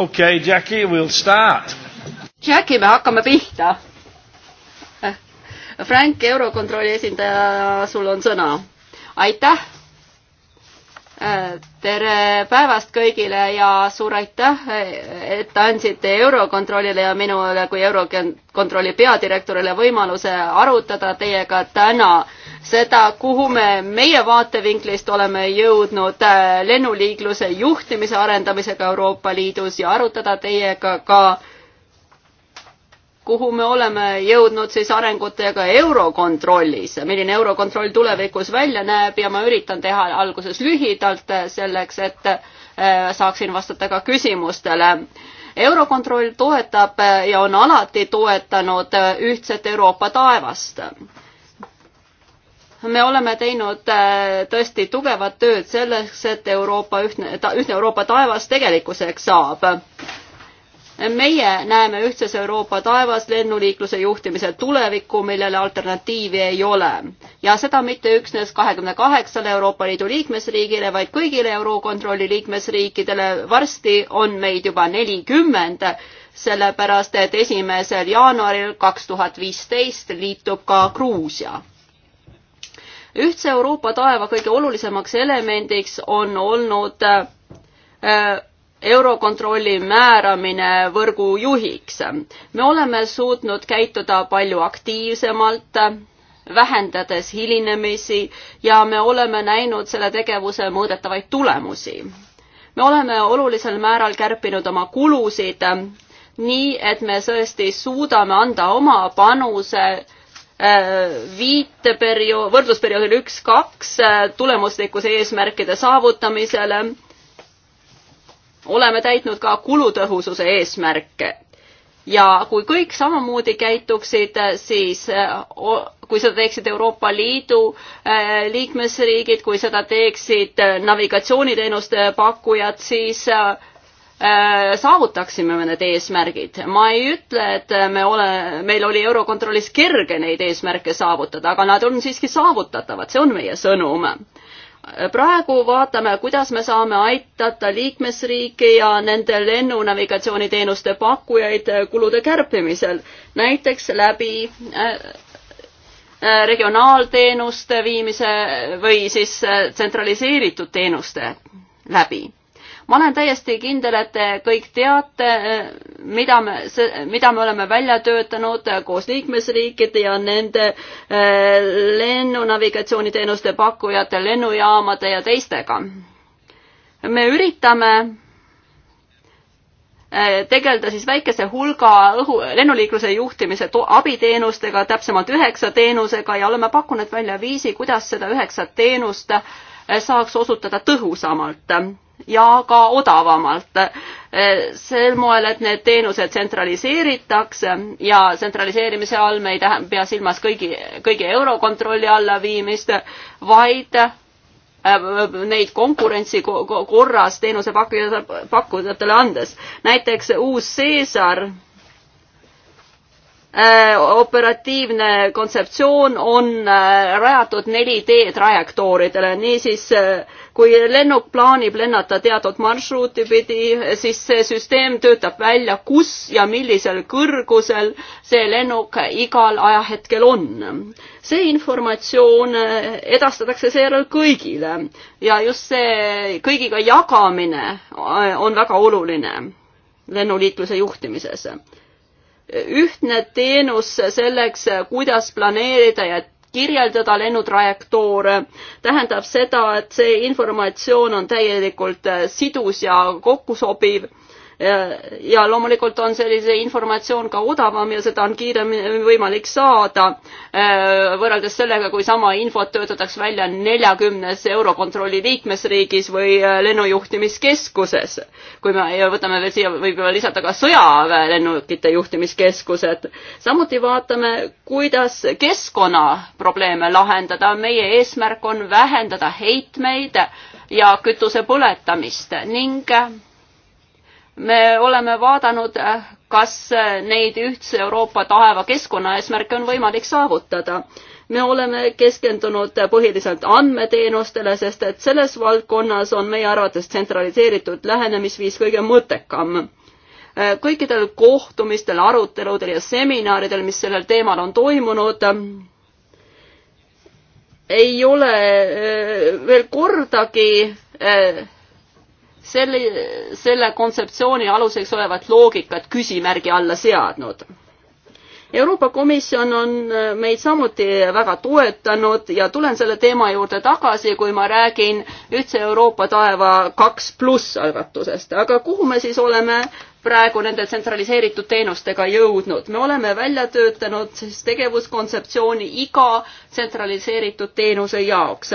okei okay,, Jackie, we'll start. Jackie, me hakkame pihta. Frank, Eurokontrolli esindaja, sul on sõna. aitäh. tere päevast kõigile ja suur aitäh, et andsite Eurokontrollile ja minule kui Eurokontrolli peadirektorile võimaluse arutada teiega täna seda, kuhu me meie vaatevinklist oleme jõudnud äh, lennuliikluse juhtimise arendamisega Euroopa Liidus ja arutada teiega ka, kuhu me oleme jõudnud siis arengutega Eurokontrollis, milline Eurokontroll tulevikus välja näeb ja ma üritan teha alguses lühidalt äh, selleks, et äh, saaksin vastata ka küsimustele eurokontroll toetab ja on alati toetanud ühtset Euroopa taevast me oleme teinud äh, tõesti tugevat tööd selleks, et Euroopa ühtne, ühtne Euroopa taevas tegelikkuseks saab. meie näeme ühtses Euroopa taevas lennuliikluse juhtimise tulevikku, millele alternatiivi ei ole. ja seda mitte üksnes kahekümne kaheksale Euroopa Liidu liikmesriigile, vaid kõigile Eurokontrolli liikmesriikidele. varsti on meid juba nelikümmend sellepärast et esimesel jaanuaril kaks tuhat viisteist liitub ka Gruusia ühtse Euroopa taeva kõige olulisemaks elemendiks on olnud äh, äh, eurokontrolli määramine võrgu juhiks. me oleme suutnud käituda palju aktiivsemalt, vähendades hilinemisi ja me oleme näinud selle tegevuse mõõdetavaid tulemusi. me oleme olulisel määral kärpinud oma kulusid, nii et me tõesti suudame anda oma panuse Äh, viiteperiood, võrdlusperioodil üks, kaks äh, tulemuslikkuse eesmärkide saavutamisele. oleme täitnud ka kulutõhususe eesmärke ja kui kõik samamoodi käituksid, äh, siis kui seda teeksid Euroopa Liidu liikmesriigid, kui seda teeksid navigatsiooniteenuste pakkujad, siis Äh, saavutaksime me need eesmärgid. ma ei ütle, et me ole, meil oli Eurokontrollis kerge neid eesmärke saavutada, aga nad on siiski saavutatavad, see on meie sõnum. praegu vaatame, kuidas me saame aitata liikmesriike ja nende lennunavigatsiooniteenuste pakkujaid kulude kärpimisel, näiteks läbi äh, regionaalteenuste viimise või siis äh, tsentraliseeritud teenuste läbi ma olen täiesti kindel, et te kõik teate, eh, mida me, mida me oleme välja töötanud eh, koos liikmesriikide ja nende eh, lennunavigatsiooniteenuste pakkujate, lennujaamade ja teistega. me üritame tegeleda siis väikese hulga õhu, lennuliikluse juhtimise abiteenustega, täpsemalt üheksa teenusega ja oleme pakkunud välja viisi, kuidas seda üheksat teenust saaks osutada tõhusamalt ja ka odavamalt. sel moel, et need teenused tsentraliseeritakse ja tsentraliseerimise all me ei tähe, pea silmas kõigi, kõigi eurokontrolli alla viimist, vaid äh, neid konkurentsi korras teenusepakkujatele andes. näiteks uus Caesar Äh, operatiivne kontseptsioon on äh, rajatud 4D trajektooridele, niisiis äh, kui lennuk plaanib lennata teatud marsruuti pidi, siis see süsteem töötab välja, kus ja millisel kõrgusel see lennuk igal ajahetkel on. see informatsioon edastatakse seejärel kõigile ja just see kõigiga jagamine on väga oluline lennuliikluse juhtimises ühtne teenus selleks, kuidas planeerida ja kirjeldada lennutrajektoore, tähendab seda, et see informatsioon on täielikult sidus ja kokkusobiv ja loomulikult on sellise informatsioon ka odavam ja seda on kiiremini võimalik saada äh, võrreldes sellega, kui sama infot töötatakse välja neljakümnes Eurokontrolli liikmesriigis või äh, lennujuhtimiskeskuses. kui me võtame veel siia, võib lisada ka sõjaväelennukite juhtimiskeskused. samuti vaatame, kuidas keskkonnaprobleeme lahendada. meie eesmärk on vähendada heitmeid ja kütuse põletamist ning äh, me oleme vaadanud, kas neid ühtse Euroopa taeva keskkonnaeesmärke on võimalik saavutada. me oleme keskendunud põhiliselt andmeteenustele, sest et selles valdkonnas on meie arvates tsentraliseeritud lähenemisviis kõige mõttekam. kõikidel kohtumistel, aruteludel ja seminaridel, mis sellel teemal on toimunud, ei ole äh, veel kordagi äh, selle, selle kontseptsiooni aluseks olevat loogikat küsimärgi alla seadnud. Euroopa Komisjon on meid samuti väga toetanud ja tulen selle teema juurde tagasi, kui ma räägin Ühtse Euroopa taeva kaks pluss algatusest, aga kuhu me siis oleme praegu nende tsentraliseeritud teenustega jõudnud. me oleme välja töötanud siis tegevuskontseptsiooni iga tsentraliseeritud teenuse jaoks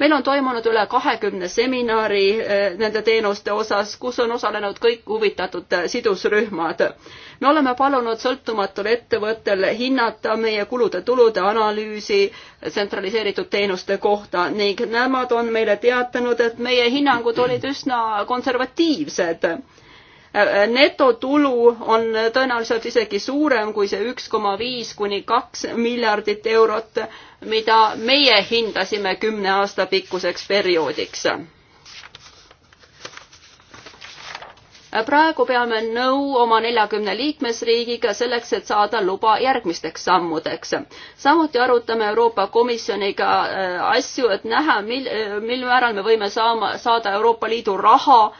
meil on toimunud üle kahekümne seminari eh, nende teenuste osas, kus on osalenud kõik huvitatud eh, sidusrühmad. me oleme palunud sõltumatul ettevõttel hinnata meie kulude-tulude analüüsi tsentraliseeritud teenuste kohta ning nemad on meile teatanud, et meie hinnangud olid üsna konservatiivsed netotulu on tõenäoliselt isegi suurem kui see üks koma viis kuni kaks miljardit eurot, mida meie hindasime kümne aasta pikkuseks perioodiks. praegu peame nõu oma neljakümne liikmesriigiga selleks, et saada luba järgmisteks sammudeks. samuti arutame Euroopa Komisjoniga äh, asju, et näha, mil, mil määral me võime saama, saada Euroopa Liidu raha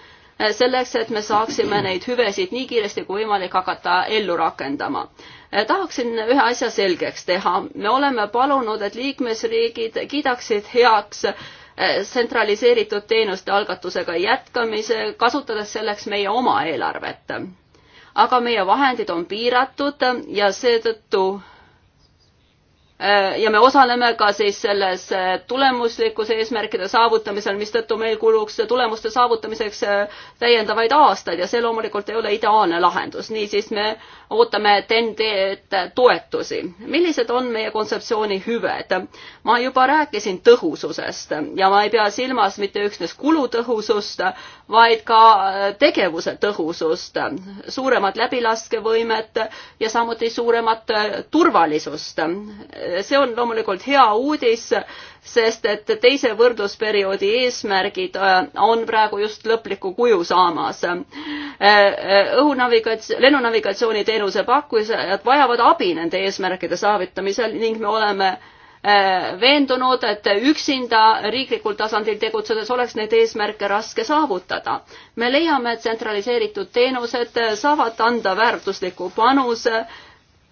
Äh, selleks, et me saaksime neid hüvesid nii kiiresti kui võimalik hakata ellu rakendama. Äh, tahaksin ühe asja selgeks teha. me oleme palunud, et liikmesriigid kiidaksid heaks äh, tsentraliseeritud teenuste algatusega jätkamise, kasutades selleks meie oma eelarvet. aga meie vahendid on piiratud ja seetõttu Äh, ja me osaleme ka siis selles äh, tulemuslikkuse eesmärkide saavutamisel, mistõttu meil kuluks tulemuste saavutamiseks äh, täiendavaid aastaid ja see loomulikult ei ole ideaalne lahendus, niisiis me ootame TEN-T toetusi. millised on meie kontseptsiooni hüved? ma juba rääkisin tõhususest ja ma ei pea silmas mitte üksnes kulutõhusust, vaid ka tegevuse tõhusust, suuremat läbilaskevõimet ja samuti suuremat turvalisust. see on loomulikult hea uudis sest et teise võrdlusperioodi eesmärgid äh, on praegu just lõplikku kuju saamas. Äh, äh, õhunavigats-, lennunavigatsiooni teenuse pakkujad vajavad abi nende eesmärkide saavutamisel ning me oleme veendunud, et üksinda riiklikul tasandil tegutsedes oleks neid eesmärke raske saavutada. me leiame, et tsentraliseeritud teenused saavad anda väärtusliku panuse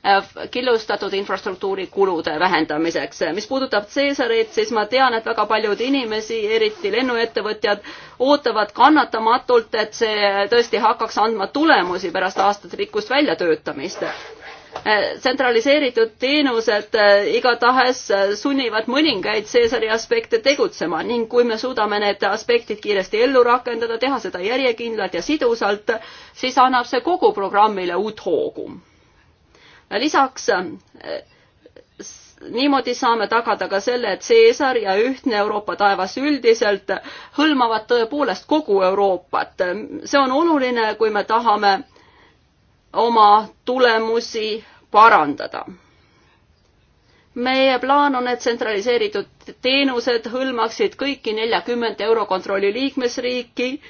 Äh, killustatud infrastruktuuri kulude vähendamiseks. mis puudutab Caesarit, siis ma tean, et väga paljud inimesi, eriti lennuettevõtjad, ootavad kannatamatult, et see tõesti hakkaks andma tulemusi pärast aastatepikkust väljatöötamist äh, tsentraliseeritud teenused äh, igatahes sunnivad mõningaid Caesari aspekte tegutsema ning kui me suudame need aspektid kiiresti ellu rakendada, teha seda järjekindlalt ja sidusalt, siis annab see kogu programmile uut hoogu lisaks äh, niimoodi saame tagada ka selle, et Seesar ja ühtne Euroopa taevas üldiselt hõlmavad tõepoolest kogu Euroopat. see on oluline, kui me tahame oma tulemusi parandada. meie plaan on, et tsentraliseeritud teenused hõlmaksid kõiki neljakümmet Eurokontrolli liikmesriiki.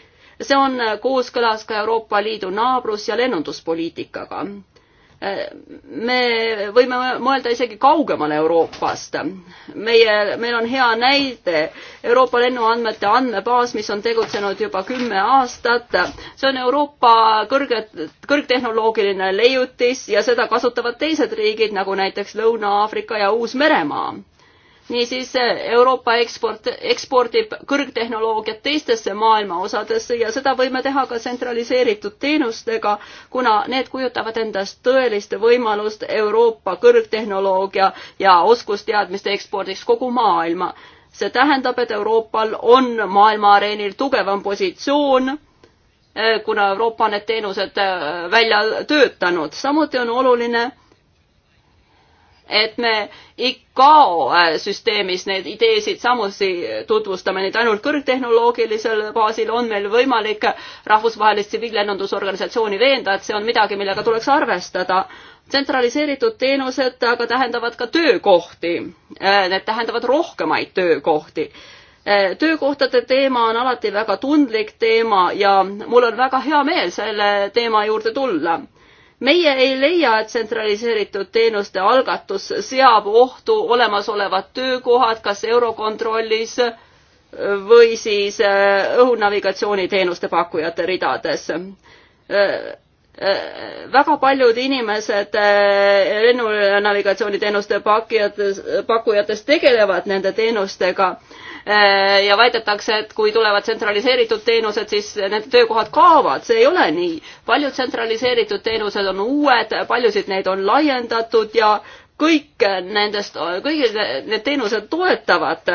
see on kooskõlas ka Euroopa Liidu naabrus- ja lennunduspoliitikaga me võime mõelda isegi kaugemale Euroopast. meie, meil on hea näide Euroopa lennuandmete andmebaas, mis on tegutsenud juba kümme aastat. see on Euroopa kõrge, kõrgtehnoloogiline leiutis ja seda kasutavad teised riigid, nagu näiteks Lõuna-Aafrika ja Uus-Meremaa niisiis eh, Euroopa eksport, ekspordib kõrgtehnoloogiat teistesse maailma osadesse ja seda võime teha ka tsentraliseeritud teenustega, kuna need kujutavad endast tõelist võimalust Euroopa kõrgtehnoloogia ja oskusteadmiste ekspordiks kogu maailma. see tähendab, et Euroopal on maailma areenil tugevam positsioon eh, kuna Euroopa on need teenused eh, välja töötanud. samuti on oluline et me ICAO äh, süsteemis neid ideesid samuti tutvustame, nüüd ainult kõrgtehnoloogilisel baasil on meil võimalik rahvusvahelist tsiviillennundusorganisatsiooni veenda, et see on midagi, millega tuleks arvestada. tsentraliseeritud teenused aga tähendavad ka töökohti, äh, need tähendavad rohkemaid töökohti äh, töökohtade teema on alati väga tundlik teema ja mul on väga hea meel selle teema juurde tulla meie ei leia, et tsentraliseeritud teenuste algatus seab ohtu olemasolevad töökohad, kas Eurokontrollis või siis äh, õhunavigatsiooniteenuste pakkujate ridades. Äh, äh, väga paljud inimesed lennunavigatsiooniteenuste pakkujatest tegelevad nende teenustega Äh, ja väidetakse, et kui tulevad tsentraliseeritud teenused, siis need töökohad kaovad, see ei ole nii. paljud tsentraliseeritud teenused on uued, paljusid neid on laiendatud ja kõik nendest, kõigil need teenused toetavad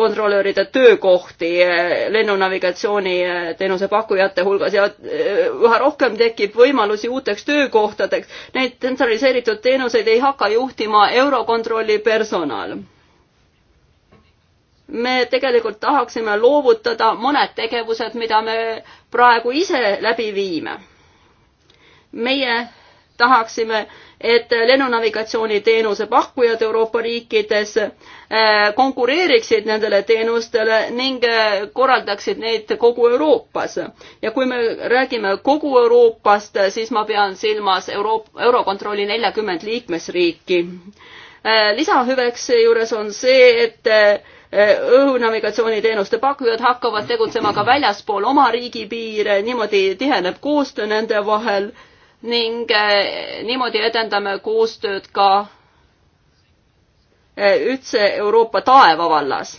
kontrolöride töökohti äh, lennunavigatsiooni äh, teenusepakkujate hulgas ja üha rohkem tekib võimalusi uuteks töökohtadeks. Neid tsentraliseeritud teenuseid ei hakka juhtima Eurokontrolli personal me tegelikult tahaksime loovutada mõned tegevused, mida me praegu ise läbi viime. meie tahaksime, et lennunavigatsiooni teenuse pakkujad Euroopa riikides eh, konkureeriksid nendele teenustele ning eh, korraldaksid neid kogu Euroopas. ja kui me räägime kogu Euroopast, siis ma pean silmas Euroop-, Eurokontrolli neljakümmend liikmesriiki. Eh, lisahüveks seejuures on see, et õhunavigatsiooniteenuste pakkujad hakkavad tegutsema ka väljaspool oma riigi piire, niimoodi tiheneb koostöö nende vahel ning eh, niimoodi edendame koostööd ka eh, üldse Euroopa taeva vallas.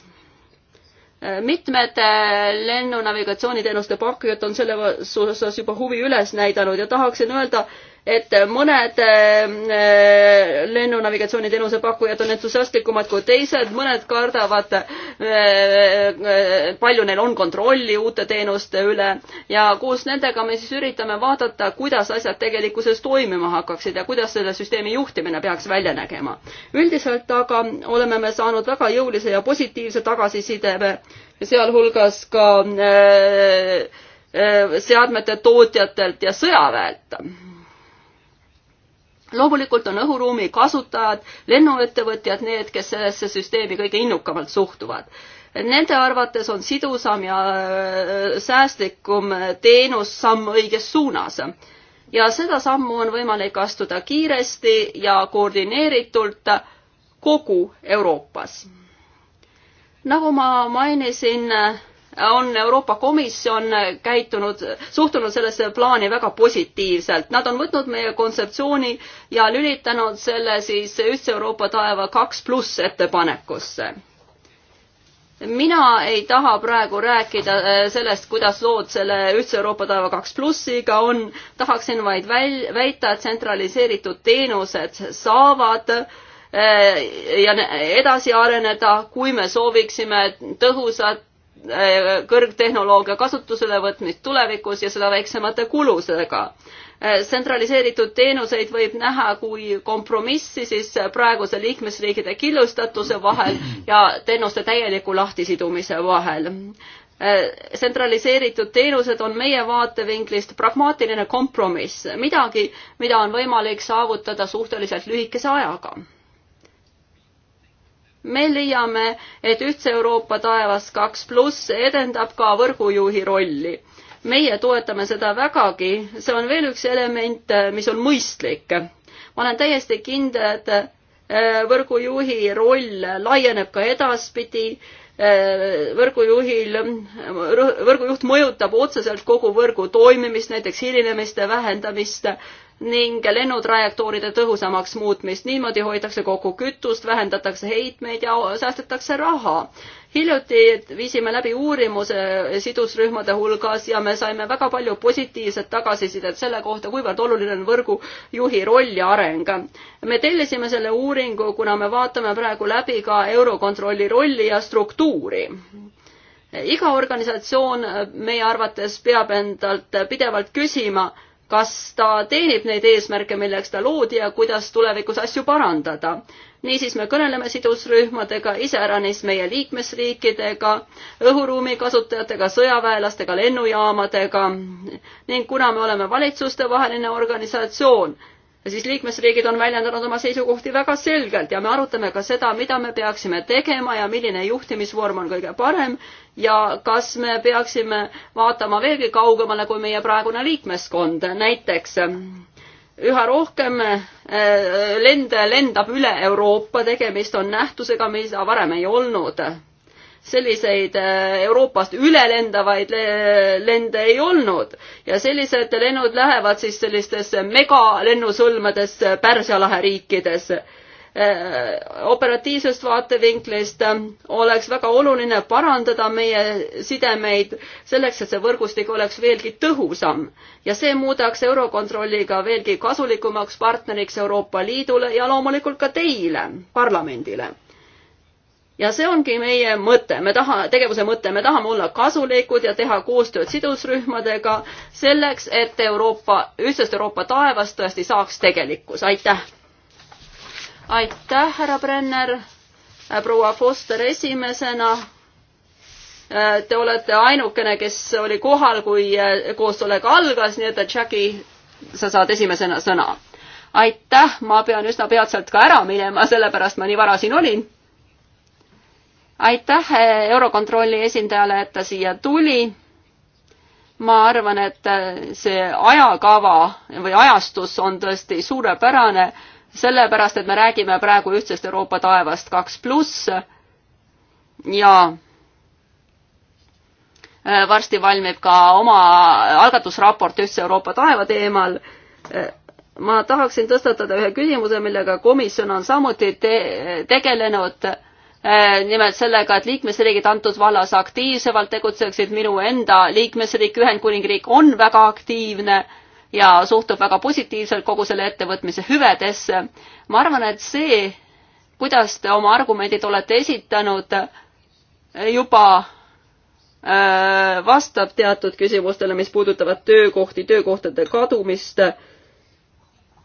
Eh, mitmed lennunavigatsiooniteenuste pakkujad on selle osas juba huvi üles näidanud ja tahaksin öelda, et mõned äh, lennunavigatsiooniteenuse pakkujad on entusiastlikumad kui teised, mõned kardavad, äh, äh, palju neil on kontrolli uute teenuste üle ja koos nendega me siis üritame vaadata, kuidas asjad tegelikkuses toimima hakkaksid ja kuidas selle süsteemi juhtimine peaks välja nägema. üldiselt aga oleme me saanud väga jõulise ja positiivse tagasiside, sealhulgas ka seadmete tootjatelt ja sõjaväelt loomulikult on õhuruumi kasutajad, lennuettevõtjad need, kes sellesse süsteemi kõige innukamalt suhtuvad. Nende arvates on sidusam ja äh, säästlikum teenus samm õiges suunas. ja seda sammu on võimalik astuda kiiresti ja koordineeritult kogu Euroopas. nagu ma mainisin, on Euroopa Komisjon käitunud, suhtunud sellesse plaani väga positiivselt. Nad on võtnud meie kontseptsiooni ja lülitanud selle siis Ühtse Euroopa taeva kaks pluss ettepanekusse mina ei taha praegu rääkida äh, sellest, kuidas lood selle Ühtse Euroopa taeva kaks plussiga on, tahaksin vaid väl-, väita, et tsentraliseeritud teenused saavad äh, ja edasi areneda, kui me sooviksime tõhusat Äh, kõrgtehnoloogia kasutusele võtmist tulevikus ja seda väiksemate kulusega. Äh, tsentraliseeritud teenuseid võib näha kui kompromissi siis praeguse liikmesriikide killustatuse vahel ja teenuste täieliku lahtisidumise vahel. Äh, tsentraliseeritud teenused on meie vaatevinklist pragmaatiline kompromiss, midagi, mida on võimalik saavutada suhteliselt lühikese ajaga me leiame, et Ühtse Euroopa taevas kaks pluss edendab ka võrgujuhi rolli. meie toetame seda vägagi, see on veel üks element, äh, mis on mõistlik. ma olen täiesti kindel, et äh, võrgujuhi roll laieneb ka edaspidi. Äh, võrgujuhil, võrgujuht mõjutab otseselt kogu võrgu toimimist, näiteks hilinemiste vähendamist ning lennutrajektooride tõhusamaks muutmist. niimoodi hoitakse kokku kütust, vähendatakse heitmeid ja säästetakse raha. hiljuti viisime läbi uurimuse sidusrühmade hulgas ja me saime väga palju positiivset tagasisidet selle kohta, kuivõrd oluline on võrgujuhi roll ja areng. me tellisime selle uuringu, kuna me vaatame praegu läbi ka Eurokontrolli rolli ja struktuuri iga organisatsioon meie arvates peab endalt pidevalt küsima, kas ta teenib neid eesmärke, milleks ta loodi ja kuidas tulevikus asju parandada. niisiis me kõneleme sidusrühmadega, iseäranis meie liikmesriikidega, õhuruumi kasutajatega, sõjaväelastega, lennujaamadega ning kuna me oleme valitsustevaheline organisatsioon, siis liikmesriigid on väljendanud oma seisukohti väga selgelt ja me arutame ka seda, mida me peaksime tegema ja milline juhtimisvorm on kõige parem ja kas me peaksime vaatama veelgi kaugemale kui meie praegune liikmeskond, näiteks üha rohkem eh, lende lendab üle Euroopa, tegemist on nähtusega, mida varem ei olnud. selliseid eh, Euroopast üle lendavaid lende ei olnud ja sellised lennud lähevad siis sellistesse megalennusõlmedesse Pärsia lahe riikidesse Äh, operatiivsest vaatevinklist äh, oleks väga oluline parandada meie sidemeid selleks, et see võrgustik oleks veelgi tõhusam ja see muudaks Eurokontrolliga veelgi kasulikumaks partneriks Euroopa Liidule ja loomulikult ka teile, parlamendile ja see ongi meie mõte, me taha, tegevuse mõte, me tahame olla kasulikud ja teha koostööd sidusrühmadega selleks, et Euroopa, ühtsest Euroopa taevast tõesti saaks tegelikkus, aitäh! aitäh, härra Brenner, äh, proua Foster esimesena. Äh, te olete ainukene, kes oli kohal, kui äh, koosolek algas, nii et Jackie, sa saad esimesena sõna. aitäh, ma pean üsna peatselt ka ära minema, sellepärast ma nii vara siin olin. aitäh Eurokontrolli esindajale, et ta siia tuli ma arvan, et see ajakava või ajastus on tõesti suurepärane sellepärast et me räägime praegu ühtsest Euroopa taevast kaks pluss ja äh, varsti valmib ka oma algatusraport Ühtse Euroopa taeva teemal. Äh, ma tahaksin tõstatada ühe küsimuse, millega komisjon on samuti te tegelenud äh, nimelt sellega, et liikmesriigid antud vallas aktiivsemalt tegutseksid, minu enda liikmesriik Ühendkuningriik on väga aktiivne äh, ja suhtub väga positiivselt kogu selle ettevõtmise hüvedesse. ma arvan, et see, kuidas te oma argumendid olete esitanud, juba äh, vastab teatud küsimustele, mis puudutavad töökohti, töökohtade kadumist.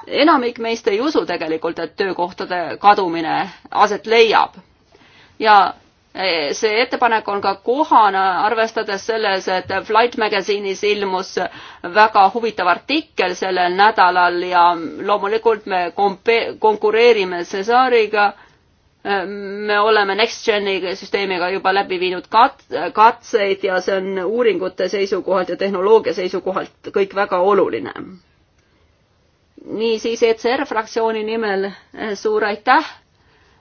enamik meist ei usu tegelikult, et töökohtade kadumine aset leiab. ja see ettepanek on ka kohane, arvestades selles, et Flight Magazine'is ilmus väga huvitav artikkel sellel nädalal ja loomulikult me kompe-, konkureerime Cesariga. me oleme NextGeni süsteemiga juba läbi viinud kat-, katseid ja see on uuringute seisukohalt ja tehnoloogia seisukohalt kõik väga oluline niisiis ECR fraktsiooni nimel suur aitäh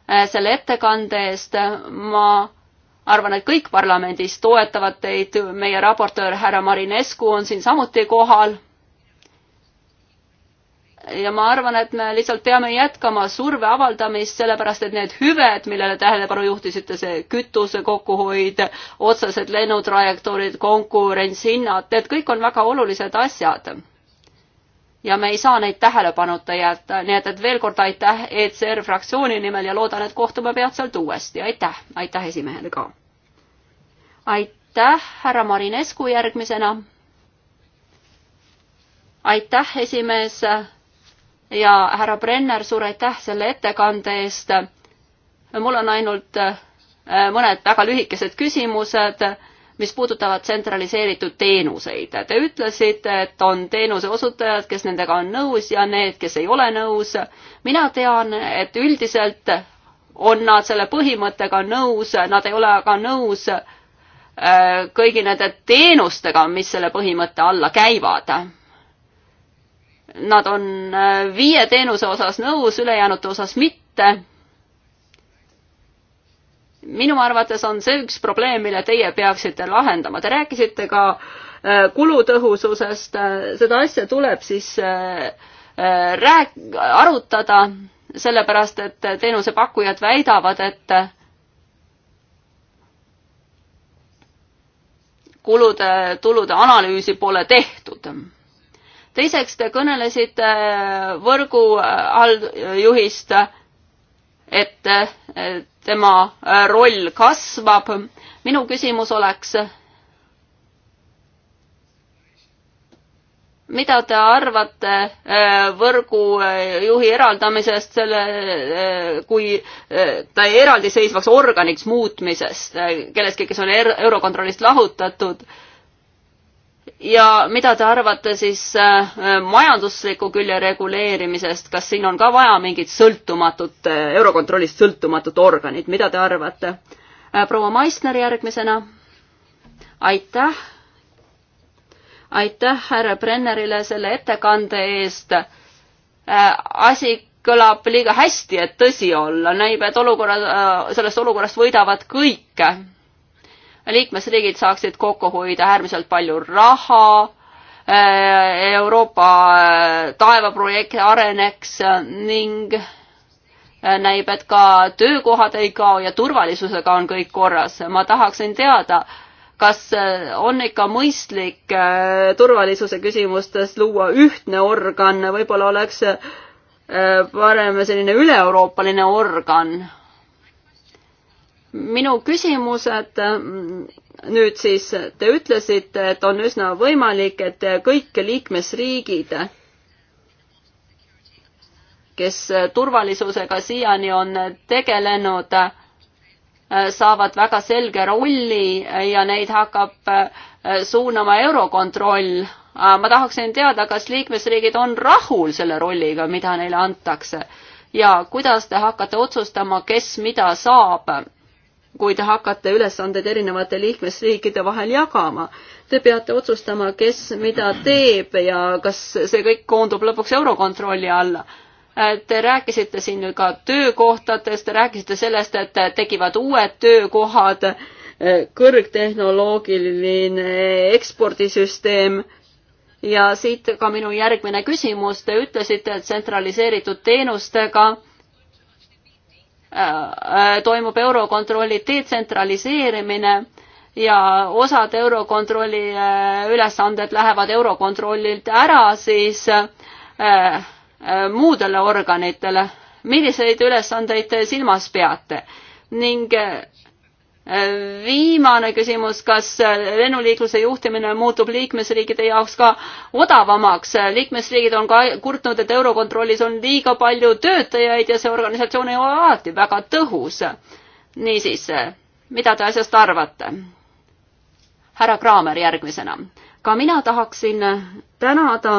Äh, selle ettekande eest. ma arvan, et kõik parlamendis toetavad teid, meie raportöör härra Marinescu on siin samuti kohal. ja ma arvan, et me lihtsalt peame jätkama surve avaldamist, sellepärast et need hüved, millele tähelepanu juhtisite, see kütuse kokkuhoid, otsesed lennutrajektoorid, konkurentshinnad, need kõik on väga olulised asjad ja me ei saa neid tähelepanuta jätta, nii et, et veel kord aitäh ECR fraktsiooni nimel ja loodan, et kohtume peatselt uuesti, aitäh, aitäh esimehele ka. aitäh, härra Marinescu järgmisena. aitäh, esimees ja härra Brenner, suur aitäh selle ettekande eest. mul on ainult äh, mõned väga lühikesed küsimused mis puudutavad tsentraliseeritud teenuseid. Te ütlesite, et on teenuseosutajad, kes nendega on nõus ja need, kes ei ole nõus. mina tean, et üldiselt on nad selle põhimõttega nõus, nad ei ole aga nõus äh, kõigi nende teenustega, mis selle põhimõtte alla käivad. Nad on äh, viie teenuse osas nõus, ülejäänute osas mitte minu arvates on see üks probleem, mille teie peaksite lahendama. Te rääkisite ka äh, kulutõhususest, äh, seda asja tuleb siis äh, rääk-, arutada, sellepärast et teenusepakkujad väidavad, et kulude-tulude analüüsi pole tehtud teiseks te kõnelesite võrgu alljuhist, et tema äh, roll kasvab. minu küsimus oleks, mida te arvate äh, võrgujuhi äh, eraldamisest selle, kui ta eraldiseisvaks organiks muutmisest, kellestki, kes on er-, eurokontrollist lahutatud? ja mida te arvate siis äh, majandusliku külje reguleerimisest, kas siin on ka vaja mingit sõltumatut, äh, Eurokontrollist sõltumatut organit, mida te arvate? Äh, proua Maisner järgmisena. aitäh. aitäh härra Brennerile selle ettekande eest. asi kõlab liiga hästi, et tõsi olla, näib, et olukorra, sellest olukorrast võidavad kõik liikmesriigid saaksid kokku hoida äärmiselt palju raha, eh, Euroopa eh, taevaprojekt areneks eh, ning näib, et ka töökohad ei kao ja turvalisusega on kõik korras. ma tahaksin teada, kas on ikka mõistlik turvalisuse küsimustes luua ühtne organ, võib-olla oleks parem selline üle-euroopaline organ minu küsimused mm, nüüd siis, te ütlesite, et on üsna võimalik, et kõik liikmesriigid, kes turvalisusega siiani on tegelenud, saavad väga selge rolli ja neid hakkab eh, suunama Eurokontroll. ma tahaksin teada, kas liikmesriigid on rahul selle rolliga, mida neile antakse ja kuidas te hakkate otsustama, kes mida saab kui te hakkate ülesandeid erinevate liikmesriikide vahel jagama. Te peate otsustama, kes mida teeb ja kas see kõik koondub lõpuks Eurokontrolli alla. Äh, te rääkisite siin ka töökohtadest, te rääkisite sellest, et tekivad uued töökohad, äh, kõrgtehnoloogiline ekspordisüsteem ja siit ka minu järgmine küsimus. Te ütlesite, et tsentraliseeritud teenustega Äh, äh, toimub Eurokontrolli detsentraliseerimine ja osad Eurokontrolli äh, ülesanded lähevad Eurokontrollilt ära siis muudele organitele. milliseid ülesandeid te silmas peate ning viimane küsimus, kas lennuliikluse juhtimine muutub liikmesriikide jaoks ka odavamaks? liikmesriigid on ka kurtnud, et Eurokontrollis on liiga palju töötajaid ja see organisatsioon ei ole alati väga tõhus. niisiis, mida te asjast arvate? härra Kraamer järgmisena. ka mina tahaksin tänada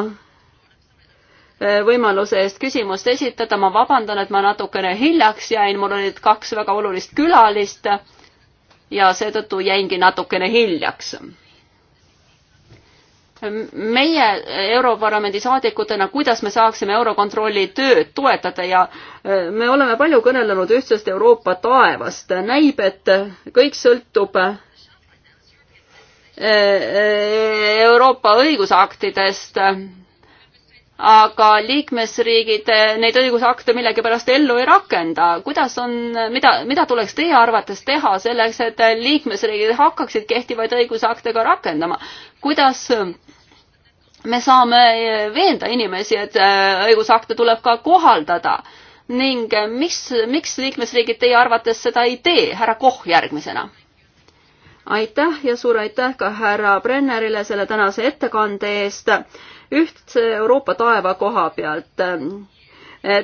eh, võimaluse eest küsimust esitada, ma vabandan, et ma natukene hiljaks jäin, mul olid kaks väga olulist külalist ja seetõttu jäingi natukene hiljaks meie Europarlamendi saadikutena, kuidas me saaksime Eurokontrolli tööd toetada ja e, me oleme palju kõnelenud ühtsest Euroopa taevast. näib, et kõik sõltub e, e, Euroopa õigusaktidest aga liikmesriigid neid õigusakte millegipärast ellu ei rakenda. kuidas on, mida, mida tuleks teie arvates teha selleks, et liikmesriigid hakkaksid kehtivaid õigusakte ka rakendama? kuidas me saame veenda inimesi, et õigusakte tuleb ka kohaldada ning mis, miks liikmesriigid teie arvates seda ei tee? härra Koch järgmisena aitäh ja suur aitäh ka härra Brennerile selle tänase ettekande eest ühtse Euroopa taeva koha pealt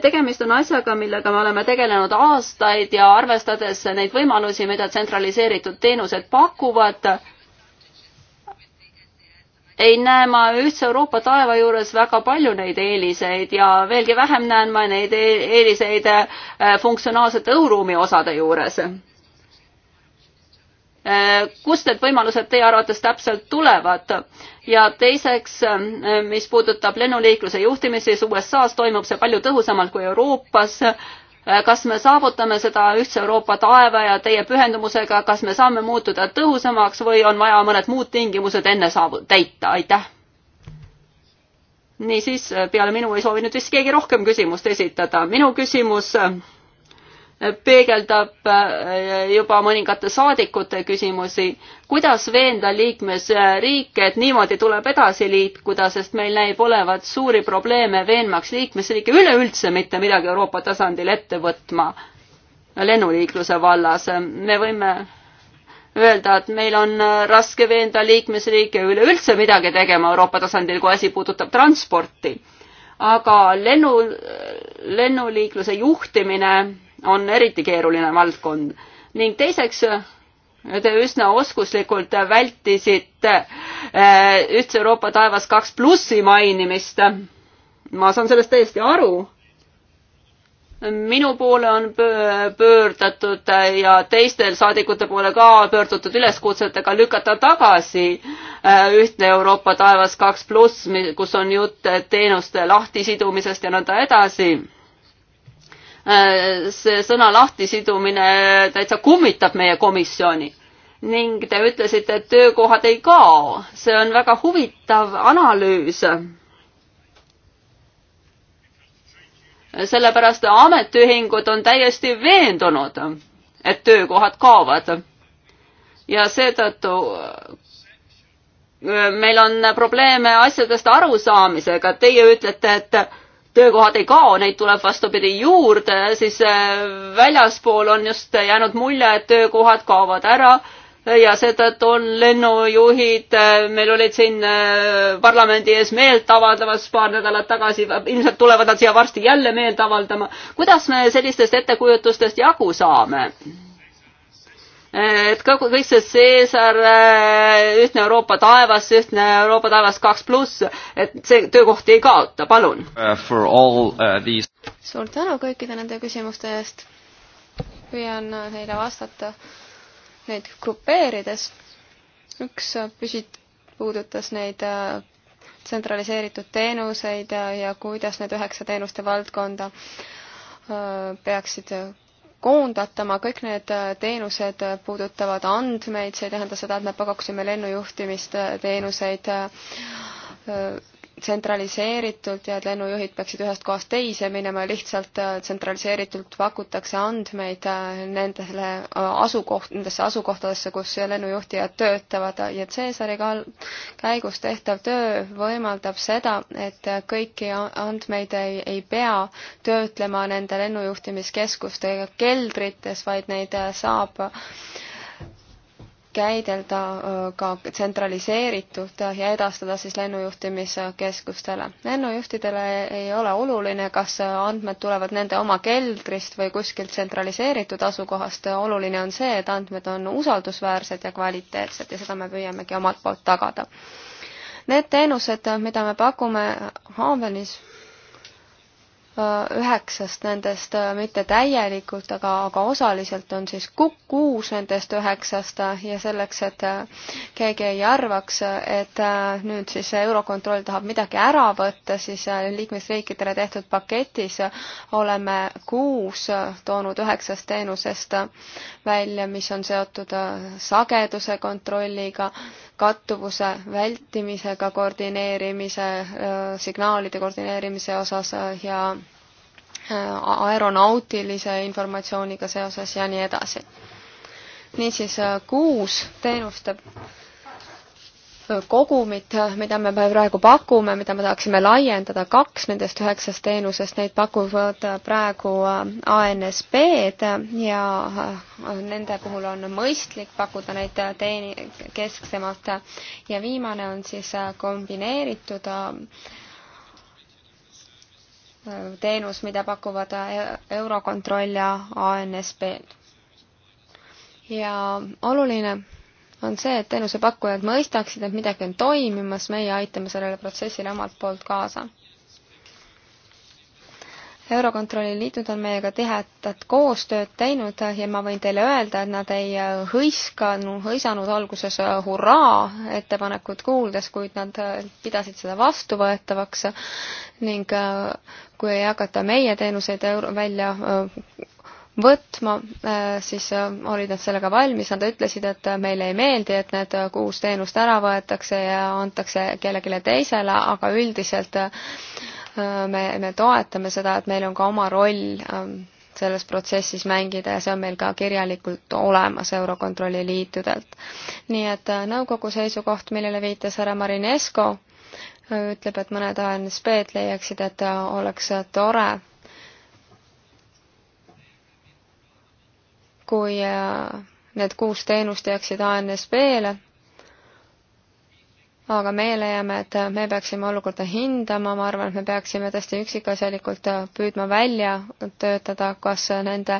tegemist on asjaga, millega me oleme tegelenud aastaid ja arvestades neid võimalusi, mida tsentraliseeritud teenused pakuvad, ei näe ma ühtse Euroopa taeva juures väga palju neid eeliseid ja veelgi vähem näen ma neid e-, eeliseid äh, funktsionaalsete õhuruumi osade juures. Äh, kust need võimalused teie arvates täpselt tulevad? ja teiseks, ähm, mis puudutab lennuliikluse juhtimist, siis USA-s toimub see palju tõhusamalt kui Euroopas äh, kas me saavutame seda ühtse Euroopa taeva ja teie pühendumusega, kas me saame muutuda tõhusamaks või on vaja mõned muud tingimused enne saavu-, täita, aitäh. niisiis, äh, peale minu ei soovinud vist keegi rohkem küsimust esitada. minu küsimus äh, peegeldab äh, juba mõningate saadikute küsimusi, kuidas veenda liikmesriike, et niimoodi tuleb edasi liikuda, sest meil näib olevat suuri probleeme veenmaks liikmesriike üleüldse mitte midagi Euroopa tasandil ette võtma lennuliikluse vallas. me võime öelda, et meil on raske veenda liikmesriike üleüldse midagi tegema Euroopa tasandil, kui asi puudutab transporti. aga lennu, lennuliikluse juhtimine on eriti keeruline valdkond. ning teiseks, te üsna oskuslikult vältisite eh, Ühtse Euroopa taevas kaks plussi mainimist. ma saan sellest täiesti aru minu poole on pöördatud ja teistel saadikute poole ka pöördutud üleskutsetega lükata tagasi eh, ühtne Euroopa taevas kaks pluss, kus on jutt teenuste lahtisidumisest ja nõnda edasi. Äh, see sõna lahtisidumine täitsa kummitab meie komisjoni ning te ütlesite, et töökohad ei kao. see on väga huvitav analüüs. sellepärast ametiühingud on täiesti veendunud, et töökohad kaovad. ja seetõttu äh, meil on probleeme asjadest arusaamisega. Teie ütlete, et töökohad ei kao, neid tuleb vastupidi juurde, siis äh, väljaspool on just jäänud mulje, et töökohad kaovad ära ja seetõttu on lennujuhid, äh, meil olid siin äh, parlamendi ees meelt avaldamas paar nädalat tagasi, ilmselt tulevad nad siia varsti jälle meelt avaldama. kuidas me sellistest ettekujutustest jagu saame? et kogu, kõik see Seesar, äh, ühtne Euroopa taevas, ühtne Euroopa taevas kaks pluss, et see töökohti ei kaota, palun uh, uh,. These... suur tänu kõikide nende küsimuste eest. püüan neile vastata neid grupeerides. üks püsit-, puudutas neid äh, tsentraliseeritud teenuseid ja, ja kuidas need üheksa teenuste valdkonda äh, peaksid koondatama, kõik need äh, teenused äh, puudutavad andmeid, see ei tähenda seda, et me pakuksime lennujuhtimist, äh, teenuseid tsentraliseeritult ja et lennujuhid peaksid ühest kohast teise minema ja lihtsalt äh, tsentraliseeritult pakutakse andmeid äh, nendele äh, asukoht, nendesse asukohtadesse, kus lennujuhtijad töötavad ja Cäsari käigus tehtav töö võimaldab seda, et kõiki andmeid ei, ei pea töötlema nende lennujuhtimiskeskuste keldrites, vaid neid saab äh, käidelda ka tsentraliseeritud ja edastada siis lennujuhtimiskeskustele. lennujuhtidele ei ole oluline, kas andmed tulevad nende oma keldrist või kuskilt tsentraliseeritud asukohast, oluline on see, et andmed on usaldusväärsed ja kvaliteetsed ja seda me püüamegi omalt poolt tagada. Need teenused, mida me pakume Haavenis üheksast nendest äh, mitte täielikult, aga, aga osaliselt on siis kuus nendest üheksast äh, ja selleks, et äh, keegi ei arvaks, et nüüd siis Eurokontroll tahab midagi ära võtta, siis liikmesriikidele tehtud paketis oleme kuus toonud üheksast teenusest välja, mis on seotud sageduse kontrolliga, kattuvuse vältimisega koordineerimise, signaalide koordineerimise osas ja Äh, aeronautilise informatsiooniga seoses ja nii edasi. niisiis äh, kuus teenuste äh, kogumit, mida me praegu pakume, mida me tahaksime laiendada, kaks nendest üheksast teenusest, neid pakuvad praegu ANSB-d ja nende puhul on mõistlik pakkuda neid teeni-, kesksemalt. ja viimane on siis kombineeritud teenus, mida pakuvad e-, Eurokontroll ja ANSB-l. ja oluline on see, et teenusepakkujad mõistaksid, et midagi on toimimas, meie aitame sellele protsessile omalt poolt kaasa Eurokontrolli liidud on meiega tihedat koostööd teinud ja ma võin teile öelda, et nad ei hõiskanud, hõisanud alguses hurraa ettepanekut kuuldes, kuid nad pidasid seda vastuvõetavaks ning äh, kui ei hakata meie teenuseid euro välja äh, võtma, äh, siis olid nad sellega valmis, nad ütlesid, et meile ei meeldi, et need kuus teenust ära võetakse ja antakse kellelegi teisele, aga üldiselt äh, me, me toetame seda, et meil on ka oma roll ähm, selles protsessis mängida ja see on meil ka kirjalikult olemas Eurokontrolli liitudelt. nii et äh, nõukogu seisukoht, millele viitas härra Marinesko, äh, ütleb, et mõned ANSP-d leiaksid, et äh, oleks tore, kui need kuus teenust jääksid ANSP-le aga meie leiame, et me peaksime olukorda hindama, ma arvan, et me peaksime tõesti üksikasjalikult püüdma välja töötada, kas nende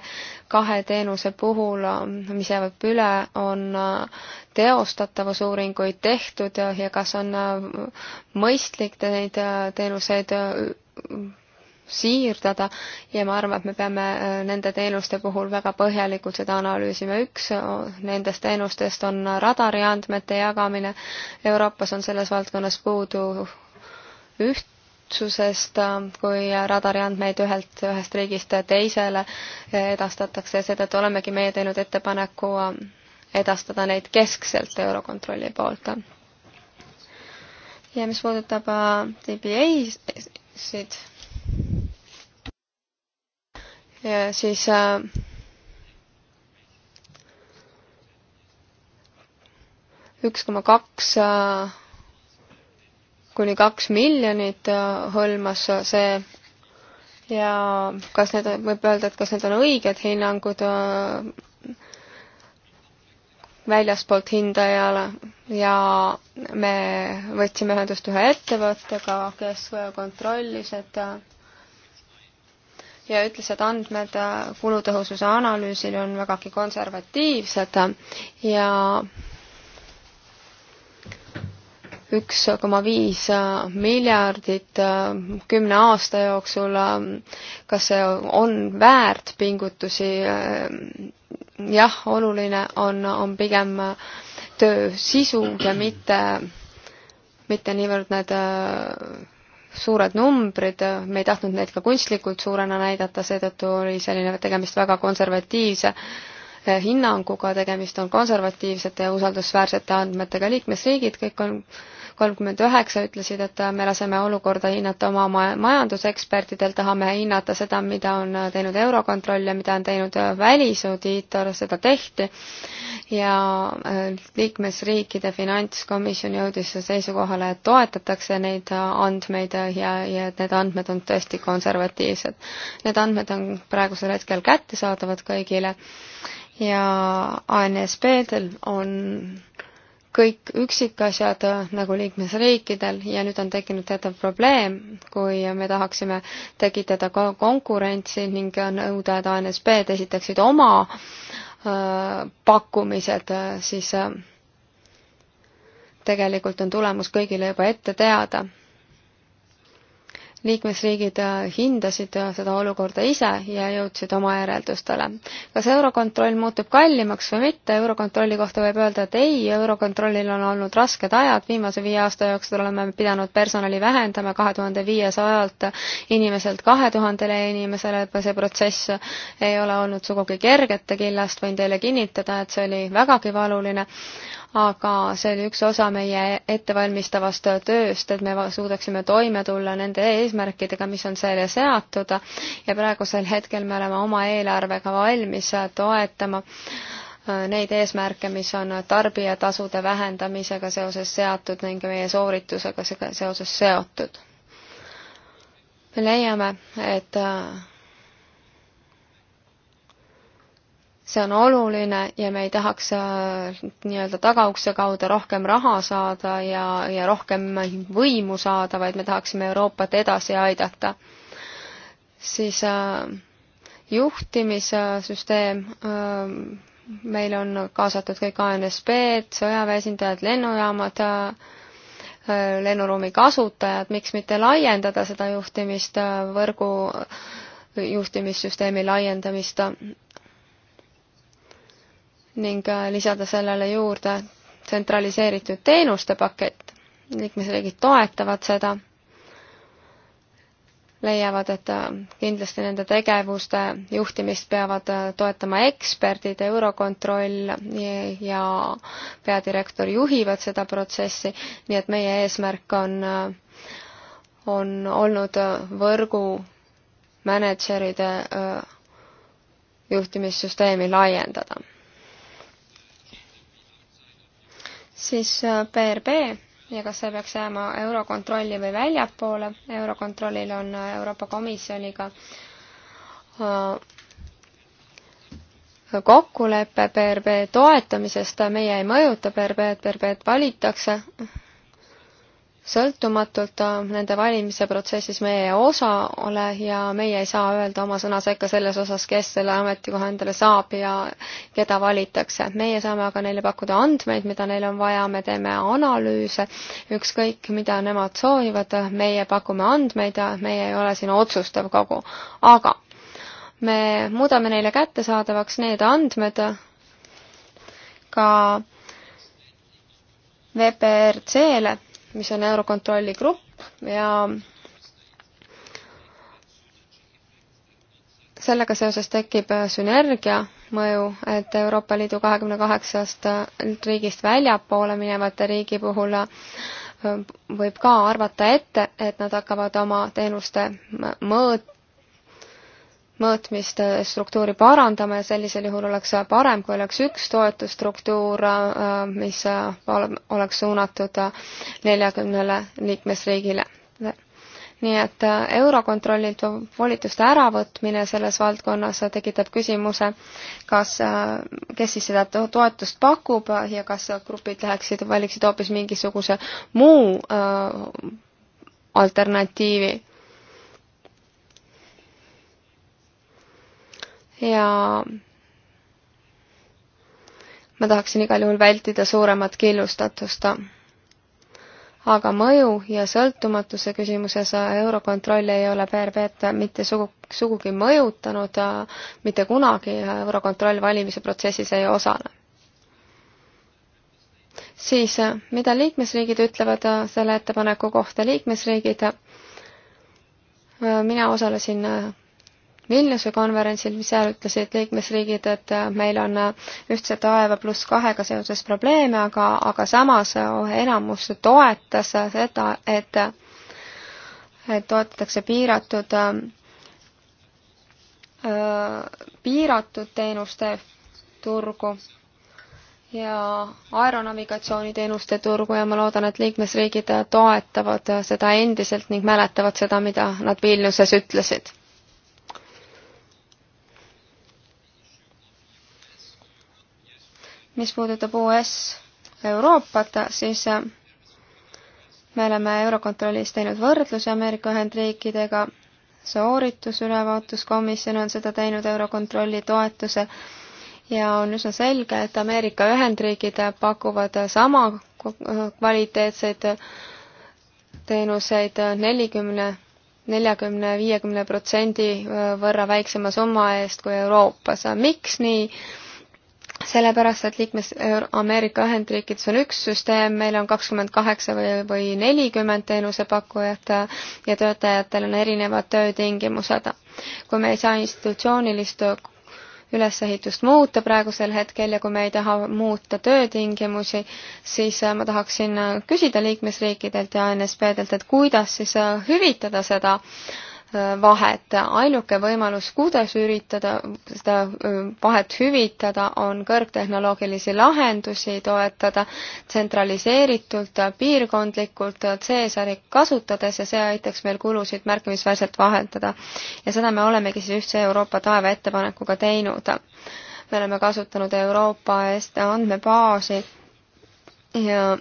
kahe teenuse puhul, mis jäävad üle, on teostatavusuuringuid tehtud ja, ja kas on mõistlik neid teenuseid siirdada ja ma arvan, et me peame äh, nende teenuste puhul väga põhjalikult seda analüüsima. üks nendest teenustest on radari andmete jagamine. Euroopas on selles valdkonnas puudu üht täpsusest, äh, kui radariandmeid ühelt, ühest riigist teisele äh, edastatakse, seetõttu olemegi meie teinud ettepaneku edastada neid keskselt Eurokontrolli poolt. ja mis puudutab DBA-sid, ja siis äh, üks koma kaks äh, kuni kaks miljonit äh, hõlmas äh, see ja kas need, võib öelda, et kas need on õiged hinnangud väljaspoolt hindajale ja me võtsime ühendust ühe ettevõttega, kes kontrollis, et ja ütles, et andmed äh, kulutõhususe analüüsil on vägagi konservatiivsed ja üks koma viis äh, miljardit äh, kümne aasta jooksul, kas see on väärt pingutusi? jah, oluline on, on pigem töö sisu ja mitte, mitte niivõrd need suured numbrid, me ei tahtnud neid ka kunstlikult suurena näidata, seetõttu oli selline tegemist väga konservatiivse eh, hinnanguga, tegemist on konservatiivsete ja usaldusväärsete andmetega, liikmesriigid kõik on kolmkümmend üheksa ütlesid, et me laseme olukorda hinnata oma majandusekspertidel, tahame hinnata seda, mida on teinud Eurokontroll ja mida on teinud välisaudiitor, seda tehti ja äh, liikmesriikide finantskomisjon jõudis seisukohale, et toetatakse neid äh, andmeid äh, ja, ja et need andmed on tõesti konservatiivsed. Need andmed on praegusel hetkel kättesaadavad kõigile ja ANSB-del on kõik üksikasjad nagu liikmesriikidel ja nüüd on tekkinud teatav probleem, kui me tahaksime tekitada ka konkurentsi ning nõuda, et ANSB-d esitaksid oma Äh, pakkumised, äh, siis äh, tegelikult on tulemus kõigile juba ette teada liikmesriigid äh, hindasid äh, seda olukorda ise ja jõudsid oma järeldustele. kas Eurokontroll muutub kallimaks või mitte, Eurokontrolli kohta võib öelda, et ei, Eurokontrollil on olnud rasked ajad, viimase viie aasta jooksul oleme pidanud personali vähendama kahe tuhande viiesajalt inimeselt kahe tuhandele inimesele, et see protsess ei ole olnud sugugi kergete killast, võin teile kinnitada, et see oli vägagi valuline, aga see oli üks osa meie ettevalmistavast tööst, et me suudaksime toime tulla nende eesmärkidega, mis on selle seatud ja praegusel hetkel me oleme oma eelarvega valmis toetama äh, neid eesmärke, mis on tarbijatasude vähendamisega seoses seatud ning meie sooritusega seoses seotud. me leiame, et äh, see on oluline ja me ei tahaks äh, nii-öelda tagaukse kaudu rohkem raha saada ja, ja rohkem võimu saada, vaid me tahaksime Euroopat edasi aidata. siis äh, juhtimissüsteem äh,, meil on kaasatud kõik ANSB-d, sõjaväe esindajad, lennujaamad äh,, lennuruumi kasutajad, miks mitte laiendada seda juhtimist, äh, võrgu äh, juhtimissüsteemi laiendamist ning äh, lisada sellele juurde tsentraliseeritud teenuste pakett. liikmesriigid toetavad seda, leiavad, et äh, kindlasti nende tegevuste juhtimist peavad äh, toetama eksperdid, Eurokontroll ja peadirektor juhivad seda protsessi, nii et meie eesmärk on, on olnud võrgu mänedžeride juhtimissüsteemi laiendada siis äh, PRB ja kas see peaks jääma Eurokontrolli või väljapoole. Eurokontrollil on äh, Euroopa Komisjoniga äh, kokkulepe PRB toetamisest, meie ei mõjuta PRB-d, PRB-d valitakse sõltumatult äh, nende valimise protsessis meie ei osale ja meie ei saa öelda oma sõna sekka selles osas, kes selle ametikoha endale saab ja keda valitakse. meie saame aga neile pakkuda andmeid, mida neil on vaja, me teeme analüüse, ükskõik mida nemad soovivad, meie pakume andmeid ja meie ei ole siin otsustav kogu. aga me muudame neile kättesaadavaks need andmed ka VPRC-le mis on Eurokontrolli grupp ja sellega seoses tekib sünergia mõju, et Euroopa Liidu kahekümne kaheksast riigist väljapoole minevate riigi puhul äh, võib ka arvata ette, et nad hakkavad oma teenuste mõõt-, mõõtmiste struktuuri parandame, sellisel juhul oleks parem, kui oleks üks toetusstruktuur, äh, mis äh, oleks suunatud äh, neljakümnele liikmesriigile. nii et Eurokontrollilt volituste äravõtmine selles valdkonnas tekitab küsimuse, kas, kes siis seda toetust pakub ja kas grupid läheksid, valiksid hoopis mingisuguse muu alternatiivi ja ma tahaksin igal juhul vältida suuremat killustatust. aga mõju ja sõltumatuse küsimuses Eurokontroll ei ole PRV-d mitte sugu, sugugi mõjutanud, mitte kunagi Eurokontroll valimise protsessis ei osale. siis, mida liikmesriigid ütlevad selle ettepaneku kohta, liikmesriigid, mina osalesin Vilniuse konverentsil, mis seal ütlesid liikmesriigid, et äh, meil on äh, ühtse taeva pluss kahega seoses probleeme, aga, aga samas äh, enamus toetas seda, et, et toetatakse piiratud, piiratud teenuste turgu ja aeronavigatsiooniteenuste turgu ja ma loodan, et liikmesriigid toetavad seda endiselt ning mäletavad seda, mida nad Vilniuses ütlesid. mis puudutab US Euroopat, siis äh, me oleme Eurokontrollis teinud võrdluse Ameerika Ühendriikidega, sooritusülevaatuskomisjon on seda teinud Eurokontrolli toetusel ja on üsna selge, et Ameerika Ühendriigid pakuvad sama kvaliteetseid teenuseid nelikümne, neljakümne, viiekümne protsendi võrra väiksema summa eest kui Euroopas. miks nii? sellepärast, et liikmes-, Ameerika Ühendriikides on üks süsteem, meil on kakskümmend kaheksa või, või nelikümmend teenusepakkujat ja töötajatel on erinevad töötingimused. kui me ei saa institutsioonilist ülesehitust muuta praegusel hetkel ja kui me ei taha muuta töötingimusi, siis äh, ma tahaksin äh, küsida liikmesriikidelt ja NSB-delt, et kuidas siis äh, hüvitada seda äh, vahet. ainuke võimalus, kuidas üritada seda vahet hüvitada, on kõrgtehnoloogilisi lahendusi toetada tsentraliseeritult, piirkondlikult, CSR-i kasutades ja see aitaks meil kulusid märkimisväärselt vahendada. ja seda me olemegi siis ühtse Euroopa taeva ettepanekuga teinud. me oleme kasutanud Euroopa eest andmebaasi ja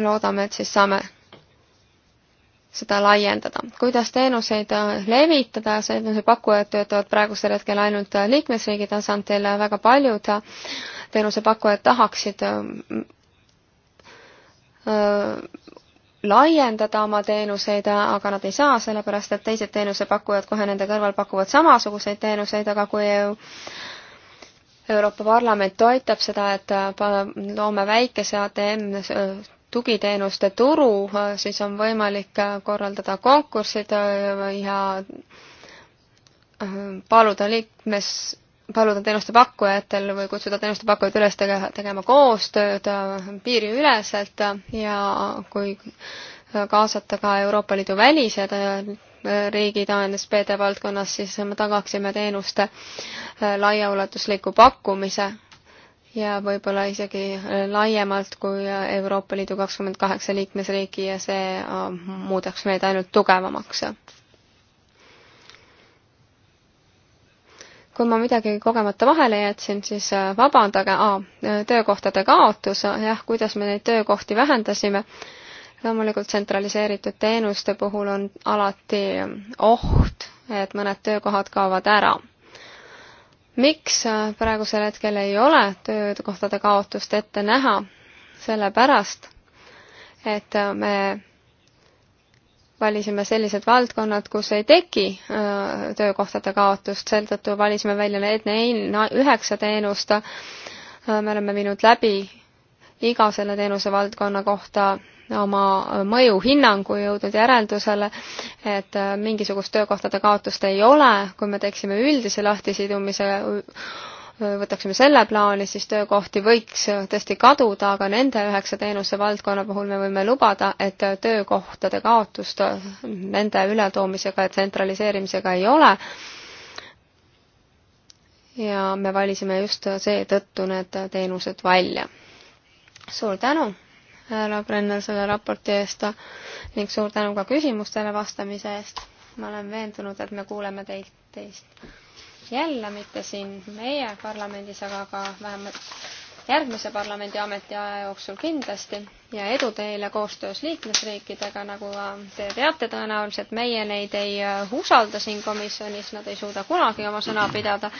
loodame, et siis saame seda laiendada. kuidas teenuseid äh, levitada, teenusepakkujad töötavad praegusel hetkel ainult äh, liikmesriigi tasandil, väga paljud äh, teenusepakkujad tahaksid laiendada oma teenuseid, aga nad ei saa, sellepärast et teised teenusepakkujad kohe nende kõrval pakuvad samasuguseid teenuseid, aga kui Euroopa Parlament toetab seda, et loome väikese ATM tugiteenuste turu, siis on võimalik korraldada konkursid ja äh, paluda liikmes, paluda teenuste pakkujatel või kutsuda teenuste pakkujaid üles tege-, tegema koostööd äh, piiriüleselt ja kui kaasata ka Euroopa Liidu välised äh, riigid ANSP-de valdkonnas, siis me tagaksime teenuste laiaulatusliku pakkumise ja võib-olla isegi äh, laiemalt kui äh, Euroopa Liidu kakskümmend kaheksa liikmesriiki ja see äh, muudaks meid ainult tugevamaks. kui ma midagi kogemata vahele jätsin, siis vabandage, töökohtade kaotus, jah, kuidas me neid töökohti vähendasime, loomulikult tsentraliseeritud teenuste puhul on alati oht, et mõned töökohad kaovad ära miks äh, praegusel hetkel ei ole töökohtade kaotust ette näha? sellepärast, et äh, me valisime sellised valdkonnad, kus ei teki äh, töökohtade kaotust, seetõttu valisime välja need üheksa teenust. me oleme viinud läbi iga selle teenusevaldkonna kohta oma mõjuhinnangu jõudnud järeldusele, et äh, mingisugust töökohtade kaotust ei ole, kui me teeksime üldise lahtisidumise võtaksime selle plaani, siis töökohti võiks äh, tõesti kaduda, aga nende üheksa teenusevaldkonna puhul me võime lubada, et äh, töökohtade kaotust nende ületoomisega ja tsentraliseerimisega ei ole. ja me valisime just seetõttu need teenused välja suur tänu, härra Brennel, selle raporti eest ning suur tänu ka küsimustele vastamise eest. ma olen veendunud, et me kuuleme teilt, teist jälle, mitte siin meie parlamendis, aga ka vähemalt järgmise parlamendi ametiaja jooksul kindlasti ja edu teile koostöös liikmesriikidega, nagu te teate tõenäoliselt, meie neid ei usalda siin komisjonis, nad ei suuda kunagi oma sõna pidada.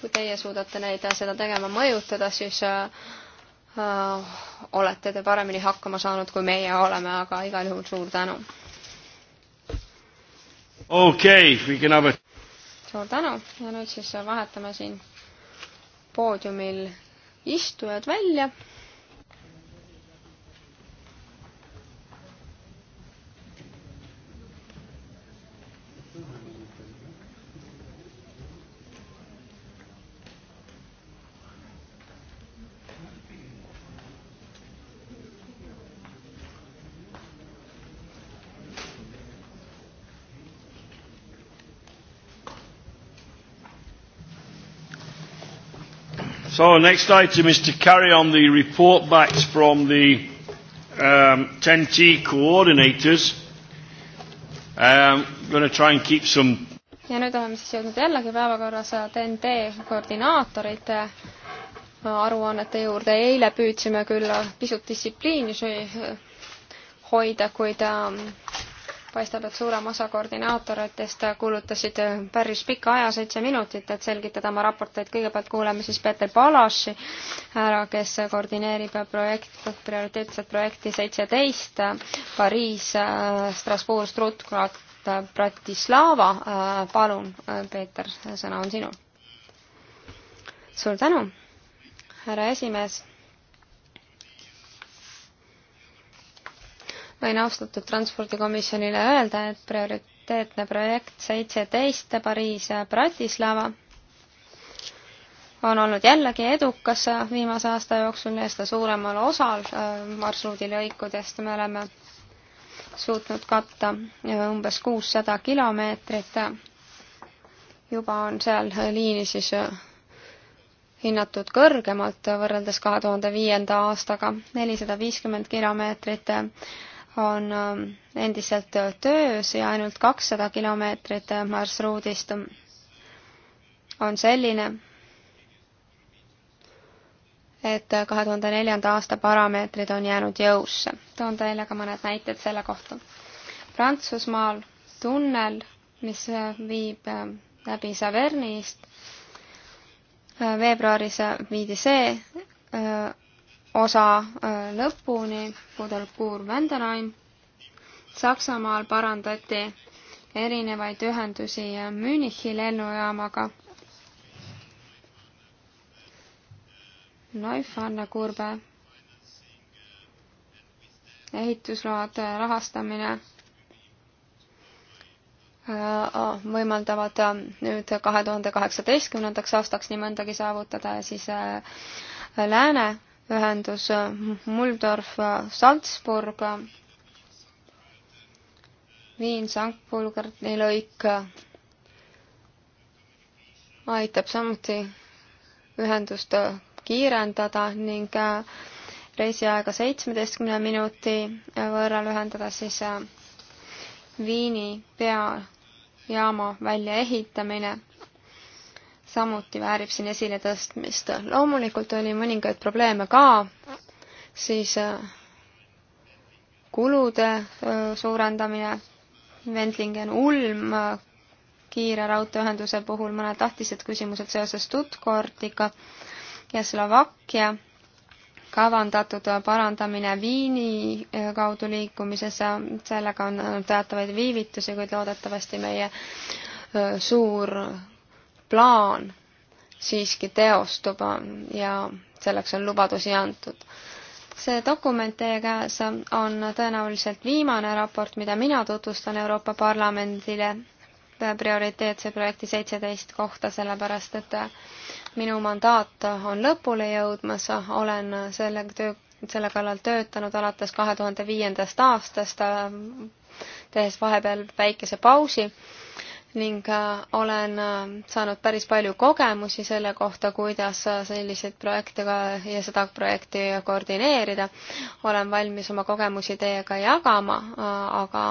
kui teie suudate neid seda tegema mõjutada, siis Äh, olete te paremini hakkama saanud, kui meie oleme, aga igal juhul suur tänu. okei okay,, we can have a suur tänu ja nüüd siis vahetame siin poodiumil istujad välja So next item is to carry on the report backs from the um, 10T coordinators. Um, going to try and keep some ja nüüd oleme siis jõudnud jällegi päevakorras äh, TNT koordinaatorite äh, aruannete juurde. eile püüdsime küll äh, pisut distsipliini hoida, kuid ähm, paistab, et suurem osa koordinaatoritest kuulutasid päris pika aja, seitse minutit, et selgitada oma raporteid. kõigepealt kuuleme siis Peeter Palaši ära, kes koordineerib projekt, prioriteetset projekti seitseteist, Pariis, Strasbourg, Stuttgart, Bratislava. palun, Peeter, sõna on sinul. suur tänu, härra esimees võin austatud transpordikomisjonile öelda, et prioriteetne projekt seitseteist Pariis ja Bratislava on olnud jällegi edukas viimase aasta jooksul, nii-öelda suuremal osal äh, marsruudilõikudest me oleme suutnud katta äh, umbes kuussada kilomeetrit. juba on seal liini siis äh, hinnatud kõrgemalt võrreldes kahe tuhande viienda aastaga, nelisada viiskümmend kilomeetrit on ähm, endiselt töös ja ainult kakssada kilomeetrit äh, marsruudist on selline, et äh, kahe tuhande neljanda aasta parameetrid on jäänud jõusse. toon teile ka mõned näited selle kohta. Prantsusmaal tunnel, mis äh, viib läbi Savernist, veebruaris viidi see osa äh, lõpuni, Kudelkuur Vendenheim. Saksamaal parandati erinevaid ühendusi äh, Münichi lennujaamaga. Neufanne kurbe ehitusload äh, rahastamine võimaldavad nüüd kahe tuhande kaheksateistkümnendaks aastaks nii mõndagi saavutada ja siis Lääne ühendus Muldorf Salzburg, Viin Sankt-Pulgartni lõik aitab samuti ühendust kiirendada ning reisiaega seitsmeteistkümne minuti võrra lühendada siis Viini peajaama väljaehitamine samuti väärib siin esile tõstmist. loomulikult oli mõningaid probleeme ka, siis äh, kulude äh, suurendamine, Wendlingen ulm äh, kiire raudteeühenduse puhul mõned tahtised küsimused seoses Stuttgartiga ja Slovakkia kavandatud parandamine Viini kaudu liikumises, sellega on teatavaid viivitusi, kuid loodetavasti meie suur plaan siiski teostub ja selleks on lubadusi antud. see dokument teie käes on tõenäoliselt viimane raport, mida mina tutvustan Euroopa Parlamendile prioriteetse projekti seitseteist kohta, sellepärast et minu mandaat on lõpule jõudmas, olen selle töö, selle kallal töötanud alates kahe tuhande viiendast aastast, tehes vahepeal väikese pausi ning äh, olen äh, saanud päris palju kogemusi selle kohta, kuidas äh, selliseid projekte ka ja seda projekti koordineerida. olen valmis oma kogemusi teiega jagama, aga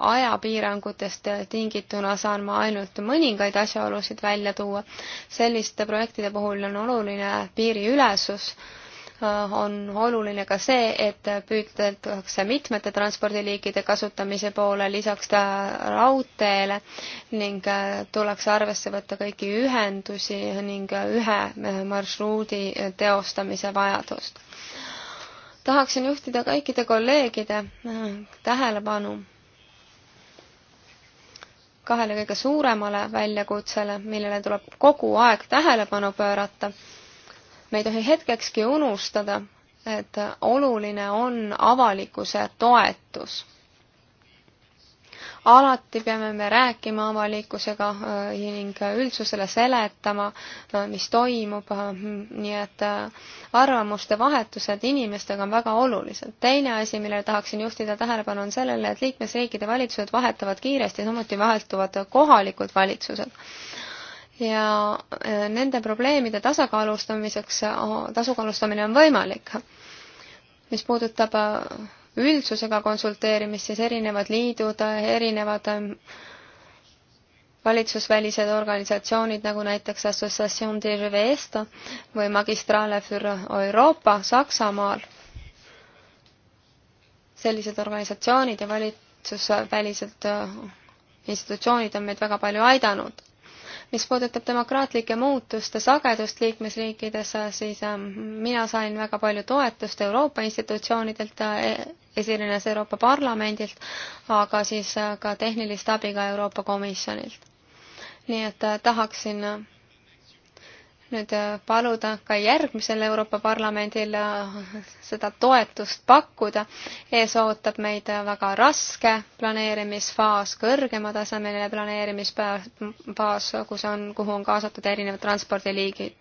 ajapiirangutest tingituna saan ma ainult mõningaid asjaolusid välja tuua. selliste projektide puhul on oluline piiriülesus Äh, on oluline ka see, et püütakse mitmete transpordiliikide kasutamise poole, lisaks ta raudteele ning äh, tuleks arvesse võtta kõiki ühendusi ning ühe äh, marsruudi teostamise vajadust. tahaksin juhtida kõikide kolleegide tähelepanu kahele kõige suuremale väljakutsele, millele tuleb kogu aeg tähelepanu pöörata me ei tohi hetkekski unustada, et oluline on avalikkuse toetus. alati peame me rääkima avalikkusega äh, ning üldsusele seletama, äh, mis toimub, äh, nii et arvamuste vahetused inimestega on väga olulised. teine asi, millele tahaksin juhtida tähelepanu, on sellele, et liikmesriikide valitsused vahetavad kiiresti, samuti vahetuvad kohalikud valitsused ja äh, nende probleemide tasakaalustamiseks, äh, tasakaalustamine on võimalik. mis puudutab äh, üldsusega konsulteerimist, siis erinevad liidud, erinevad ähm, valitsusvälised organisatsioonid nagu näiteks Association de Revesta või Magistrale für Euroopa Saksamaal. sellised organisatsioonid ja valitsusvälised institutsioonid on meid väga palju aidanud mis puudutab demokraatlike muutuste sagedust liikmesriikides, siis ähm, mina sain väga palju toetust Euroopa institutsioonidelt, äh, esines Euroopa Parlamendilt, aga siis äh, ka tehnilist abi ka Euroopa Komisjonilt. nii et äh, tahaksin nüüd äh, paluda ka järgmisel Euroopa Parlamendil äh, seda toetust pakkuda. ees ootab meid äh, väga raske planeerimisfaas, kõrgematasemeline planeerimisfaas, kus on, kuhu on kaasatud erinevad transpordiliigid.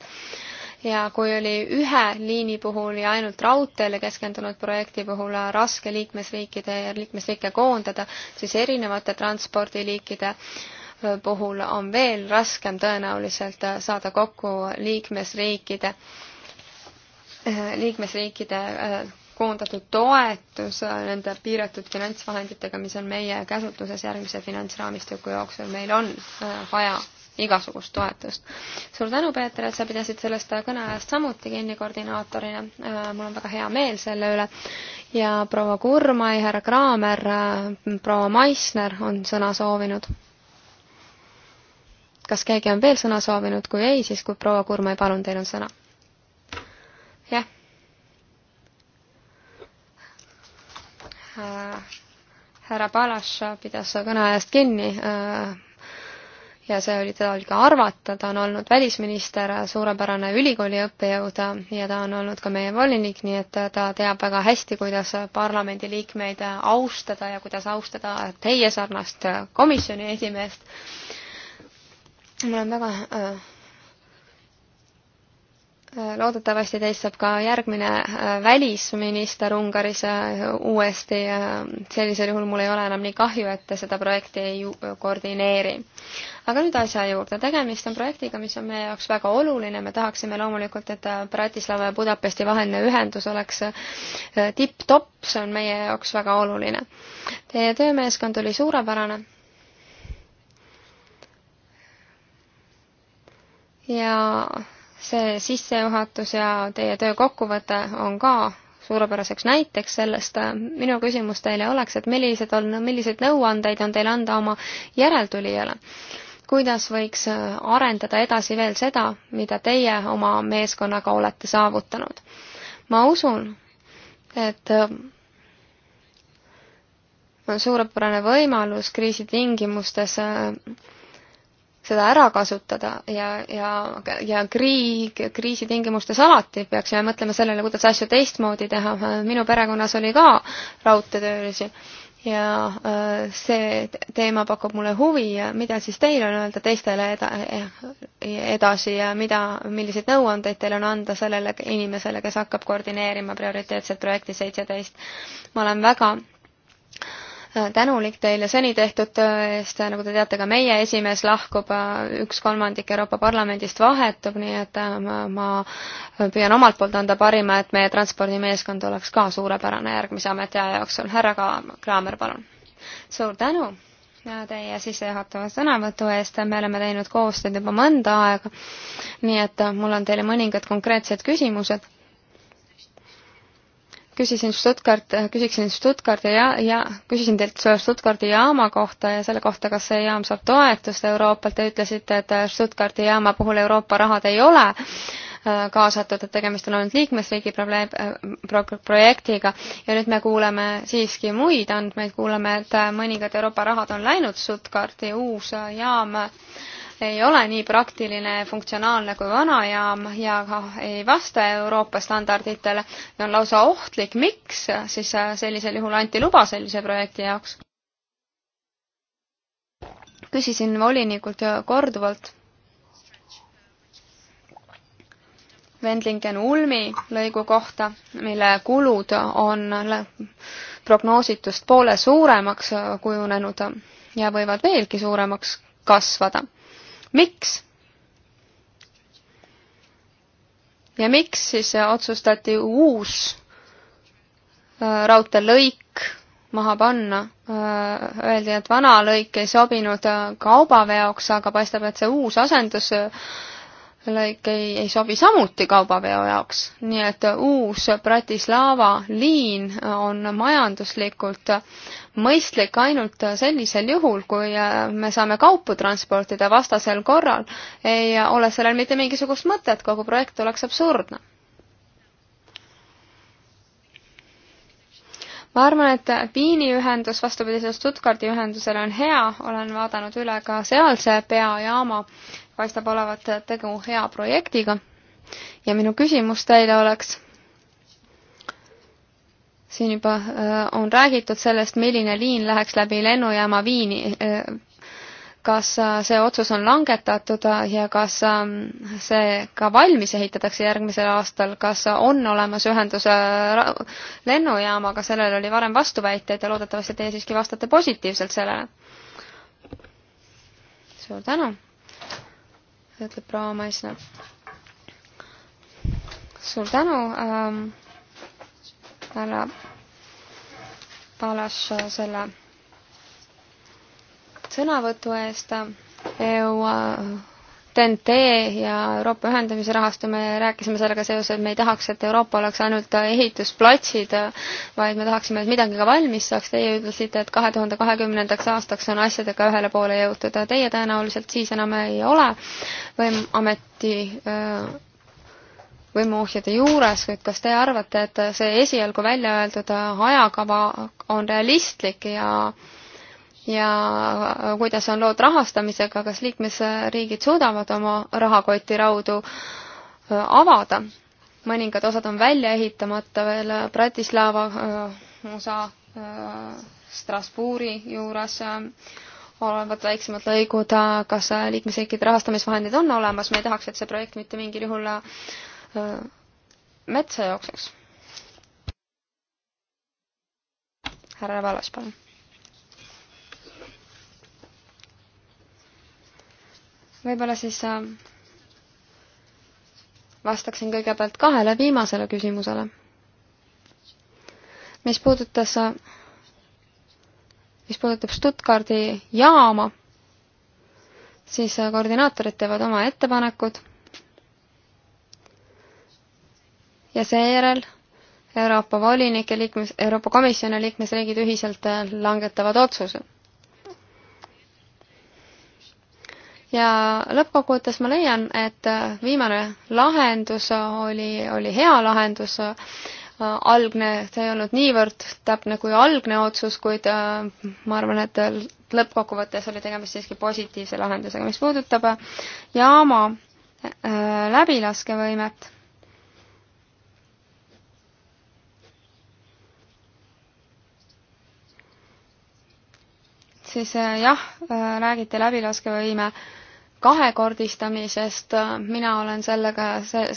ja kui oli ühe liini puhul ja ainult raudteele keskendunud projekti puhul raske liikmesriikide ja liikmesriike koondada, siis erinevate transpordiliikide äh, puhul on veel raskem tõenäoliselt saada kokku liikmesriikide, liikmesriikide äh, koondatud toetus äh, nende piiratud finantsvahenditega, mis on meie käsutuses järgmise finantsraamistiku jooksul, meil on äh, vaja igasugust toetust. suur tänu, Peeter, et sa pidasid sellest kõneajast samuti kinni koordinaatorina. mul on väga hea meel selle üle. ja proua Kurmai, härra Kraamer, proua Maisner on sõna soovinud kas keegi on veel sõna soovinud, kui ei, siis kui proua Kurmai, palun, teil on sõna. jah. Äh, härra Palaš pidas kõne ajast kinni äh, ja see oli tal ka arvata, ta on olnud välisminister, suurepärane ülikooli õppejõud ja ta on olnud ka meie volinik, nii et ta teab väga hästi, kuidas parlamendiliikmeid austada ja kuidas austada teie sarnast komisjoni esimeest ma olen väga äh, äh, loodetavasti teist saab ka järgmine äh, välisminister Ungaris äh, uuesti. sellisel juhul mul ei ole enam nii kahju, et te seda projekti ei koordineeri. aga nüüd asja juurde. tegemist on projektiga, mis on meie jaoks väga oluline. me tahaksime loomulikult, et Bratislava ja Budapesti vaheline ühendus oleks tipp-topp, see on meie jaoks väga oluline. Teie töömeeskond oli suurepärane ja see sissejuhatus ja teie töö kokkuvõte on ka suurepäraseks näiteks sellest. minu küsimus teile oleks, et millised on, milliseid nõuandeid on teil anda oma järeltulijale? kuidas võiks arendada edasi veel seda, mida teie oma meeskonnaga olete saavutanud? ma usun, et on suurepärane võimalus kriisi tingimustes seda ära kasutada ja, ja, ja kriig, kriisi tingimustes alati peaksime mõtlema sellele, kuidas asju teistmoodi teha. minu perekonnas oli ka raudteetöölisi ja äh, see teema pakub mulle huvi ja mida siis teil on öelda teistele eda, edasi ja mida, milliseid nõuandeid teil on anda sellele inimesele, kes hakkab koordineerima prioriteetset projekti seitseteist. ma olen väga tänulik teile seni tehtud töö eest, nagu te teate, ka meie esimees lahkub, üks kolmandik Euroopa Parlamendist vahetub, nii et äh, ma, ma püüan omalt poolt anda parima, et meie transpordimeeskond oleks ka suurepärane järgmise ametiaja jooksul. härra Kraamer, palun. suur tänu äh, teie sissejuhatava sõnavõtu eest, me oleme teinud koostööd juba mõnda aega, nii et äh, mul on teile mõningad konkreetsed küsimused küsisin Stuttgart, äh, küsiksin Stuttgardi ja, ja küsisin teilt Stuttgardi jaama kohta ja selle kohta, kas see jaam saab toetust Euroopalt. Te ütlesite, et äh, Stuttgardi jaama puhul Euroopa rahad ei ole äh, kaasatud, et tegemist on olnud liikmesriigi probleem pro,, projektiga ja nüüd me kuuleme siiski muid andmeid, kuuleme, et mõningad Euroopa rahad on läinud Stuttgardi, uus jaam ei ole nii praktiline ja funktsionaalne kui vana jaam ja ka ei vasta Euroopa standarditele ja on lausa ohtlik, miks siis äh, sellisel juhul anti luba sellise projekti jaoks? küsisin volinikult korduvalt. Wendlingen ulmi lõigu kohta, mille kulud on prognoositust poole suuremaks kujunenud ja võivad veelgi suuremaks kasvada miks? ja miks siis otsustati uus äh, raudteelõik maha panna? Äh, öeldi, et vana lõik ei sobinud äh, kaubaveoks, aga paistab, et see uus asendus lõik ei, ei sobi samuti kaubaveo jaoks, nii et uus Bratislava liin on majanduslikult mõistlik ainult sellisel juhul, kui me saame kaupu transportida, vastasel korral ei ole sellel mitte mingisugust mõtet, kogu projekt oleks absurdne. ma arvan, et Viini ühendus vastupidisele Stuttgardi ühendusele on hea, olen vaadanud üle ka sealse peajaama äh, paistab olevat tegu hea projektiga. ja minu küsimus teile oleks, siin juba äh, on räägitud sellest, milline liin läheks läbi lennujaama Viini. Äh, kas äh, see otsus on langetatud ja kas see ka valmis ehitatakse järgmisel aastal, kas on olemas ühendus lennujaamaga, sellel oli varem vastuväiteid ja loodetavasti teie siiski vastate positiivselt sellele. suur tänu ütleb proua Maisna. suur tänu ähm,, härra Palas, selle sõnavõtu eest. Äh, EU äh, TNT ja Euroopa ühendamise rahastu, me rääkisime sellega seoses, et me ei tahaks, et Euroopa oleks ainult ehitusplatsid, vaid me tahaksime, et midagi ka valmis saaks. Teie ütlesite, et kahe tuhande kahekümnendaks aastaks on asjadega ühele poole jõutud. Teie tõenäoliselt siis enam ei ole võim-, ameti äh, võimuohjade juures, kuid kas te arvate, et see esialgu välja öeldud ajakava on realistlik ja ja kuidas on lood rahastamisega, kas liikmesriigid suudavad oma rahakoti raudu äh, avada? mõningad osad on välja ehitamata veel äh, Bratislava äh, osa Strasbourgi juures olevad väiksemad lõigud, kas liikmesriikide rahastamisvahendid on olemas, me ei tahaks, et see projekt mitte mingil juhul metsa jookseks. härra Vallas, palun võib-olla siis äh, vastaksin kõigepealt kahele viimasele küsimusele, mis puudutas, äh, mis puudutab Stuttgardi jaama, siis äh, koordinaatorid teevad oma ettepanekud ja seejärel Euroopa volinike liikmes, Euroopa Komisjoni liikmesriigid ühiselt langetavad otsuse ja lõppkokkuvõttes ma leian, et äh, viimane lahendus oli, oli hea lahendus, äh, algne, see ei olnud niivõrd täpne kui algne otsus, kuid äh, ma arvan, et lõppkokkuvõttes oli tegemist siiski positiivse lahendusega. mis puudutab jaama läbilaskevõimet, siis jah, räägiti läbilaskevõime kahekordistamisest, mina olen sellega,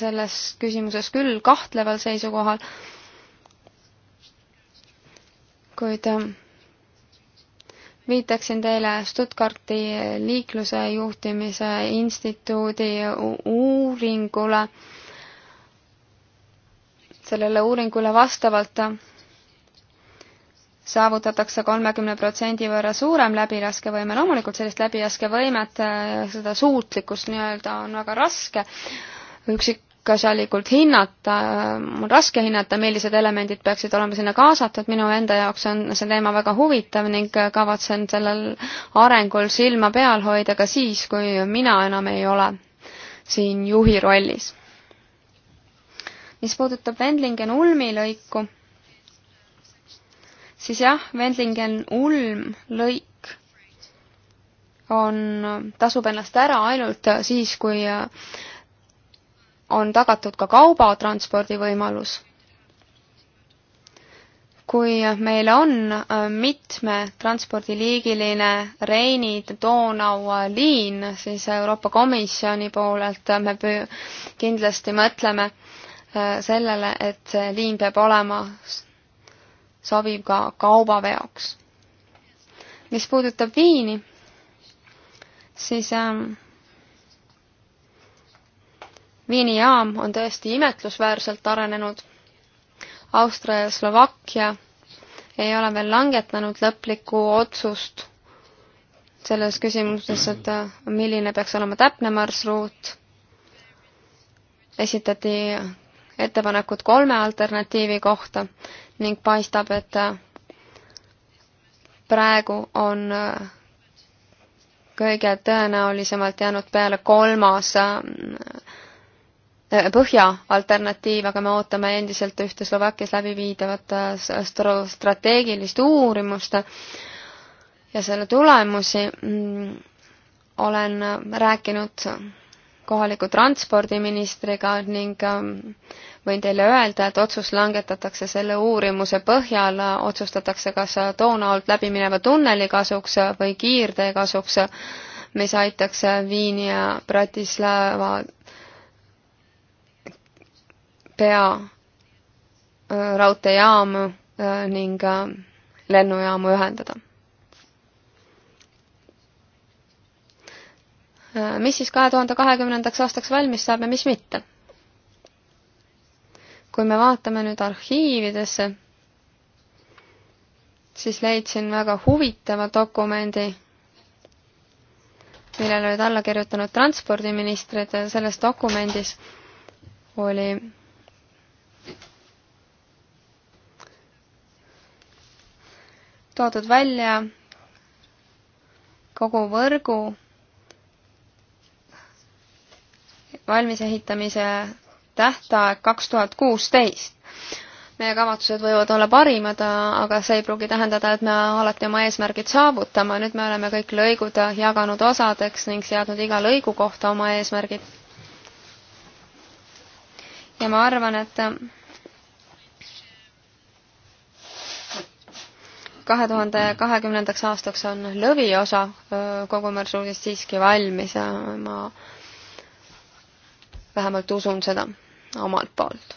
selles küsimuses küll kahtleval seisukohal, kuid ähm, viitaksin teile Stuttgarti liikluse juhtimise instituudi uuringule, sellele uuringule vastavalt saavutatakse kolmekümne protsendi võrra suurem läbilaskevõime. loomulikult sellist läbilaskevõimet, äh, seda suutlikkust nii-öelda on väga raske üksikasjalikult hinnata, äh, on raske hinnata, millised elemendid peaksid olema sinna kaasatud, minu enda jaoks on see teema väga huvitav ning äh, kavatsen sellel arengul silma peal hoida ka siis, kui mina enam ei ole siin juhi rollis. mis puudutab Wendlingen-Ulmi lõiku siis jah, Wendlingen-Ulm lõik on, tasub ennast ära ainult siis, kui on tagatud ka kaubatranspordi võimalus. kui meil on äh, mitme transpordiliigiline Reini-Donau liin, siis Euroopa Komisjoni poolelt me kindlasti mõtleme äh, sellele, et see liin peab olema sobib ka kaubaveoks. mis puudutab viini, siis ähm, viinijaam on tõesti imetlusväärselt arenenud. Austria ja Slovakkia ei ole veel langetanud lõplikku otsust selles küsimuses, et äh, milline peaks olema täpne marsruut. esitati ettepanekut kolme alternatiivi kohta ning paistab, et praegu on kõige tõenäolisemalt jäänud peale kolmas äh, põhja alternatiiv, aga me ootame endiselt ühte Slovakkias läbi viidavat äh, strateegilist uurimust ja selle tulemusi mm, olen äh, rääkinud kohaliku transpordiministriga ning ähm, võin teile öelda, et otsus langetatakse selle uurimuse põhjal, otsustatakse kas Donalt läbi mineva tunneli kasuks või kiirtee kasuks, mis aitaks Viini ja Bratislava pea äh, raudteejaamu äh, ning äh, lennujaamu ühendada Äh, mis siis kahe tuhande kahekümnendaks aastaks valmis saab ja mis mitte. kui me vaatame nüüd arhiividesse, siis leidsin väga huvitava dokumendi, millele olid alla kirjutanud transpordiministrid ja selles dokumendis oli toodud välja kogu võrgu valmisehitamise tähtaeg kaks tuhat kuusteist. meie kavatsused võivad olla parimad, aga see ei pruugi tähendada, et me alati oma eesmärgid saavutame, nüüd me oleme kõik lõigud jaganud osadeks ning seadnud iga lõigu kohta oma eesmärgid. ja ma arvan, et kahe tuhande kahekümnendaks aastaks on lõviosa kogu marsruudist siiski valmis ja ma vähemalt usun seda omalt poolt.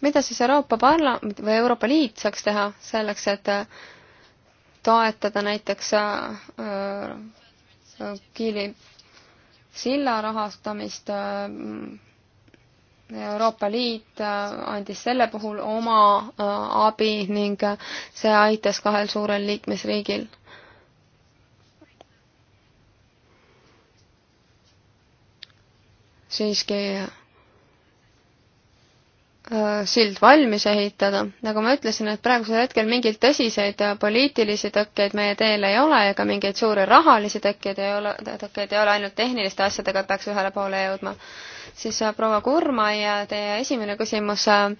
mida siis Euroopa Parla- või Euroopa Liit saaks teha selleks, et äh, toetada näiteks äh, äh, Kiili silla rahastamist äh,. Euroopa Liit äh, andis selle puhul oma äh, abi ning see aitas kahel suurel liikmesriigil siiski äh, sild valmis ehitada. nagu ma ütlesin, et praegusel hetkel mingeid tõsiseid poliitilisi tõkkeid meie teel ei ole ega mingeid suuri rahalisi tõkkeid ei ole, tõkkeid ei ole, ainult tehniliste asjadega peaks ühele poole jõudma. siis äh, proua Kurmai, teie esimene küsimus, äh,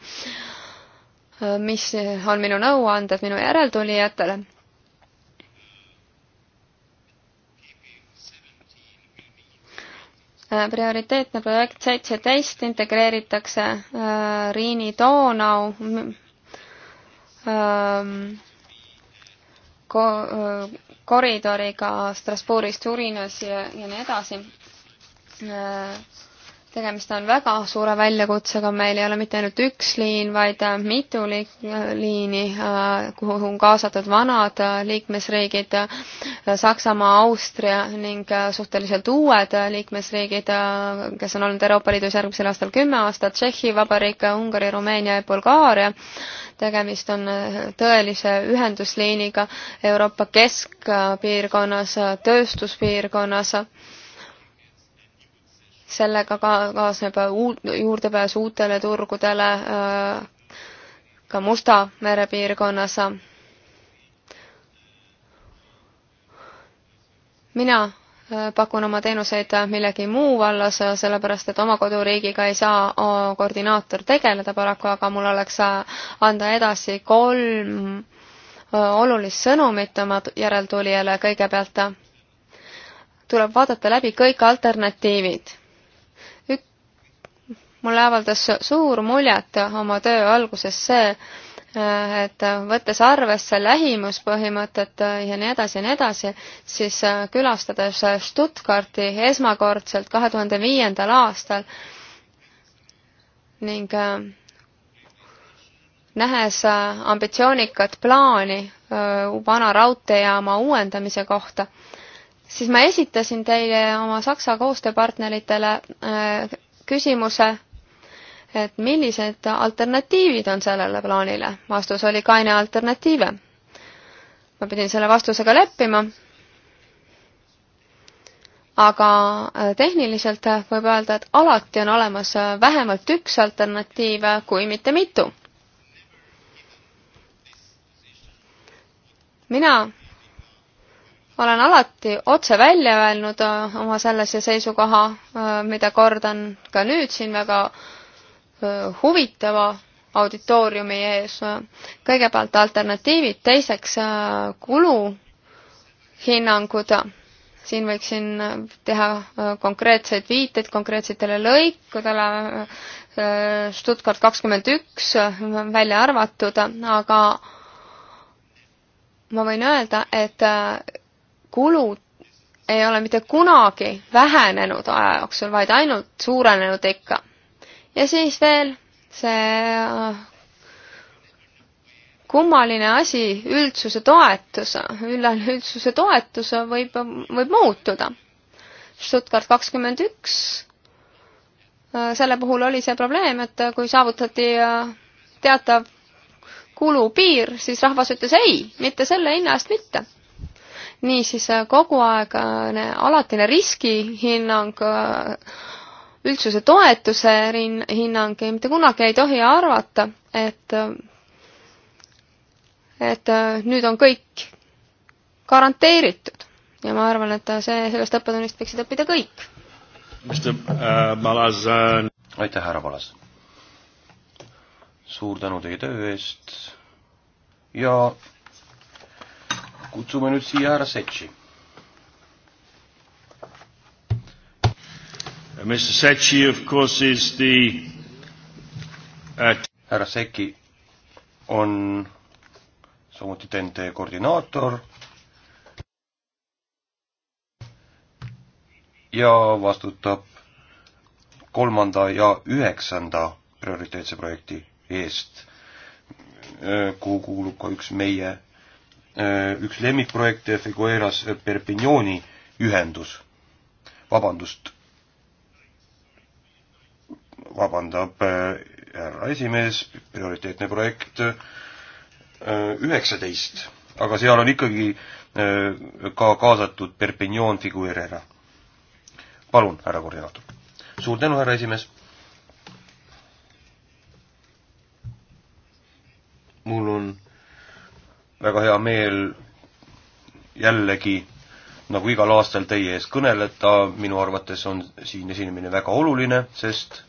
mis on minu nõuanded minu järeltulijatele Äh, prioriteetne projekt seitseteist integreeritakse äh, Riini Donau ähm, äh, koridoriga Strasbourgist Urinas ja, ja nii edasi tegemist on väga suure väljakutsega, meil ei ole mitte ainult üks liin, vaid äh, mitu liini, äh, kuhu on kaasatud vanad äh, liikmesriigid, Saksamaa, Austria ning suhteliselt uued liikmesriigid, kes on olnud Euroopa Liidus järgmisel aastal kümme aastat, Tšehhi Vabariik, Ungari, Rumeenia ja Bulgaaria. tegemist on tõelise ühendusliiniga Euroopa keskpiirkonnas, tööstuspiirkonnas sellega ka kaasneb uut, juurdepääs uutele turgudele äh, ka Musta mere piirkonnas. mina äh, pakun oma teenuseid millegi muu vallas, sellepärast et oma koduriigiga ei saa äh, koordinaator tegeleda paraku, aga mul oleks anda edasi kolm olulist sõnumit oma järeltulijale kõigepealt tuleb vaadata läbi kõik alternatiivid mulle avaldas suur muljet oma töö alguses see, et võttes arvesse lähimuspõhimõtet ja nii edasi ja nii edasi, siis külastades Stuttgarti esmakordselt kahe tuhande viiendal aastal ning äh, nähes ambitsioonikat plaani äh, vana raudteejaama uuendamise kohta, siis ma esitasin teile oma Saksa koostööpartneritele äh, küsimuse et millised alternatiivid on sellele plaanile. vastus oli kaine alternatiive. ma pidin selle vastusega leppima. aga äh, tehniliselt võib öelda, et alati on olemas äh, vähemalt üks alternatiiv, äh, kui mitte mitu. mina olen alati otse välja öelnud oma sellesse seisukoha, mida kordan ka nüüd siin väga huvitava auditooriumi ees. kõigepealt alternatiivid, teiseks kuluhinnangud. siin võiksin teha konkreetseid viiteid konkreetsetele lõikudele, Stuttgart kakskümmend üks välja arvatud, aga ma võin öelda, et kulud ei ole mitte kunagi vähenenud aja jooksul, vaid ainult suurenenud ikka ja siis veel see äh, kummaline asi, üldsuse toetus, üldsuse toetus võib, võib muutuda. Stuttgart kakskümmend üks, äh, selle puhul oli see probleem, et kui saavutati äh, teatav kulupiir, siis rahvas ütles ei, mitte selle hinna eest mitte. niisiis kogu aeg alatine riskihinnang üldsuse toetuse hinnang ja mitte kunagi ei tohi arvata, et, et nüüd on kõik garanteeritud. ja ma arvan, et see, sellest õppetunnist võiksid õppida kõik. Äh, aitäh, härra Palas! suur tänu teie töö eest ja kutsume nüüd siia härra Setši Uh, Mr Secchi, of course, is the uh, härra Secchi on samuti TNT koordinaator ja vastutab kolmanda ja üheksanda prioriteetse projekti eest, äh, kuhu kuulub ka üks meie, äh, üks lemmikprojekte Figueras Perpignani ühendus. vabandust, vabandab äh, härra esimees, prioriteetne projekt äh, üheksateist, aga seal on ikkagi äh, ka kaasatud Perpignan Figuerera. palun, härra koordinaator. suur tänu, härra esimees. mul on väga hea meel jällegi nagu igal aastal teie ees kõneleda, minu arvates on siin esinemine väga oluline, sest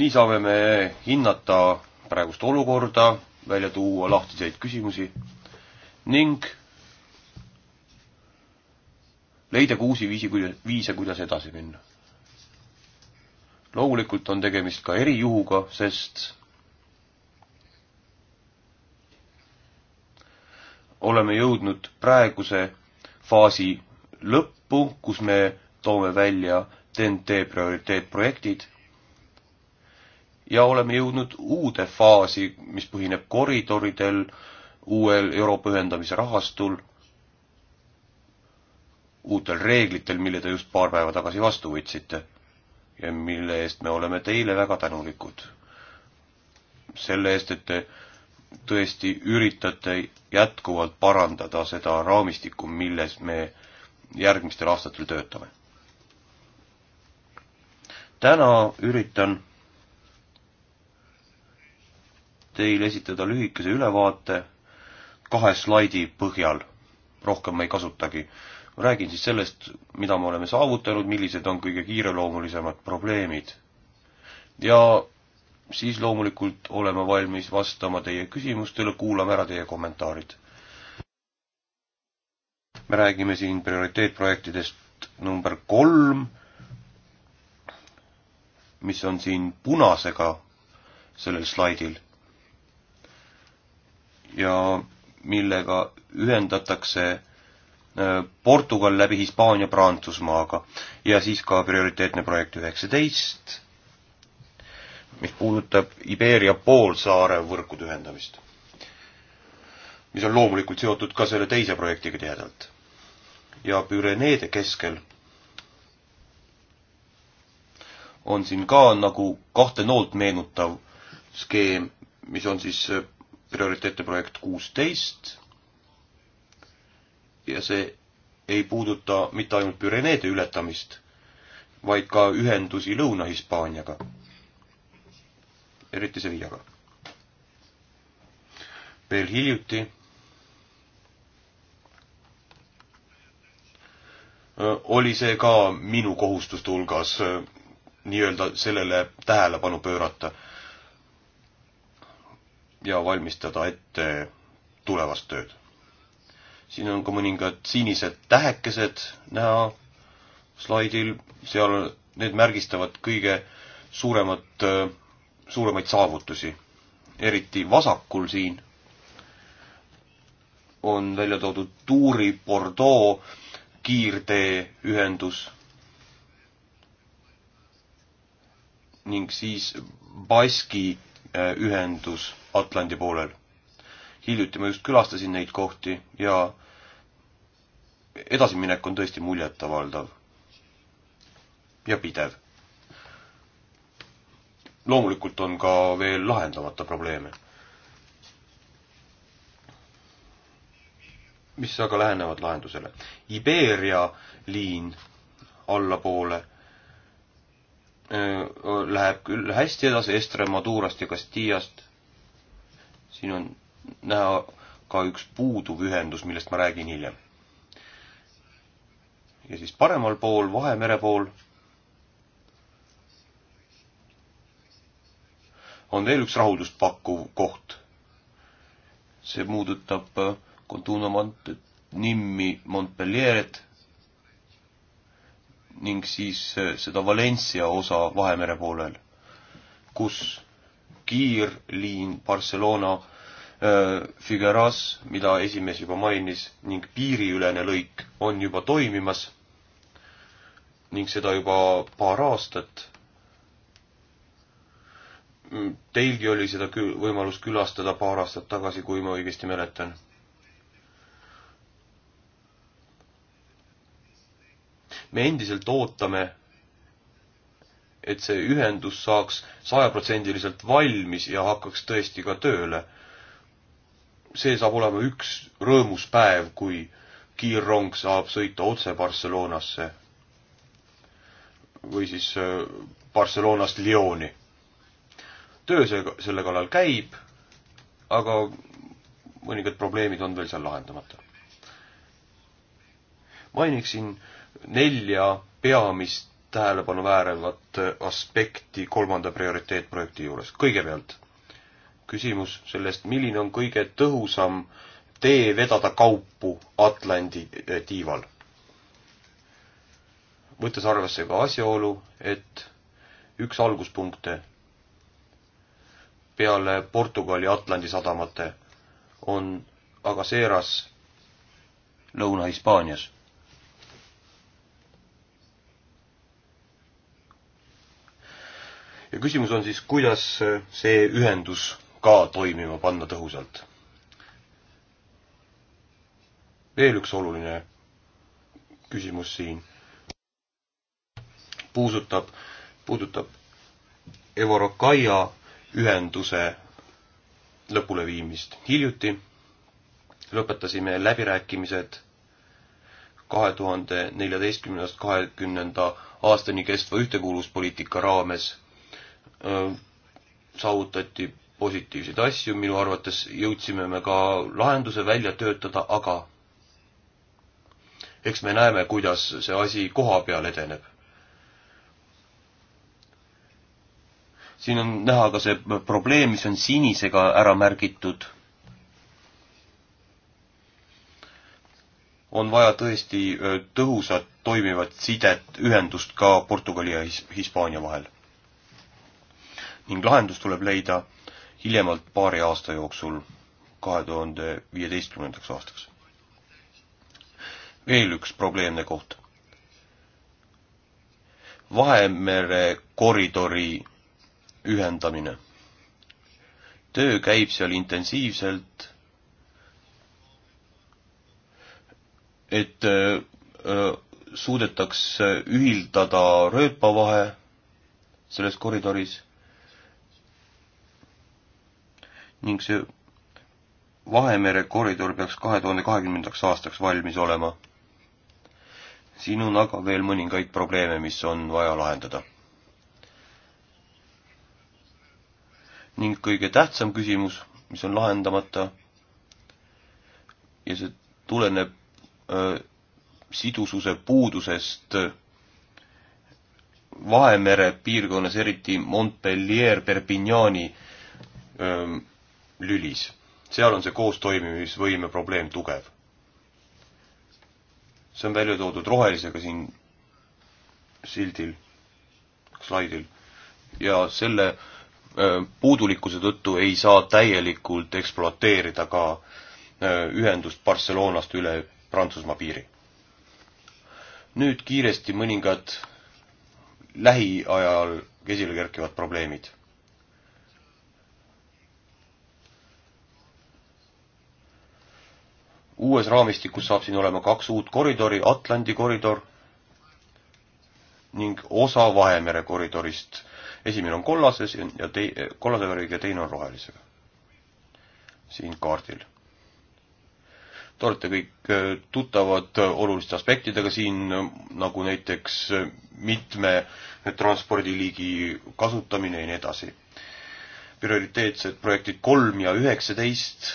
nii saame me hinnata praegust olukorda, välja tuua lahtiseid küsimusi ning leida ka uusi viisi, viise, kuidas edasi minna. loomulikult on tegemist ka erijuhuga, sest oleme jõudnud praeguse faasi lõppu, kus me toome välja TNT prioriteetprojektid ja oleme jõudnud uude faasi, mis põhineb koridoridel, uuel Euroopa ühendamise rahastul, uutel reeglitel, mille te just paar päeva tagasi vastu võtsite ja mille eest me oleme teile väga tänulikud. selle eest, et te tõesti üritate jätkuvalt parandada seda raamistikku, milles me järgmistel aastatel töötame. täna üritan teile esitada lühikese ülevaate kahe slaidi põhjal. rohkem ma ei kasutagi. räägin siis sellest, mida me oleme saavutanud, millised on kõige kiireloomulisemad probleemid. ja siis loomulikult oleme valmis vastama teie küsimustele, kuulame ära teie kommentaarid. me räägime siin prioriteetprojektidest number kolm, mis on siin punasega sellel slaidil ja millega ühendatakse äh, Portugal läbi Hispaania Prantsusmaaga ja siis ka prioriteetne projekt üheksateist, mis puudutab Iberia poolsaare võrkude ühendamist. mis on loomulikult seotud ka selle teise projektiga tihedalt. ja Püreneede keskel on siin ka nagu kahte noolt meenutav skeem, mis on siis äh, prioriteetne projekt kuusteist ja see ei puuduta mitte ainult Püreneede ületamist, vaid ka ühendusi Lõuna-Hispaaniaga, eriti Sevillaga. veel hiljuti oli see ka minu kohustuste hulgas äh, nii-öelda sellele tähelepanu pöörata ja valmistada ette tulevast tööd. siin on ka mõningad sinised tähekesed näha slaidil, seal need märgistavad kõige suuremat, suuremaid saavutusi. eriti vasakul siin on välja toodud Tuuri Bordeaux kiirteeühendus ning siis Baski Äh, ühendus Atlandi poolel. hiljuti ma just külastasin neid kohti ja edasiminek on tõesti muljetavaldav ja pidev. loomulikult on ka veel lahendamata probleeme. mis aga lähenevad lahendusele. Iberia liin allapoole Äh, läheb küll hästi edasi Estremadurast ja Castillast. siin on näha ka üks puuduv ühendus, millest ma räägin hiljem. ja siis paremal pool, Vahemere pool, on veel üks rahuldust pakkuv koht. see puudutab äh, Contuna Mont-, Nimmi, Montpellieret ning siis eh, seda Valencia osa Vahemere poolel, kus kiirliin Barcelona eh, Figueras, mida esimees juba mainis, ning piiriülene lõik on juba toimimas ning seda juba paar aastat. Mm, teilgi oli seda kül-, võimalus külastada paar aastat tagasi, kui ma õigesti mäletan me endiselt ootame, et see ühendus saaks sajaprotsendiliselt valmis ja hakkaks tõesti ka tööle. see saab olema üks rõõmus päev, kui kiirrong saab sõita otse Barcelonasse või siis äh, Barcelonast Lyoni. töö see, selle kallal käib, aga mõningad probleemid on veel seal lahendamata. mainiksin nelja peamist tähelepanu väärivat aspekti kolmanda prioriteetprojekti juures. kõigepealt küsimus sellest, milline on kõige tõhusam tee vedada kaupu Atlandi eh, tiival. võttes arvesse ka asjaolu, et üks alguspunkte peale Portugali Atlandi sadamate on aga seeras Lõuna-Hispaanias ja küsimus on siis, kuidas see ühendus ka toimima panna tõhusalt. veel üks oluline küsimus siin puudutab, puudutab Evorokaia ühenduse lõpuleviimist. hiljuti lõpetasime läbirääkimised kahe tuhande neljateistkümnendast kahekümnenda aastani kestva ühtekuuluvuspoliitika raames saavutati positiivseid asju, minu arvates jõudsime me ka lahenduse välja töötada, aga eks me näeme, kuidas see asi koha peal edeneb. siin on näha ka see probleem, mis on sinisega ära märgitud. on vaja tõesti tõhusat toimivat sidet, ühendust ka Portugali ja Hispaania vahel ning lahendus tuleb leida hiljemalt paari aasta jooksul, kahe tuhande viieteistkümnendaks aastaks. veel üks probleemne koht. Vahemere koridori ühendamine. töö käib seal intensiivselt, et öö, äh, suudetaks ühildada rööpavahe selles koridoris ning see Vahemere koridor peaks kahe tuhande kahekümnendaks aastaks valmis olema. siin on aga veel mõningaid probleeme, mis on vaja lahendada. ning kõige tähtsam küsimus, mis on lahendamata ja see tuleneb öö, äh, sidususe puudusest Vahemere piirkonnas, eriti Montpellier, Perpignani öö, ähm, lülis. seal on see koostoimimisvõime probleem tugev. see on välja toodud rohelisega siin sildil, slaidil ja selle äh, puudulikkuse tõttu ei saa täielikult ekspluateerida ka äh, ühendust Barcelonast üle Prantsusmaa piiri. nüüd kiiresti mõningad lähiajal esile kerkivad probleemid uues raamistikus saab siin olema kaks uut koridori, Atlandi koridor ning osa Vahemere koridorist. esimene on kollases ja tei-, kollase värviga ja teine on rohelisega. siin kaardil. Te olete kõik äh, tuttavad äh, oluliste aspektidega siin, äh, nagu näiteks mitme transpordiliigi kasutamine ja nii edasi. prioriteetsed projektid kolm ja üheksateist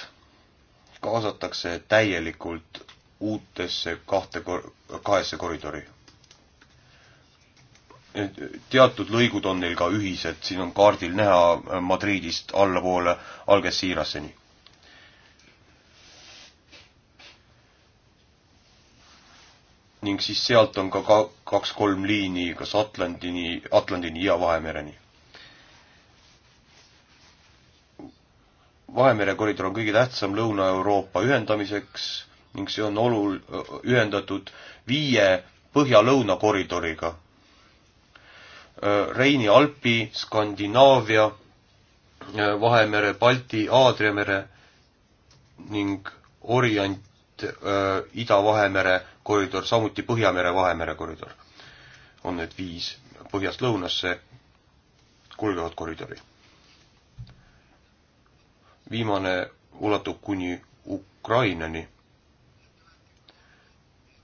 kaasatakse täielikult uutesse kahte, kahesse koridori. teatud lõigud on neil ka ühised, siin on kaardil näha Madridist allapoole Algeciiraseni. ning siis sealt on ka kaks-kolm liini kas Atlandini, Atlandini ja Vahemereni Vahemere koridor on kõige tähtsam Lõuna-Euroopa ühendamiseks ning see on olul-, ühendatud viie põhja-lõuna koridoriga. Reini Alpi, Skandinaavia, Vahemere, Balti, Aadria mere ning Orient, äh, Ida-Vahemere koridor, samuti Põhjamere-Vahemere koridor. on need viis põhjast lõunasse kulgevat koridori viimane ulatub kuni Ukrainani.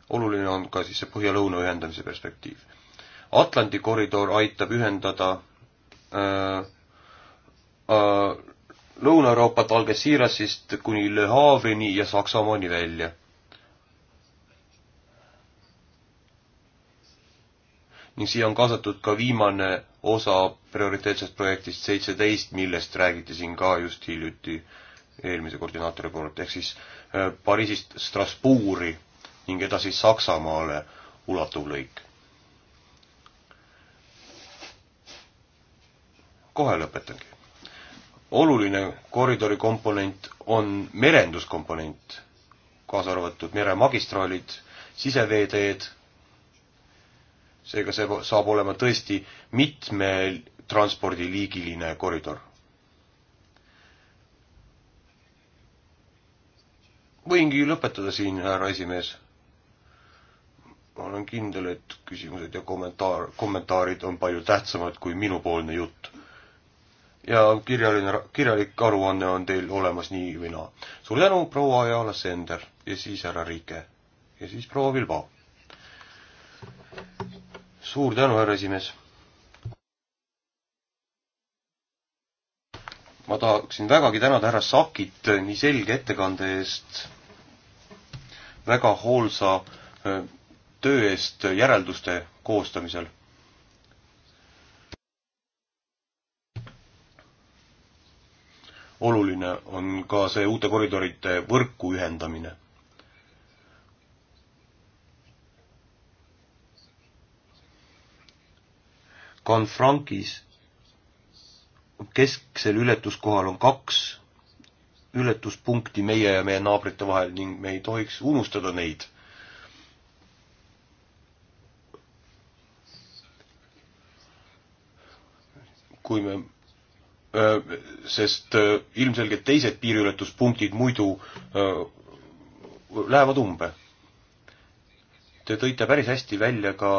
oluline on ka siis see põhja-lõuna ühendamise perspektiiv. Atlandi koridor aitab ühendada äh, äh, Lõuna-Euroopat Algeciirasist kuni Le Havre'ini ja Saksamaani välja ning siia on kaasatud ka viimane osa prioriteetsest projektist seitseteist, millest räägiti siin ka just hiljuti eelmise koordinaatori poolt, ehk siis äh, Pariisist Strasbourgi ning edasi Saksamaale ulatuv lõik. kohe lõpetangi. oluline koridori komponent on merenduskomponent, kaasa arvatud meremagistraalid, siseveeteed seega see saab olema tõesti mitme transpordiliigiline koridor. võingi lõpetada siin, härra esimees. ma olen kindel, et küsimused ja kommentaar, kommentaarid on palju tähtsamad kui minupoolne jutt. ja kirjaline, kirjalik aruanne on teil olemas nii või naa. suur tänu, proua Ajala Sender ja siis härra Riike ja siis proua Vilbao suur tänu, härra esimees. ma tahaksin vägagi tänada härra Sakit nii selge ettekande eest, väga hoolsa töö eest järelduste koostamisel. oluline on ka see uute koridoride võrku ühendamine Canfrankis kesksel ületuskohal on kaks ületuspunkti meie ja meie naabrite vahel ning me ei tohiks unustada neid. kui me, sest ilmselgelt teised piiriületuspunktid muidu lähevad umbe. Te tõite päris hästi välja ka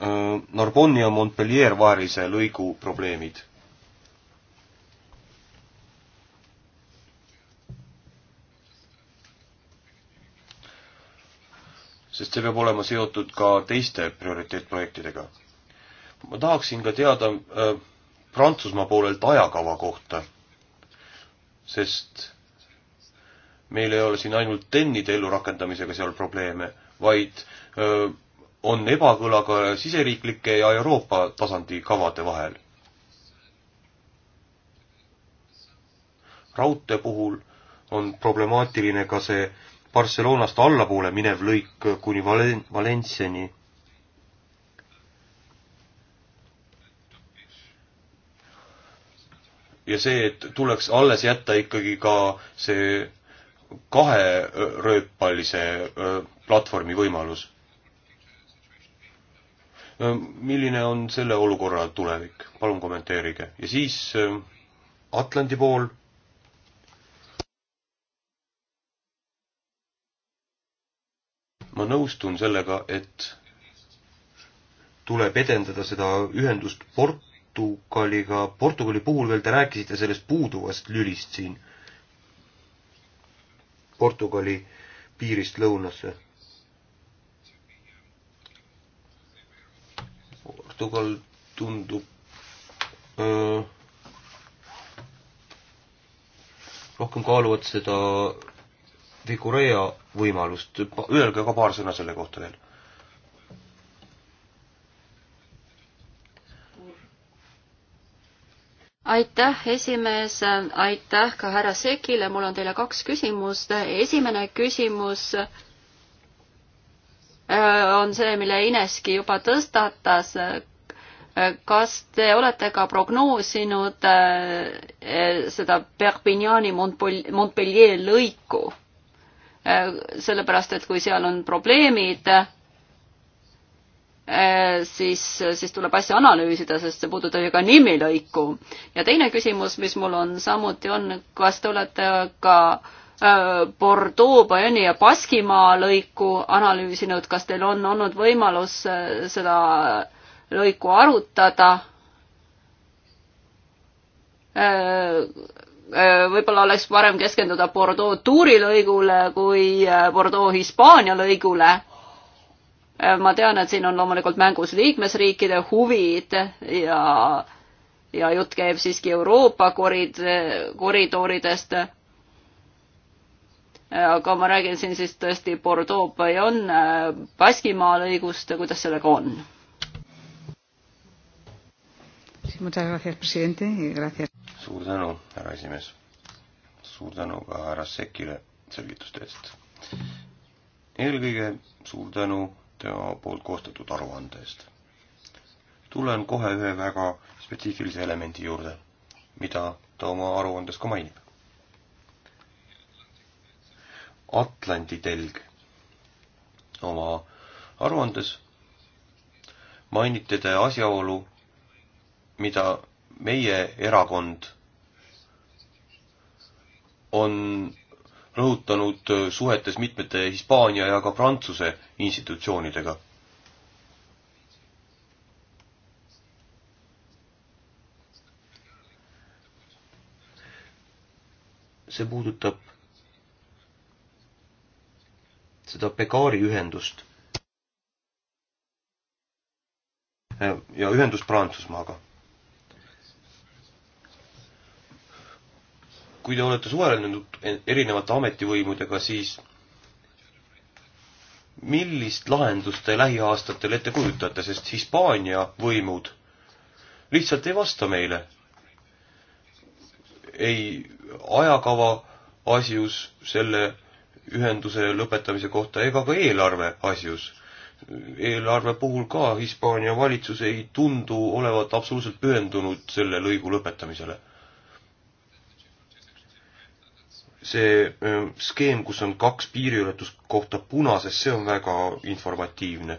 Äh, Narbonni ja Montpellier vahelise äh, lõigu probleemid. sest see peab olema seotud ka teiste prioriteetprojektidega. ma tahaksin ka teada äh, Prantsusmaa poolelt ajakava kohta, sest meil ei ole siin ainult TEN-ide ellurakendamisega seal probleeme, vaid öö, äh, on ebakõla ka siseriiklike ja Euroopa tasandi kavade vahel. raudtee puhul on problemaatiline ka see Barcelonast allapoole minev lõik kuni Valen-, Valentsiani. ja see, et tuleks alles jätta ikkagi ka see kahe rööppallise platvormi võimalus milline on selle olukorra tulevik, palun kommenteerige. ja siis Atlandi pool. ma nõustun sellega, et tuleb edendada seda ühendust Portugaliga. Portugali puhul veel te rääkisite sellest puuduvast lülist siin. Portugali piirist lõunasse Portugal tundub öö, rohkem kaaluvat seda Figurea võimalust, öelge ka paar sõna selle kohta veel. aitäh, esimees, aitäh ka härra Sekile, mul on teile kaks küsimust. esimene küsimus äh, Äh, on see, mille Ineski juba tõstatas. Äh, kas te olete ka prognoosinud äh, seda Perpignani Montpellier lõiku? sellepärast, et kui seal on probleemid, siis, siis tuleb asja analüüsida, sest see puudutab ju ka nimilõiku. ja teine küsimus, mis mul on samuti on, kas te olete ka äh, Äh, Bordeaux, Bayonne'i ja Baskimaa lõiku analüüsinud, kas teil on olnud võimalus äh, seda lõiku arutada? Äh, võib-olla oleks parem keskenduda Bordeaux Tuuri lõigule kui Bordeaux Hispaania lõigule. ma tean, et siin on loomulikult mängus liikmesriikide huvid ja, ja jutt käib siiski Euroopa korid-, koridoridest aga ma räägin siin siis tõesti Bordeaux, Bayonne, äh, Baskimaa lõigust, kuidas sellega on? suur tänu, härra esimees. suur tänu ka härra Sekile selgituste eest. eelkõige suur tänu tema poolt koostatud aruande eest. tulen kohe ühe väga spetsiifilise elemendi juurde, mida ta oma aruandes ka mainib Atlandi telg. oma aruandes mainite te asjaolu, mida meie erakond on rõhutanud suhetes mitmete Hispaania ja ka Prantsuse institutsioonidega see puudutab seda Pegari ühendust. ja ühendust Prantsusmaaga. kui te olete suhelnud erinevate ametivõimudega, siis millist lahendust te lähiaastatel ette kujutate, sest Hispaania võimud lihtsalt ei vasta meile. ei ajakava asjus, selle ühenduse lõpetamise kohta ega ka eelarve asjus. eelarve puhul ka Hispaania valitsus ei tundu olevat absoluutselt pühendunud selle lõigu lõpetamisele. see ähm, skeem, kus on kaks piiriületuskohta punases, see on väga informatiivne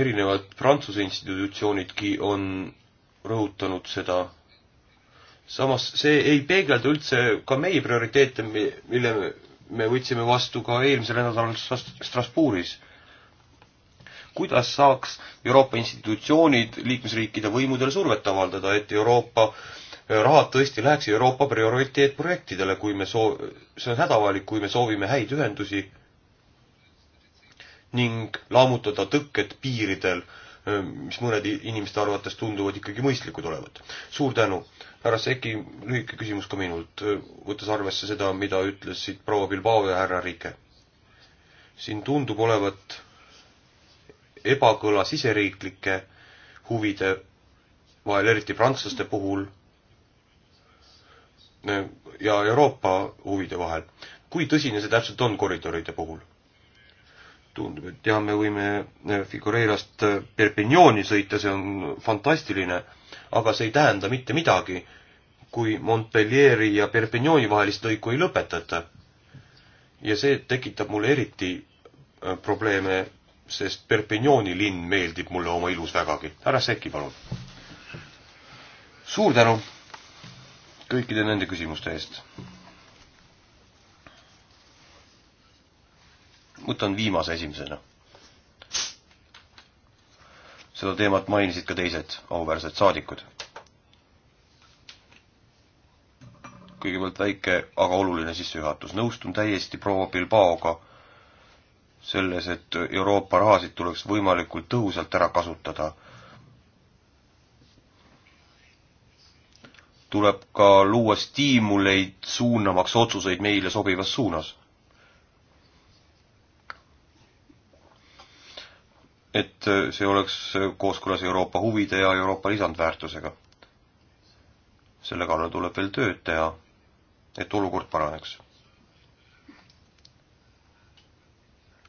erinevad Prantsuse institutsioonidki on rõhutanud seda. samas see ei peegelda üldse ka meie prioriteete, mille me võtsime vastu ka eelmisel nädalal Strasbourgis. kuidas saaks Euroopa institutsioonid liikmesriikide võimudele survet avaldada, et Euroopa eh, rahad tõesti läheks Euroopa prioriteetprojektidele, kui me soov-, see on hädavajalik, kui me soovime häid ühendusi ning lammutada tõkked piiridel mis mõnede inimeste arvates tunduvad ikkagi mõistlikud olevat. suur tänu. härra Seki, lühike küsimus ka minult, võttes arvesse seda, mida ütlesid proua Bilbao ja härra Rike. siin tundub olevat ebakõla siseriiklike huvide vahel, eriti prantslaste puhul, ja Euroopa huvide vahel. kui tõsine see täpselt on koridoride puhul? tundub, et jah, me võime eh, Figureirast eh, Perpignani sõita, see on fantastiline, aga see ei tähenda mitte midagi, kui Montpellieri ja Perpignani vahelist lõiku ei lõpetata. ja see tekitab mulle eriti eh, probleeme, sest Perpignani linn meeldib mulle oma ilus vägagi. härra Sekki, palun. suur tänu kõikide nende küsimuste eest võtan viimase esimesena. seda teemat mainisid ka teised auväärsed saadikud. kõigepealt väike, aga oluline sissejuhatus. nõustun täiesti proua Bilbaoga selles, et Euroopa rahasid tuleks võimalikult tõhusalt ära kasutada. tuleb ka luua stiimuleid suunamaks otsuseid meile sobivas suunas et see oleks kooskõlas Euroopa huvide ja Euroopa lisandväärtusega. selle kallal tuleb veel tööd teha, et olukord paraneks.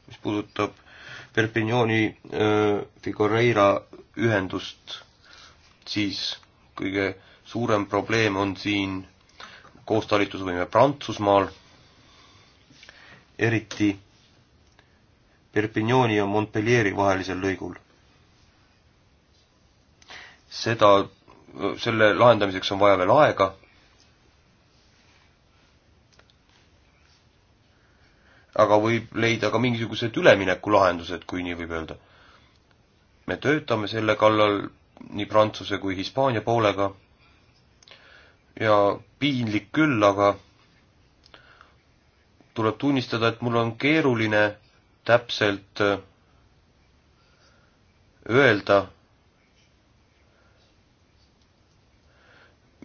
mis puudutab Perpignani äh, Figueira ühendust, siis kõige suurem probleem on siin koostalitusvõime Prantsusmaal, eriti Perpignani ja Montpellieri vahelisel lõigul. seda, selle lahendamiseks on vaja veel aega. aga võib leida ka mingisugused üleminekulahendused, kui nii võib öelda. me töötame selle kallal nii Prantsuse kui Hispaania poolega ja piinlik küll, aga tuleb tunnistada, et mul on keeruline täpselt äh, öelda,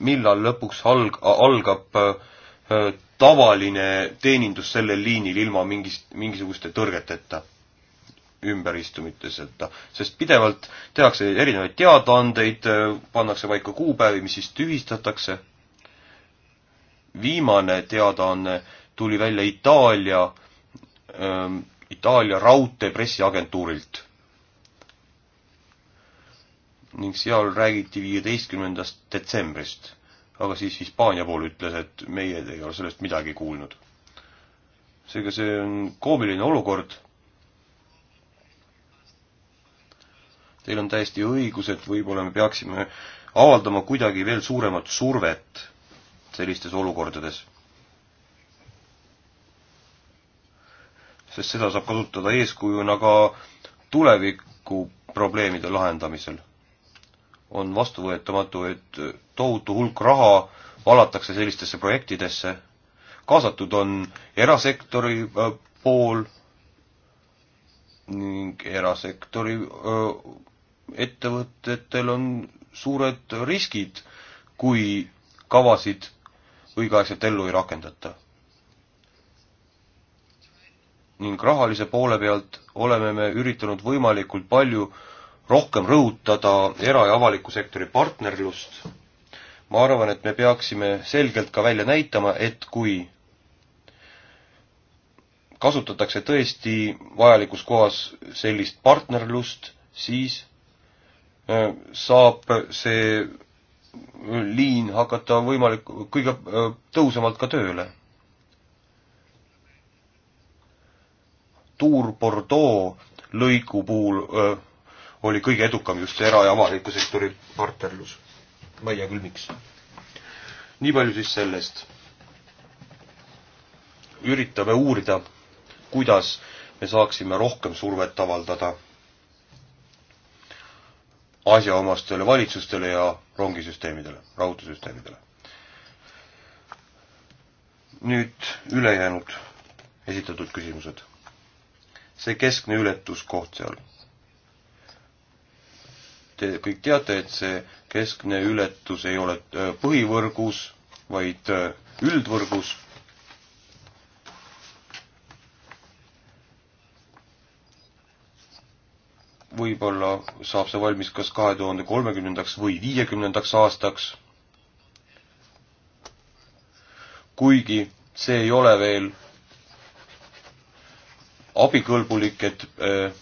millal lõpuks alg-, algab äh, äh, tavaline teenindus sellel liinil ilma mingist, mingisuguste tõrgeteta, ümberistumiteseta. sest pidevalt tehakse erinevaid teadaandeid, pannakse paika kuupäevi, mis siis tühistatakse. viimane teadaanne tuli välja Itaalia ähm, Itaalia raudteepressiagentuurilt. ning seal räägiti viieteistkümnendast detsembrist, aga siis Hispaania pool ütles, et meie ei ole sellest midagi kuulnud. seega see on koomiline olukord. Teil on täiesti õigus, et võib-olla me peaksime avaldama kuidagi veel suuremat survet sellistes olukordades sest seda saab kasutada eeskujuna ka tuleviku probleemide lahendamisel. on vastuvõetamatu, et tohutu hulk raha valatakse sellistesse projektidesse, kaasatud on erasektori äh, pool ning erasektori äh, ettevõtetel on suured riskid, kui kavasid õigeaegselt ellu ei rakendata ning rahalise poole pealt oleme me üritanud võimalikult palju rohkem rõhutada era- ja avaliku sektori partnerlust. ma arvan, et me peaksime selgelt ka välja näitama, et kui kasutatakse tõesti vajalikus kohas sellist partnerlust, siis äh, saab see liin hakata võimalik, kõige äh, tõhusamalt ka tööle Tour-Bordeaux lõigu puhul öö, oli kõige edukam just see era- ja avaliku sektori partnerlus. ma ei tea küll, miks. nii palju siis sellest. üritame uurida, kuidas me saaksime rohkem survet avaldada asjaomastele valitsustele ja rongisüsteemidele, raudteesüsteemidele. nüüd ülejäänud esitatud küsimused see keskne ületuskoht seal. Te kõik teate, et see keskne ületus ei ole äh, põhivõrgus, vaid äh, üldvõrgus. võib-olla saab see valmis kas kahe tuhande kolmekümnendaks või viiekümnendaks aastaks. kuigi see ei ole veel abikõlbulik, et äh,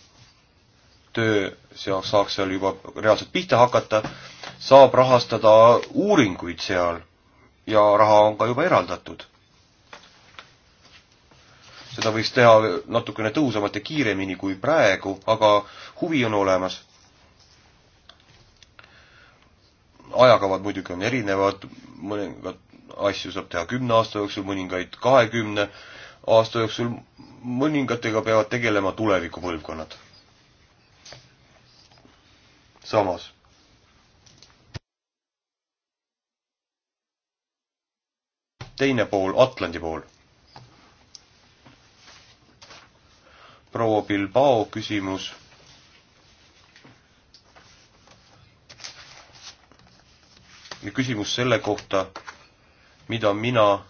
töö seal saaks seal juba reaalselt pihta hakata, saab rahastada uuringuid seal ja raha on ka juba eraldatud. seda võiks teha natukene tõhusamalt ja kiiremini kui praegu, aga huvi on olemas ajakavad muidugi on erinevad, mõningad asju saab teha kümne aasta jooksul, mõningaid kahekümne aasta jooksul, mõningatega peavad tegelema tulevikupõlvkonnad. samas teine pool, Atlandi pool. proua Bilbao küsimus. küsimus selle kohta, mida mina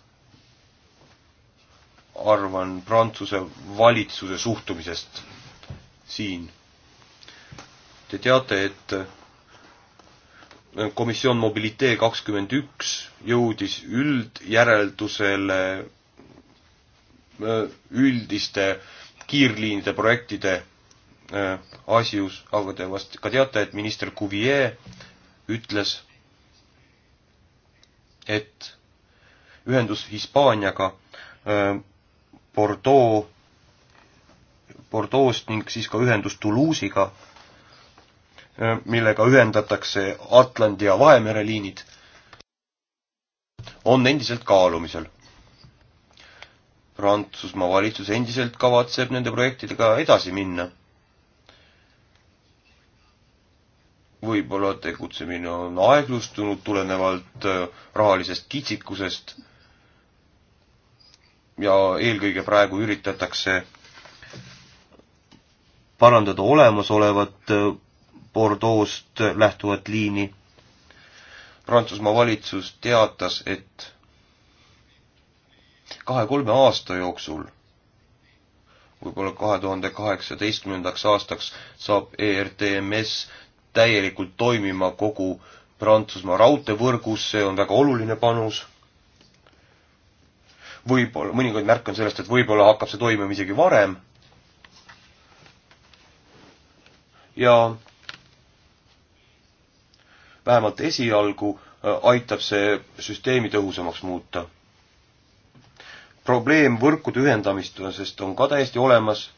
arvan Prantsuse valitsuse suhtumisest siin. Te teate, et komisjon Mobilitee kakskümmend üks jõudis üldjäreldusele äh, üldiste kiirliinide projektide äh, asjus, aga te vast ka teate, et minister Cuvier ütles, et ühendus Hispaaniaga äh, Bordeaux, Bordeaux'st ning siis ka ühendus Toulouse'iga, äh, millega ühendatakse Atlandi ja Vahemere liinid, on endiselt kaalumisel. Prantsusmaa valitsus endiselt kavatseb nende projektidega edasi minna võib-olla tegutsemine on aeglustunud tulenevalt äh, rahalisest kitsikusest ja eelkõige praegu üritatakse parandada olemasolevat äh, Bordeaux'st lähtuvat liini. Prantsusmaa valitsus teatas, et kahe-kolme aasta jooksul, võib-olla kahe tuhande kaheksateistkümnendaks aastaks, saab ERTMS täielikult toimima kogu Prantsusmaa raudteevõrgus, see on väga oluline panus võib-olla, mõningaid märke on sellest, et võib-olla hakkab see toimima isegi varem. ja vähemalt esialgu äh, aitab see süsteemi tõhusamaks muuta. probleem võrkude ühendamistusest on ka täiesti olemas.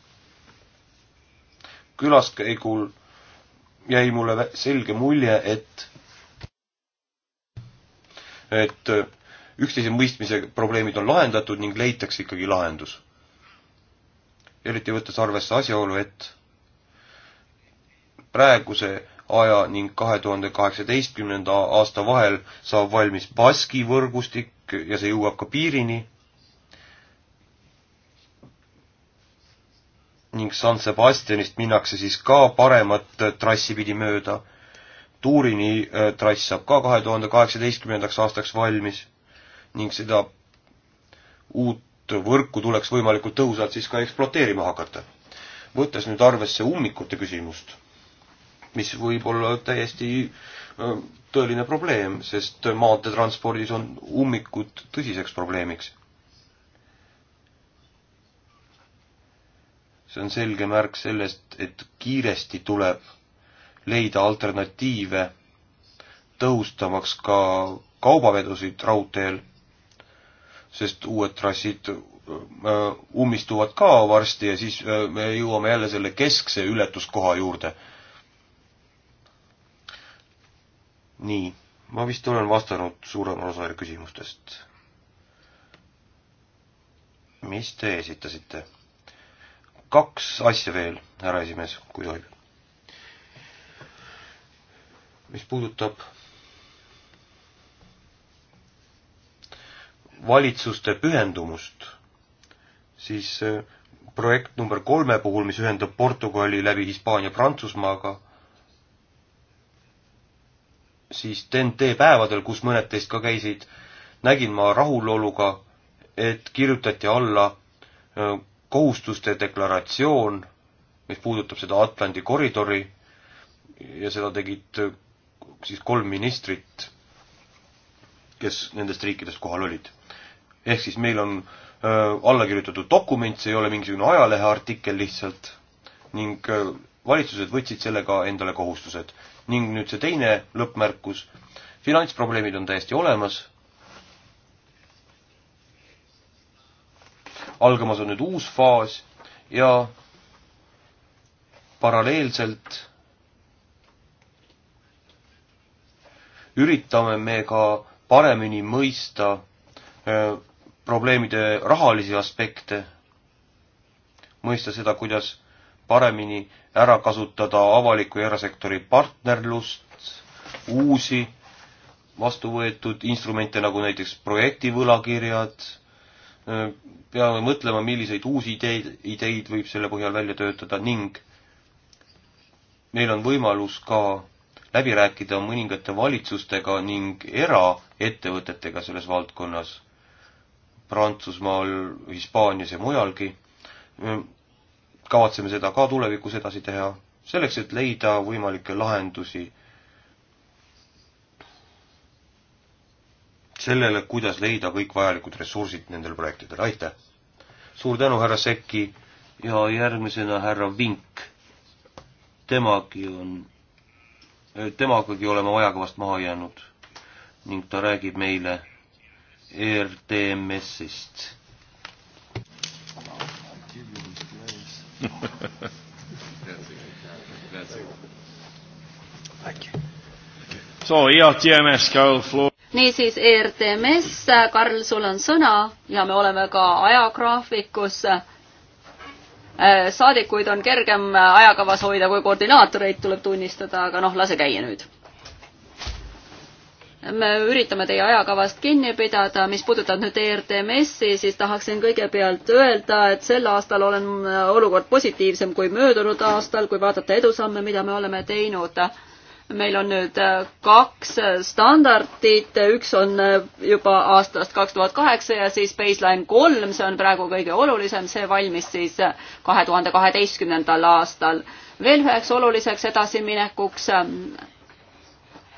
külaskäigul jäi mulle selge mulje, et et üksteise mõistmise probleemid on lahendatud ning leitakse ikkagi lahendus. eriti võttes arvesse asjaolu, et praeguse aja ning kahe tuhande kaheksateistkümnenda aasta vahel saab valmis Baski võrgustik ja see jõuab ka piirini ning San Sebastianist minnakse siis ka paremat trassi pidi mööda. Turini eh, trass saab ka kahe tuhande kaheksateistkümnendaks aastaks valmis ning seda uut võrku tuleks võimalikult tõhusalt siis ka ekspluateerima hakata. võttes nüüd arvesse ummikute küsimust, mis võib olla täiesti tõeline probleem, sest maanteetranspordis on ummikud tõsiseks probleemiks. see on selge märk sellest, et kiiresti tuleb leida alternatiive tõhustamaks ka kaubavedusid raudteel sest uued trassid äh, ummistuvad ka varsti ja siis äh, me jõuame jälle selle keskse ületuskoha juurde. nii, ma vist olen vastanud suuremale osale küsimustest. mis te esitasite? kaks asja veel, härra esimees, kui tohib. mis puudutab valitsuste pühendumust, siis äh, projekt number kolme puhul, mis ühendab Portugali läbi Hispaania Prantsusmaaga, siis TNT päevadel, kus mõned teist ka käisid, nägin ma rahuloluga, et kirjutati alla äh, kohustuste deklaratsioon, mis puudutab seda Atlandi koridori ja seda tegid äh, siis kolm ministrit, kes nendest riikidest kohal olid ehk siis meil on öö, äh, alla kirjutatud dokument, see ei ole mingisugune ajalehe artikkel lihtsalt ning öö, äh, valitsused võtsid sellega endale kohustused. ning nüüd see teine lõppmärkus, finantsprobleemid on täiesti olemas, algamas on nüüd uus faas ja paralleelselt üritame me ka paremini mõista öö, äh, probleemide rahalisi aspekte, mõista seda, kuidas paremini ära kasutada avaliku ja erasektori partnerlust, uusi vastu võetud instrumente, nagu näiteks projektivõlakirjad, peame mõtlema, milliseid uusi ideid, ideid võib selle põhjal välja töötada ning meil on võimalus ka läbi rääkida mõningate valitsustega ning eraettevõtetega selles valdkonnas Prantsusmaal, Hispaanias ja mujalgi. kavatseme seda ka tulevikus edasi teha, selleks et leida võimalikke lahendusi sellele, kuidas leida kõik vajalikud ressursid nendel projektidel, aitäh! suur tänu, härra Sekki ja järgmisena härra Vink. temagi on, eh, temagagi oleme ajakavast maha jäänud ning ta räägib meile ERTMS-ist. niisiis ERTMS, Karl, sul on sõna ja me oleme ka ajagraafikus. Äh, saadikuid on kergem ajakavas hoida kui koordinaatoreid, tuleb tunnistada, aga noh, lase käia nüüd me üritame teie ajakavast kinni pidada, mis puudutab nüüd ERTMS-i, siis tahaksin kõigepealt öelda, et sel aastal olen olukord positiivsem kui möödunud aastal, kui vaadata edusamme, mida me oleme teinud. meil on nüüd kaks standardit, üks on juba aastast kaks tuhat kaheksa ja siis baseline kolm, see on praegu kõige olulisem, see valmis siis kahe tuhande kaheteistkümnendal aastal. veel üheks oluliseks edasiminekuks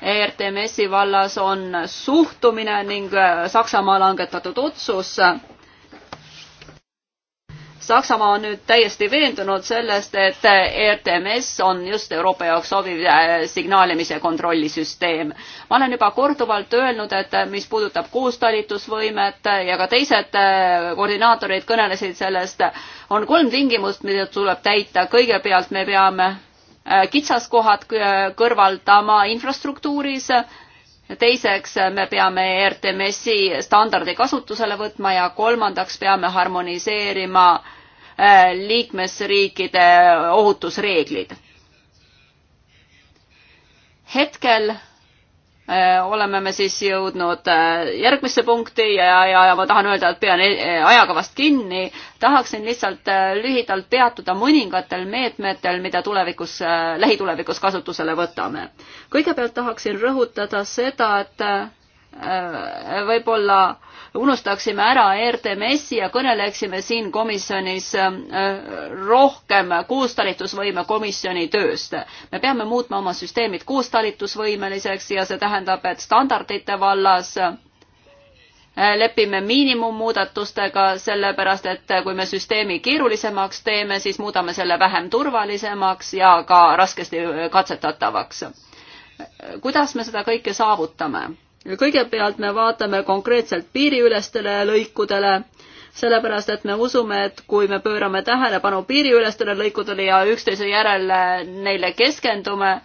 ERTMS-i vallas on suhtumine ning äh, Saksamaa langetatud otsus. Saksamaa on nüüd täiesti veendunud sellest, et äh, ERTMS on just Euroopa jaoks sobiv äh, signaalimise kontrollisüsteem. ma olen juba korduvalt öelnud, et mis puudutab koostalitusvõimet ja ka teised koordinaatorid kõnelesid sellest, on kolm tingimust, mida tuleb täita. kõigepealt me peame Äh, kitsaskohad kõrvaldama infrastruktuuris. teiseks, me peame RTMS-i standardi kasutusele võtma ja kolmandaks peame harmoniseerima äh, liikmesriikide ohutusreeglid. hetkel Äh, oleme me siis jõudnud äh, järgmisse punkti ja, ja, ja ma tahan öelda, et pean e, e, ajakavast kinni. tahaksin lihtsalt äh, lühidalt peatuda mõningatel meetmetel, mida tulevikus, lähitulevikus kasutusele võtame. kõigepealt tahaksin rõhutada seda, et võib-olla unustaksime ära RTMS-i ja kõneleksime siin komisjonis äh, rohkem koostalitusvõime komisjoni tööst. me peame muutma oma süsteemid koostalitusvõimeliseks ja see tähendab, et standardite vallas äh, lepime miinimummuudatustega, sellepärast et kui me süsteemi keerulisemaks teeme, siis muudame selle vähem turvalisemaks ja ka raskesti katsetatavaks. Äh, kuidas me seda kõike saavutame? kõigepealt me vaatame konkreetselt piiriülestele lõikudele, sellepärast et me usume, et kui me pöörame tähelepanu piiriülestele lõikudele ja üksteise järel neile keskendume,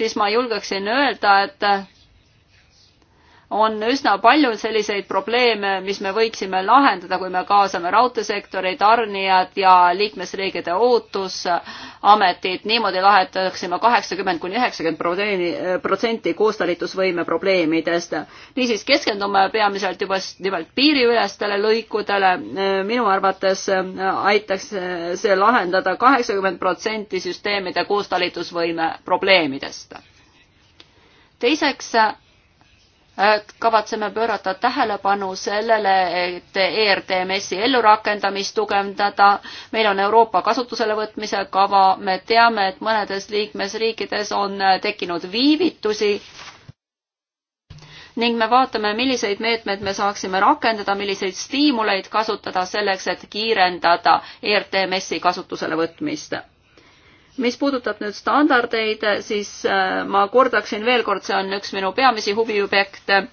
siis ma julgeksin öelda, et on üsna palju selliseid probleeme, mis me võiksime lahendada, kui me kaasame raudteesektori tarnijad ja liikmesriigide ootusametid, niimoodi lahendaksime kaheksakümmend kuni üheksakümmend protsenti koostalitusvõime probleemidest. niisiis keskendume peamiselt juba nimelt piiriülestele lõikudele, minu arvates aitaks see lahendada kaheksakümmend protsenti süsteemide koostalitusvõime probleemidest. teiseks Äh, kavatseme pöörata tähelepanu sellele, et ERTMS-i ellurakendamist tugevdada. meil on Euroopa kasutusele võtmise kava, me teame, et mõnedes liikmesriikides on äh, tekkinud viivitusi ning me vaatame, milliseid meetmeid me saaksime rakendada, milliseid stiimuleid kasutada selleks, et kiirendada ERTMS-i kasutusele võtmist mis puudutab nüüd standardeid, siis äh, ma kordaksin veel kord, see on üks minu peamisi huviobjekte.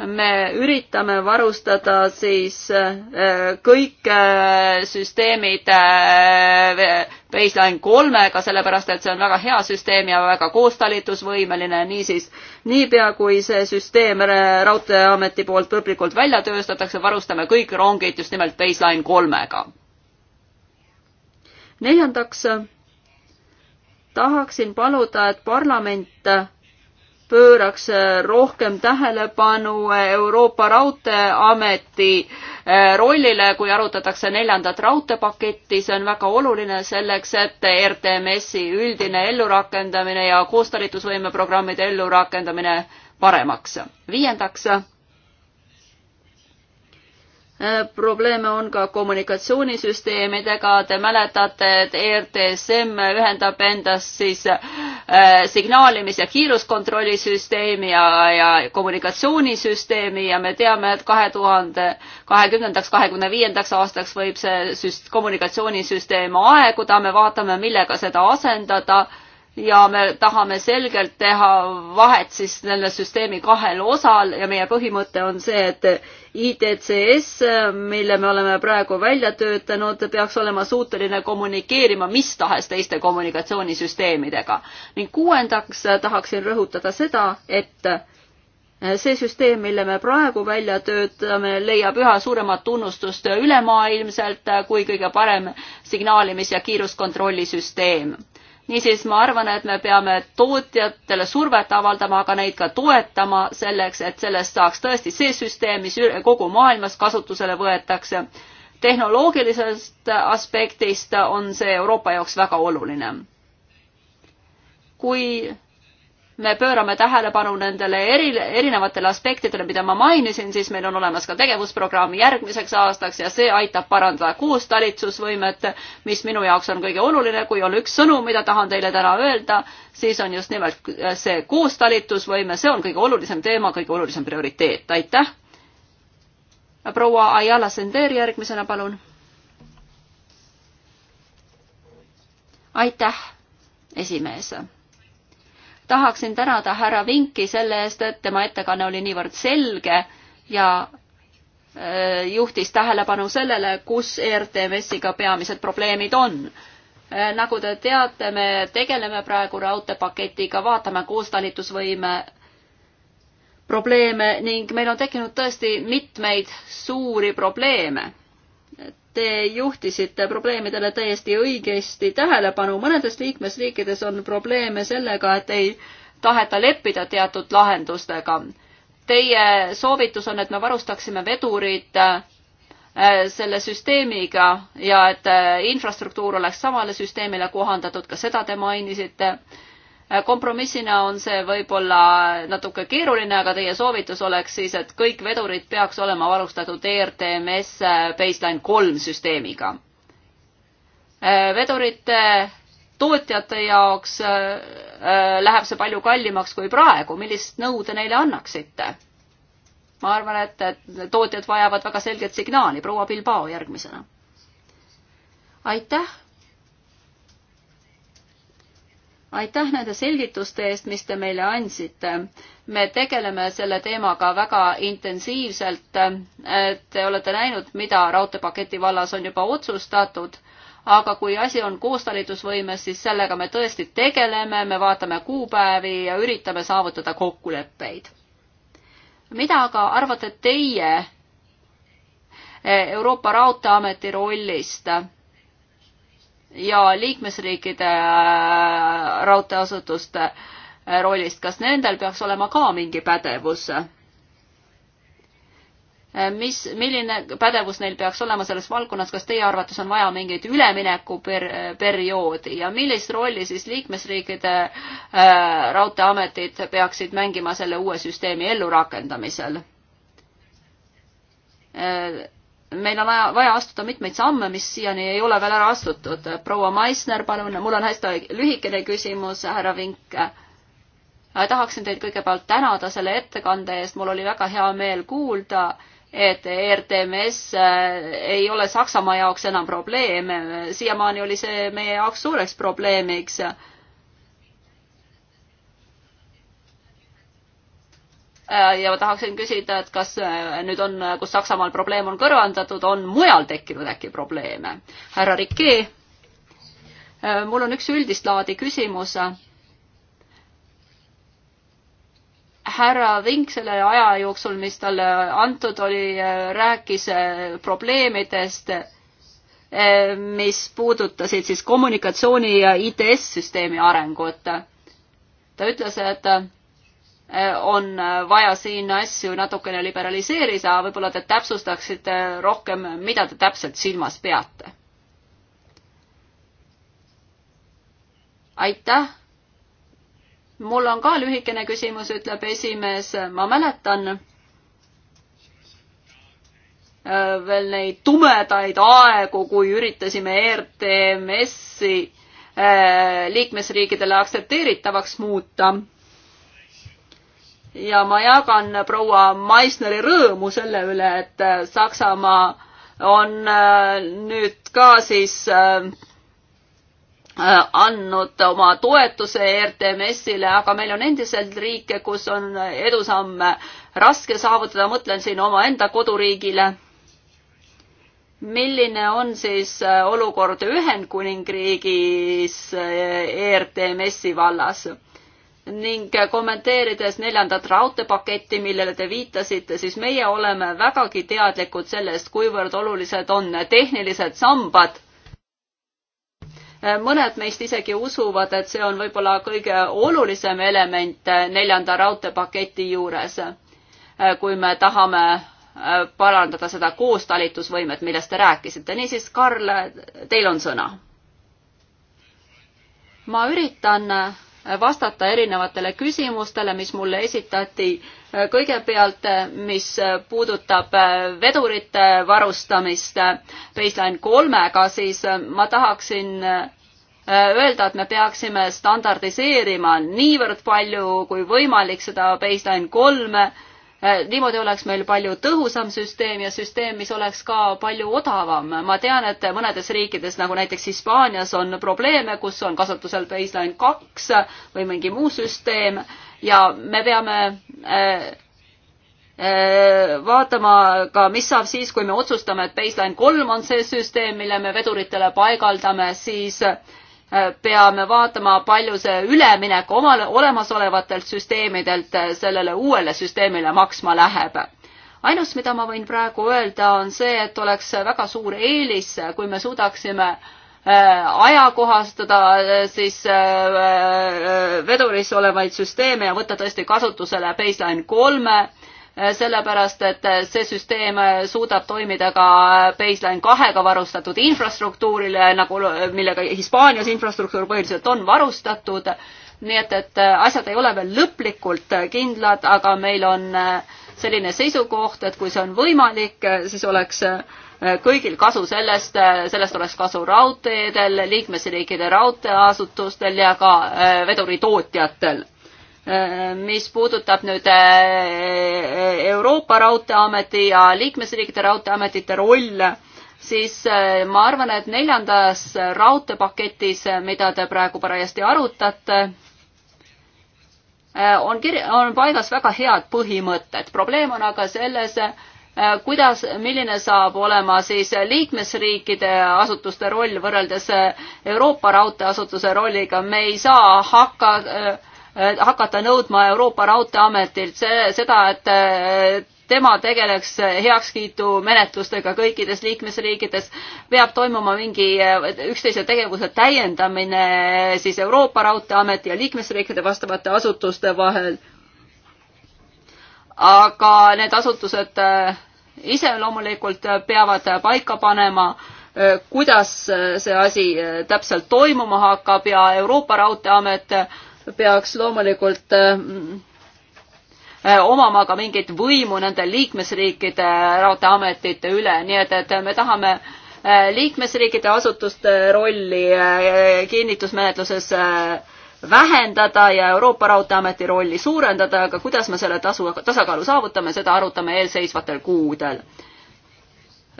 me üritame varustada siis äh, kõik äh, süsteemid baseline kolmega, sellepärast et see on väga hea süsteem ja väga koostalitusvõimeline, niisiis niipea kui see süsteem Raudteeameti poolt lõplikult välja töötatakse, varustame kõik rongid just nimelt baseline kolmega. neljandaks tahaksin paluda, et parlament pööraks rohkem tähelepanu Euroopa Raudteeameti eh, rollile, kui arutatakse neljandat raudteepaketti, see on väga oluline selleks, et RTMS-i üldine ellurakendamine ja koostalitusvõime programmide ellurakendamine paremaks. viiendaks Äh, probleeme on ka kommunikatsioonisüsteemidega, te mäletate, et ERTSM ühendab endast siis äh, signaalimis- ja kiiruskontrollisüsteemi ja, ja kommunikatsioonisüsteemi ja me teame, et kahe tuhande kahekümnendaks, kahekümne viiendaks aastaks võib see süst-, kommunikatsioonisüsteem aeguda, me vaatame, millega seda asendada ja me tahame selgelt teha vahet siis selle süsteemi kahel osal ja meie põhimõte on see, et ITCS, mille me oleme praegu välja töötanud, peaks olema suuteline kommunikeerima mis tahes teiste kommunikatsioonisüsteemidega. ning kuuendaks tahaksin rõhutada seda, et see süsteem, mille me praegu välja töötame, leiab üha suuremat tunnustust ülemaailmselt kui kõige parem signaalimis- ja kiiruskontrollisüsteem niisiis ma arvan, et me peame tootjatele survet avaldama, aga neid ka toetama selleks, et sellest saaks tõesti see süsteem, mis kogu maailmas kasutusele võetakse. tehnoloogilisest aspektist on see Euroopa jaoks väga oluline. kui me pöörame tähelepanu nendele eri, erinevatele aspektidele, mida ma mainisin, siis meil on olemas ka tegevusprogramm järgmiseks aastaks ja see aitab parandada koostalitsusvõimet, mis minu jaoks on kõige oluline, kui on üks sõnum, mida tahan teile täna öelda, siis on just nimelt see koostalitusvõime, see on kõige olulisem teema, kõige olulisem prioriteet, aitäh. proua Ayala Sender järgmisena, palun. aitäh, esimees tahaksin tänada härra Vinki selle eest, et tema ettekanne oli niivõrd selge ja äh, juhtis tähelepanu sellele, kus ERTMS-iga peamised probleemid on. Äh, nagu te teate, me tegeleme praegu raudteepaketiga, vaatame koostalitusvõime probleeme ning meil on tekkinud tõesti mitmeid suuri probleeme Te juhtisite probleemidele täiesti õigesti tähelepanu. mõnedes liikmesriikides on probleeme sellega, et ei taheta leppida teatud lahendustega. Teie soovitus on, et me varustaksime vedurid äh, selle süsteemiga ja et äh, infrastruktuur oleks samale süsteemile kohandatud, ka seda te mainisite kompromissina on see võib-olla natuke keeruline, aga teie soovitus oleks siis, et kõik vedurid peaks olema varustatud ERTMS baseline kolm süsteemiga. vedurite tootjate jaoks äh, äh, läheb see palju kallimaks kui praegu, millist nõu te neile annaksite? ma arvan, et, et tootjad vajavad väga selget signaali, proua Bilbao järgmisena. aitäh aitäh nende selgituste eest, mis te meile andsite. me tegeleme selle teemaga väga intensiivselt. Te olete näinud, mida raudteepaketi vallas on juba otsustatud, aga kui asi on koostalitusvõimes, siis sellega me tõesti tegeleme, me vaatame kuupäevi ja üritame saavutada kokkuleppeid. mida aga arvate teie Euroopa Raudteeameti rollist? ja liikmesriikide äh, raudteeasutuste äh, rollist, kas nendel peaks olema ka mingi pädevus? Äh, mis, milline pädevus neil peaks olema selles valdkonnas, kas teie arvates on vaja mingit üleminekuperioodi ja millist rolli siis liikmesriikide äh, raudteeametid peaksid mängima selle uue süsteemi ellurakendamisel äh,? meil on vaja, vaja astuda mitmeid samme, mis siiani ei ole veel ära astutud. proua Maisner, palun, mul on hästi lühikene küsimus, härra Vink. Äh, tahaksin teid kõigepealt tänada selle ettekande eest, mul oli väga hea meel kuulda, et ERTMS äh, ei ole Saksamaa jaoks enam probleem. siiamaani oli see meie jaoks suureks probleemiks Äh, ja ma tahaksin küsida, et kas äh, nüüd on, äh, kus Saksamaal probleem on kõrvaldatud, on mujal tekkinud äkki probleeme? härra Rikee, mul on üks üldist laadi küsimus. härra Vink selle aja jooksul, mis talle antud oli, rääkis probleemidest, mis puudutasid siis kommunikatsiooni ja ITS-süsteemi arengut. ta ütles, et on vaja siin asju natukene liberaliseerida, võib-olla te täpsustaksite rohkem, mida te täpselt silmas peate? aitäh. mul on ka lühikene küsimus, ütleb esimees, ma mäletan veel neid tumedaid aegu, kui üritasime ERTMS-i eh, liikmesriikidele aktsepteeritavaks muuta ja ma jagan proua Meissneri rõõmu selle üle, et äh, Saksamaa on äh, nüüd ka siis äh, andnud oma toetuse RTMS-ile, aga meil on endiselt riike, kus on edusamme raske saavutada, mõtlen siin omaenda koduriigile. milline on siis olukord Ühendkuningriigis ERTMS-i vallas? ning kommenteerides neljandat raudteepaketti, millele te viitasite, siis meie oleme vägagi teadlikud sellest, kuivõrd olulised on tehnilised sambad. mõned meist isegi usuvad, et see on võib-olla kõige olulisem element neljanda raudteepaketi juures, kui me tahame parandada seda koostalitusvõimet, millest te rääkisite. niisiis, Karl, teil on sõna. ma üritan vastata erinevatele küsimustele, mis mulle esitati. kõigepealt, mis puudutab vedurite varustamist baseline kolmega, siis ma tahaksin öelda, et me peaksime standardiseerima niivõrd palju kui võimalik seda baseline kolme Äh, niimoodi oleks meil palju tõhusam süsteem ja süsteem, mis oleks ka palju odavam. ma tean, et mõnedes riikides, nagu näiteks Hispaanias, on probleeme, kus on kasutusel baseline kaks või mingi muu süsteem ja me peame äh, äh, vaatama ka, mis saab siis, kui me otsustame, et baseline kolm on see süsteem, mille me veduritele paigaldame, siis äh, Äh, peame vaatama, palju see üleminek omale, olemasolevatelt süsteemidelt äh, sellele uuele süsteemile maksma läheb. ainus, mida ma võin praegu öelda, on see, et oleks väga suur eelis, kui me suudaksime äh, ajakohastada siis veduris olevaid süsteeme ja võtta tõesti kasutusele baseline kolme Eh, sellepärast et eh, see süsteem eh, suudab toimida ka baseline kahega varustatud infrastruktuurile, nagu, millega Hispaanias infrastruktuur põhiliselt on varustatud. nii et, et asjad ei ole veel lõplikult kindlad, aga meil on selline seisukoht, et kui see on võimalik, siis oleks kõigil kasu sellest, sellest oleks kasu raudteedel, liikmesriikide raudteeasutustel ja ka veduritootjatel Äh, mis puudutab nüüd äh, Euroopa Raudteeameti ja liikmesriikide raudteeametite rolle, siis äh, ma arvan, et neljandas raudteepaketis, mida te praegu parajasti arutate, on kirja, on paigas väga head põhimõtted. probleem on aga selles, kuidas, milline saab olema siis liikmesriikide asutuste roll võrreldes Euroopa raudteeasutuse rolliga. me ei saa hakka Äh, hakata nõudma Euroopa Raudteeametilt seda, et äh, tema tegeleks heakskiidumenetlustega kõikides liikmesriikides, peab toimuma mingi äh, üksteise tegevuse täiendamine siis Euroopa Raudteeameti ja liikmesriikide vastavate asutuste vahel. aga need asutused ise loomulikult peavad paika panema, kuidas see asi täpselt toimuma hakkab ja Euroopa Raudteeamet peaks loomulikult äh, omama ka mingit võimu nende liikmesriikide raudteeametite üle, nii et, et me tahame äh, liikmesriikide asutuste rolli äh, kinnitusmenetluses vähendada ja Euroopa Raudteeameti rolli suurendada, aga kuidas me selle tasu, tasakaalu saavutame, seda arutame eelseisvatel kuudel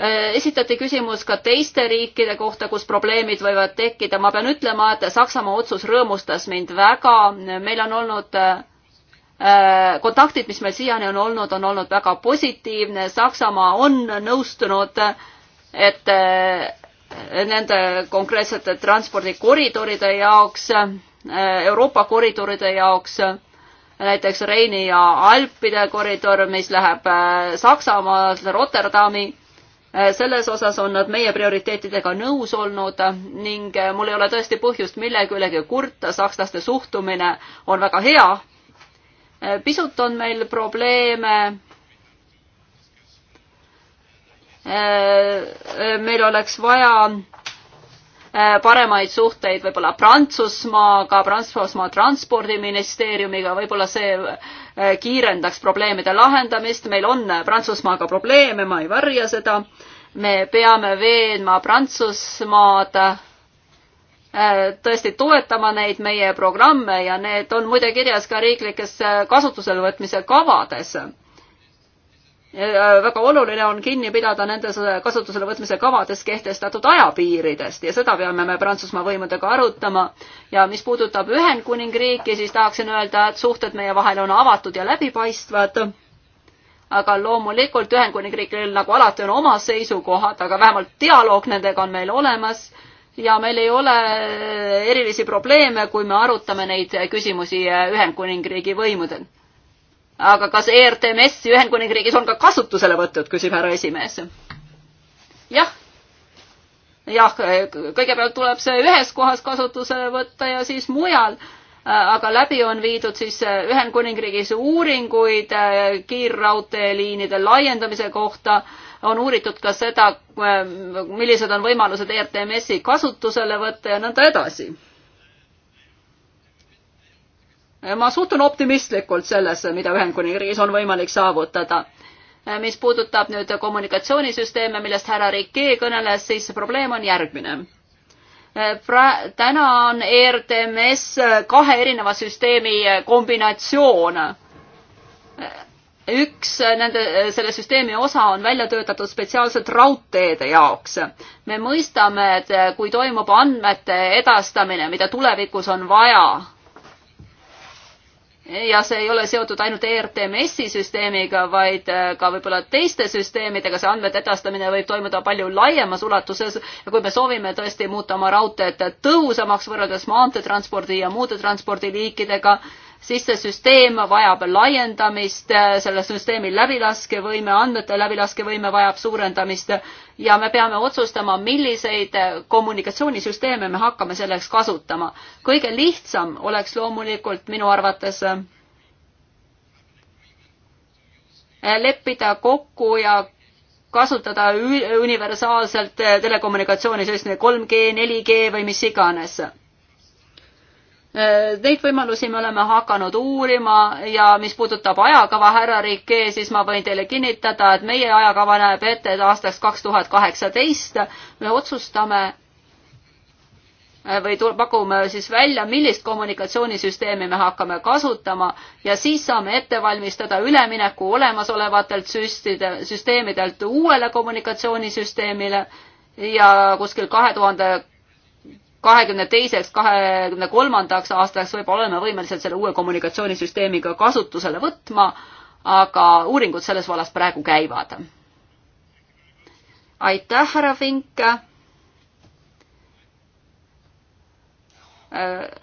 Äh, esitati küsimus ka teiste riikide kohta, kus probleemid võivad tekkida. ma pean ütlema, et Saksamaa otsus rõõmustas mind väga. meil on olnud äh, kontaktid, mis meil siiani on olnud, on olnud väga positiivne. Saksamaa on nõustunud, et äh, nende konkreetsete transpordikoridoride jaoks, Euroopa koridoride jaoks näiteks Reini ja Alpide koridor, mis läheb Saksamaalt Rotterdami. Äh, selles osas on nad meie prioriteetidega nõus olnud ning äh, mul ei ole tõesti põhjust millegi üle kurta, sakslaste suhtumine on väga hea. Äh, pisut on meil probleeme. meil oleks vaja paremaid suhteid võib-olla Prantsusmaaga, Prantsusmaa transpordiministeeriumiga, võib-olla see Eh, kiirendaks probleemide lahendamist, meil on Prantsusmaaga probleeme, ma ei varja seda, me peame veenma Prantsusmaad eh, tõesti toetama neid meie programme ja need on muide kirjas ka riiklikes eh, kasutusele võtmise kavades Äh, väga oluline on kinni pidada nendes äh, kasutusele võtmise kavades kehtestatud ajapiiridest ja seda peame me Prantsusmaa võimudega arutama. ja mis puudutab Ühendkuningriiki, siis tahaksin öelda, et suhted meie vahel on avatud ja läbipaistvad. aga loomulikult Ühendkuningriigil nagu alati on oma seisukohad, aga vähemalt dialoog nendega on meil olemas ja meil ei ole äh, erilisi probleeme, kui me arutame neid küsimusi Ühendkuningriigi võimudel aga kas ERTMS-i Ühendkuningriigis on ka kasutusele võtnud, küsib härra esimees. jah jah, kõigepealt tuleb see ühes kohas kasutusele võtta ja siis mujal, aga läbi on viidud siis Ühendkuningriigis uuringuid äh, kiirraudteeliinide laiendamise kohta, on uuritud ka seda, äh, millised on võimalused ERTMS-i kasutusele võtta ja nõnda edasi ma suhtun optimistlikult sellesse, mida Ühendkuningriigis on võimalik saavutada. mis puudutab nüüd kommunikatsioonisüsteeme, millest härra Rikke kõneles, siis probleem on järgmine pra-, täna on ERTMS kahe erineva süsteemi kombinatsioon. üks nende, selle süsteemi osa on välja töötatud spetsiaalselt raudteede jaoks. me mõistame, et kui toimub andmete edastamine, mida tulevikus on vaja, ja see ei ole seotud ainult ERTMS-i süsteemiga, vaid äh, ka võib-olla teiste süsteemidega, see andmete edastamine võib toimuda palju laiemas ulatuses ja kui me soovime tõesti muuta oma raudteed tõhusamaks võrreldes maanteetranspordi ja muude transpordiliikidega, siis see süsteem vajab laiendamist, selle süsteemi läbilaskevõime, andmete läbilaskevõime vajab suurendamist ja me peame otsustama, milliseid kommunikatsioonisüsteeme me hakkame selleks kasutama. kõige lihtsam oleks loomulikult minu arvates eh, leppida kokku ja kasutada universaalselt telekommunikatsiooni, sellist 3G, 4G või mis iganes Äh, neid võimalusi me oleme hakanud uurima ja mis puudutab ajakava, härra Rike, siis ma võin teile kinnitada, et meie ajakava näeb ette, et aastaks kaks tuhat kaheksateist me otsustame äh, või pakume siis välja, millist kommunikatsioonisüsteemi me hakkame kasutama ja siis saame ette valmistada ülemineku olemasolevatelt süstide, süsteemidelt uuele kommunikatsioonisüsteemile ja kuskil kahe tuhande kahekümne teiseks, kahekümne kolmandaks aastaks võib-olla oleme võimelised selle uue kommunikatsioonisüsteemiga kasutusele võtma, aga uuringud selles vallas praegu käivad. aitäh, härra Fink. Äh,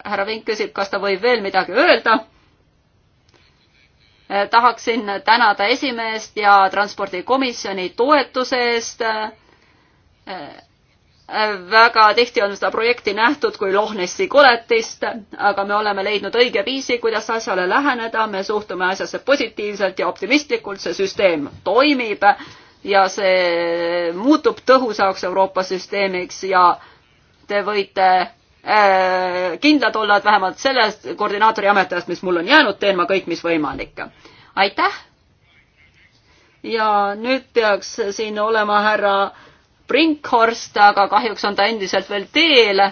härra Fink küsib, kas ta võib veel midagi öelda. Äh, tahaksin tänada esimeest ja transpordikomisjoni toetuse eest äh, väga tihti on seda projekti nähtud kui Lohnessi koletist, aga me oleme leidnud õige viisi, kuidas asjale läheneda, me suhtume asjasse positiivselt ja optimistlikult, see süsteem toimib ja see muutub tõhusaks Euroopa süsteemiks ja te võite äh, kindlad olla, et vähemalt sellest koordinaatori ametiajast, mis mul on jäänud, teen ma kõik, mis võimalik. aitäh! ja nüüd peaks siin olema härra Brinkhorst, aga kahjuks on ta endiselt veel teel.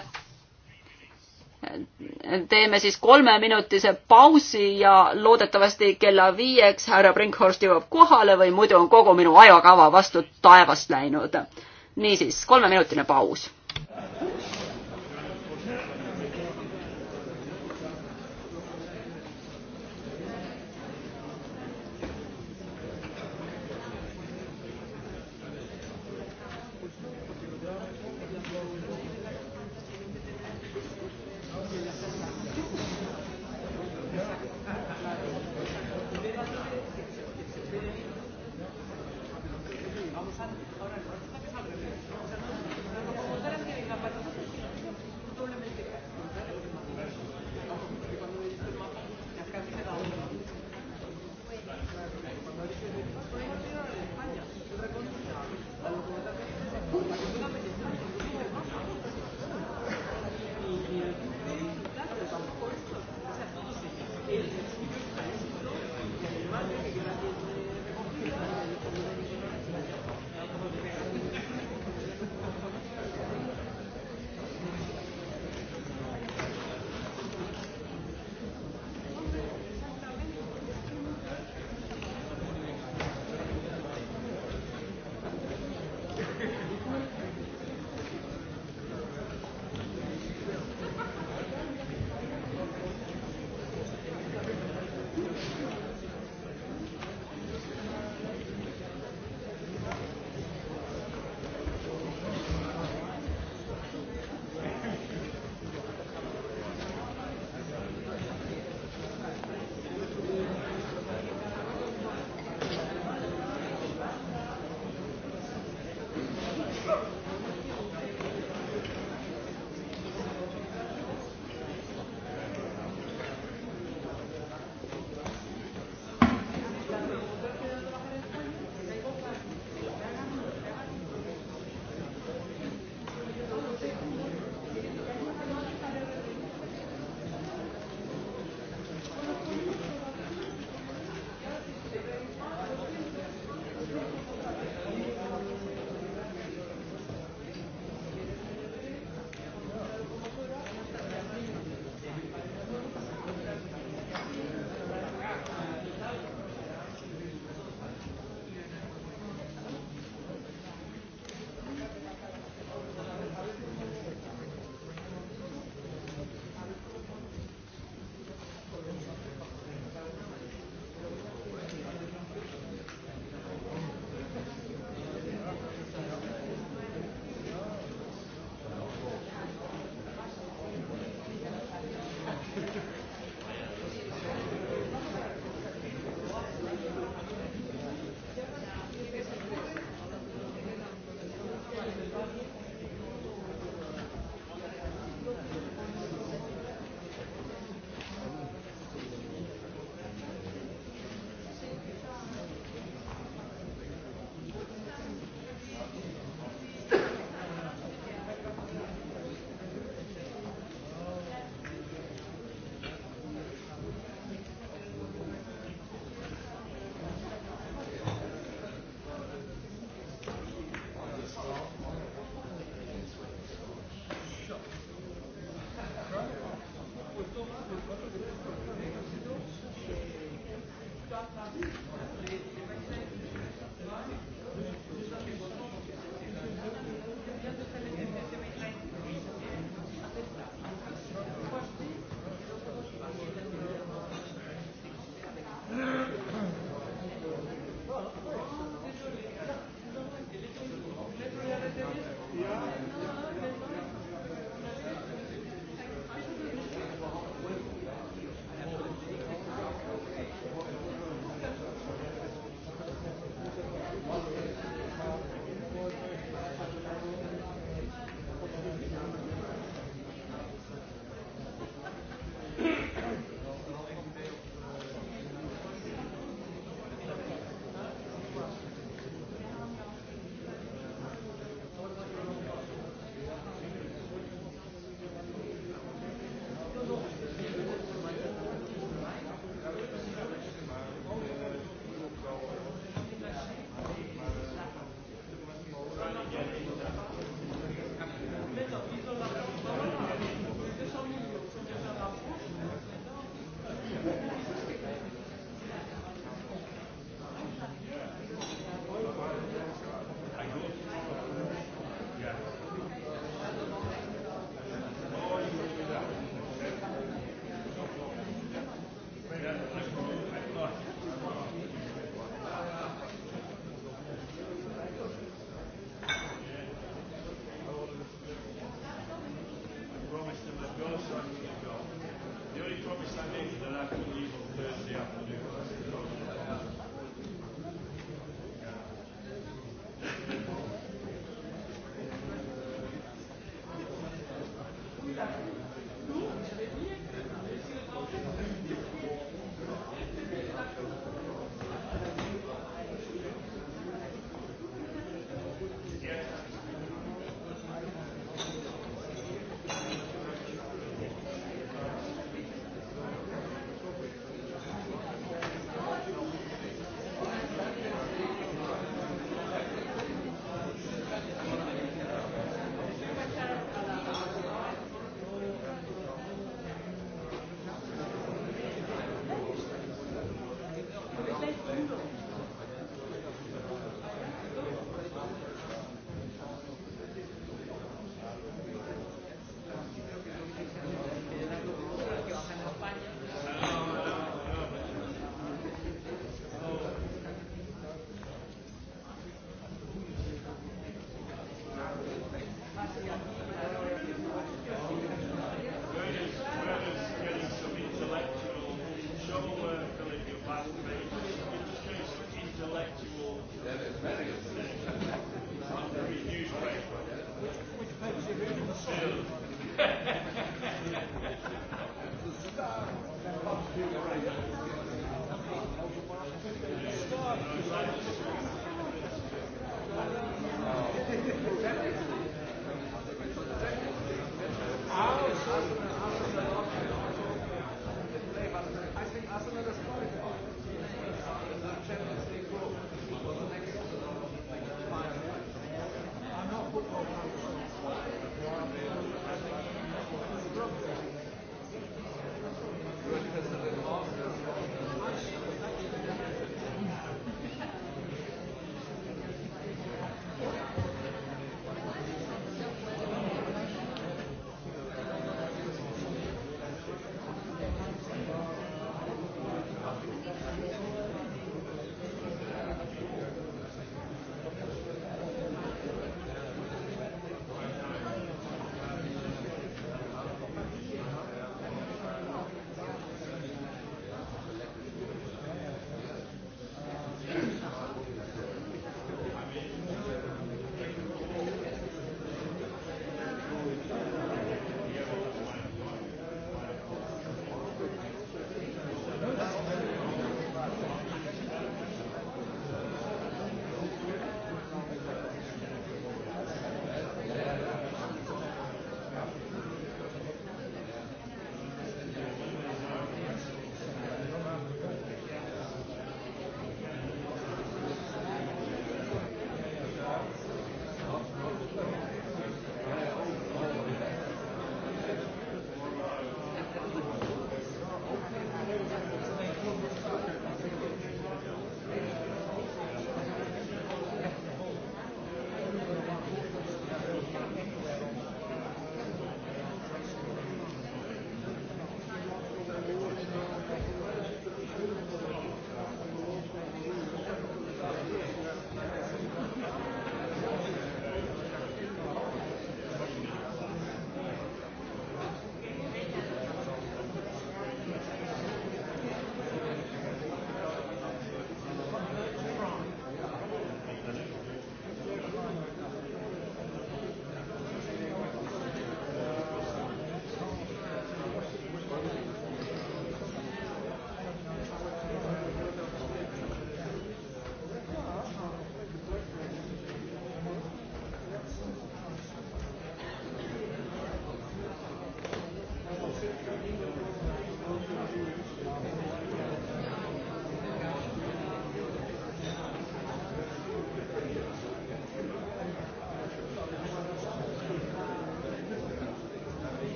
teeme siis kolmeminutise pausi ja loodetavasti kella viieks härra Brinkhorst jõuab kohale või muidu on kogu minu ajakava vastu taevast läinud. niisiis, kolmeminutine paus.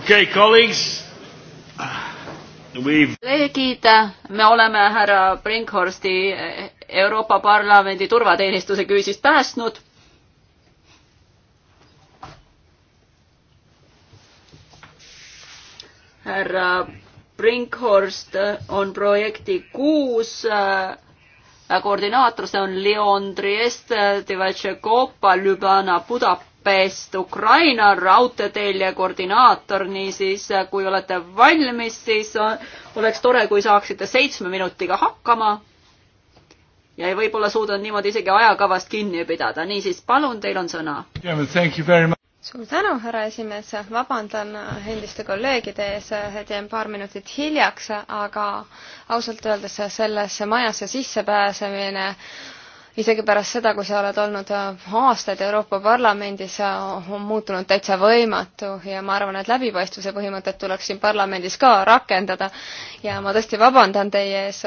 okei okay,, colleagues. kolleegid, me oleme härra Brinkhorsti Euroopa Parlamendi turvateenistuse küüsist päästnud. härra Brinkhorst on projekti kuus äh, Äh, koordinaator, see on Leon Trieste, Tevetšekopa, Ljubljana, Budapest, Ukraina raudteetelje koordinaator, niisiis äh, kui olete valmis, siis äh, oleks tore, kui saaksite seitsme minutiga hakkama. ja võib-olla suudan niimoodi isegi ajakavast kinni pidada, niisiis palun, teil on sõna suur tänu, härra esimees, vabandan endiste kolleegide ees, et jäin paar minutit hiljaks, aga ausalt öeldes sellesse majasse sissepääsemine isegi pärast seda, kui sa oled olnud aastaid Euroopa Parlamendis, on muutunud täitsa võimatu ja ma arvan, et läbipaistvuse põhimõtet tuleks siin parlamendis ka rakendada ja ma tõesti vabandan teie ees.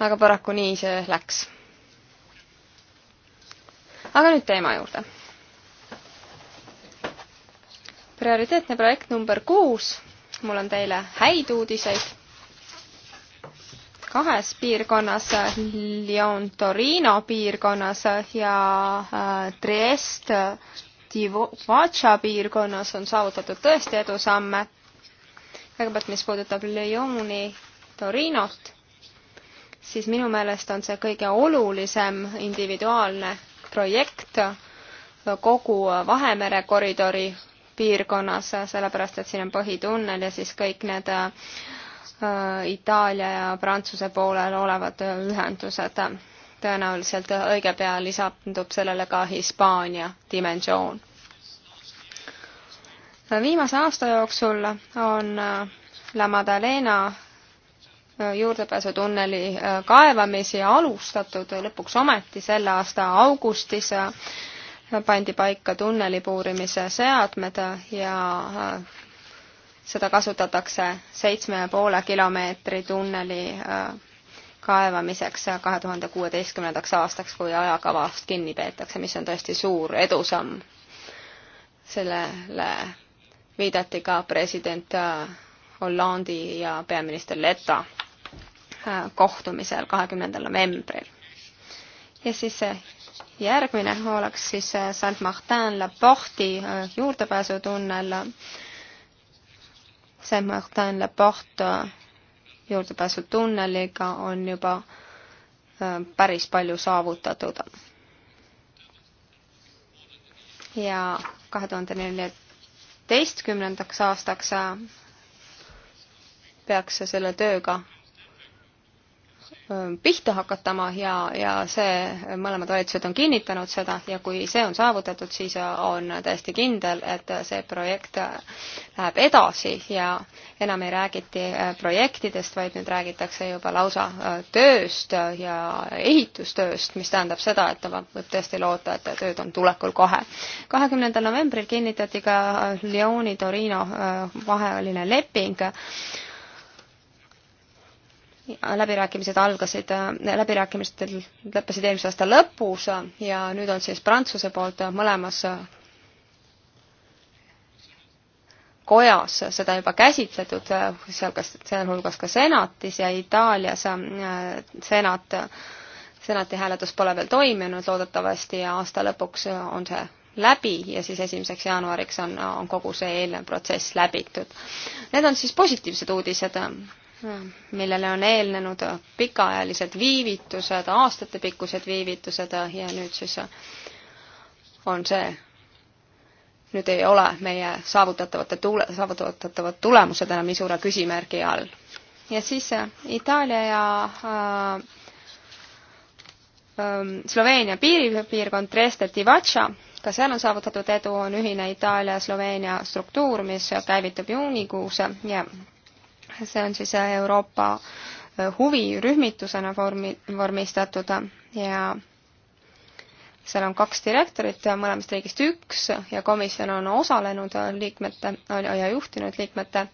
aga paraku nii see läks. aga nüüd teema juurde prioriteetne projekt number kuus. mul on teile häid uudiseid. kahes piirkonnas, Lyon-Torino piirkonnas ja äh, Trieste-Divaca piirkonnas on saavutatud tõesti edusamme. kõigepealt, mis puudutab Lyoni Torinot, siis minu meelest on see kõige olulisem individuaalne projekt kogu Vahemere koridori piirkonnas, sellepärast et siin on põhitunnel ja siis kõik need äh, Itaalia ja Prantsuse poolel olevad ühendused. tõenäoliselt õige pea lisandub sellele ka Hispaania dimensioon. viimase aasta jooksul on äh, La Madalena äh, juurdepääsutunneli kaevamisi alustatud lõpuks ometi selle aasta augustis pandi paika tunneli puurimise seadmed ja äh, seda kasutatakse seitsme ja poole kilomeetri tunneli äh, kaevamiseks kahe tuhande kuueteistkümnendaks aastaks, kui ajakavast kinni peetakse, mis on tõesti suur edusamm. sellele viidati ka president äh, Hollandi ja peaminister Leta kohtumisel kahekümnendal novembril. ja siis see järgmine oleks siis äh, Saint-Martin-la-Porti äh, juurdepääsutunnel. Saint-Martin-la-Port äh, juurdepääsutunneliga on juba päris palju saavutatud. ja kahe tuhande neljateistkümnendaks aastaks peaks selle tööga Äh, pihta hakatama ja, ja see, mõlemad valitsused on kinnitanud seda ja kui see on saavutatud, siis on täiesti kindel, et see projekt läheb edasi ja enam ei räägiti äh, projektidest, vaid nüüd räägitakse juba lausa äh, tööst ja ehitustööst, mis tähendab seda, et võib tõesti loota, et tööd on tulekul kohe. kahekümnendal novembril kinnitati ka Lyoni-Torino vaheline leping, läbirääkimised algasid, äh, läbirääkimised lõppesid eelmise aasta lõpus äh, ja nüüd on siis Prantsuse poolt mõlemas äh, kojas seda juba käsitletud, seal kas, sealhulgas ka senatis ja Itaalias senat, senati hääletus pole veel toimunud, loodetavasti aasta lõpuks on see läbi ja siis esimeseks jaanuariks on, on kogu see eelnev protsess läbitud. Need on siis positiivsed uudised millele on eelnenud pikaajalised viivitused, aastatepikkused viivitused ja nüüd siis on see, nüüd ei ole meie saavutatavate tuule, saavutatavad tulemused enam nii suure küsimärgi all. ja siis äh, Itaalia ja äh, ähm, Sloveenia piiripiirkond Dresde-Tivatša, ka seal on saavutatud edu, on ühine Itaalia-Sloveenia struktuur, mis käivitub juunikuus ja see on siis äh, Euroopa äh, huvirühmitusena vormi, vormistatud ja seal on kaks direktorit, mõlemast riigist üks ja komisjon on osalenud äh, liikmete ja juhtinud liikmete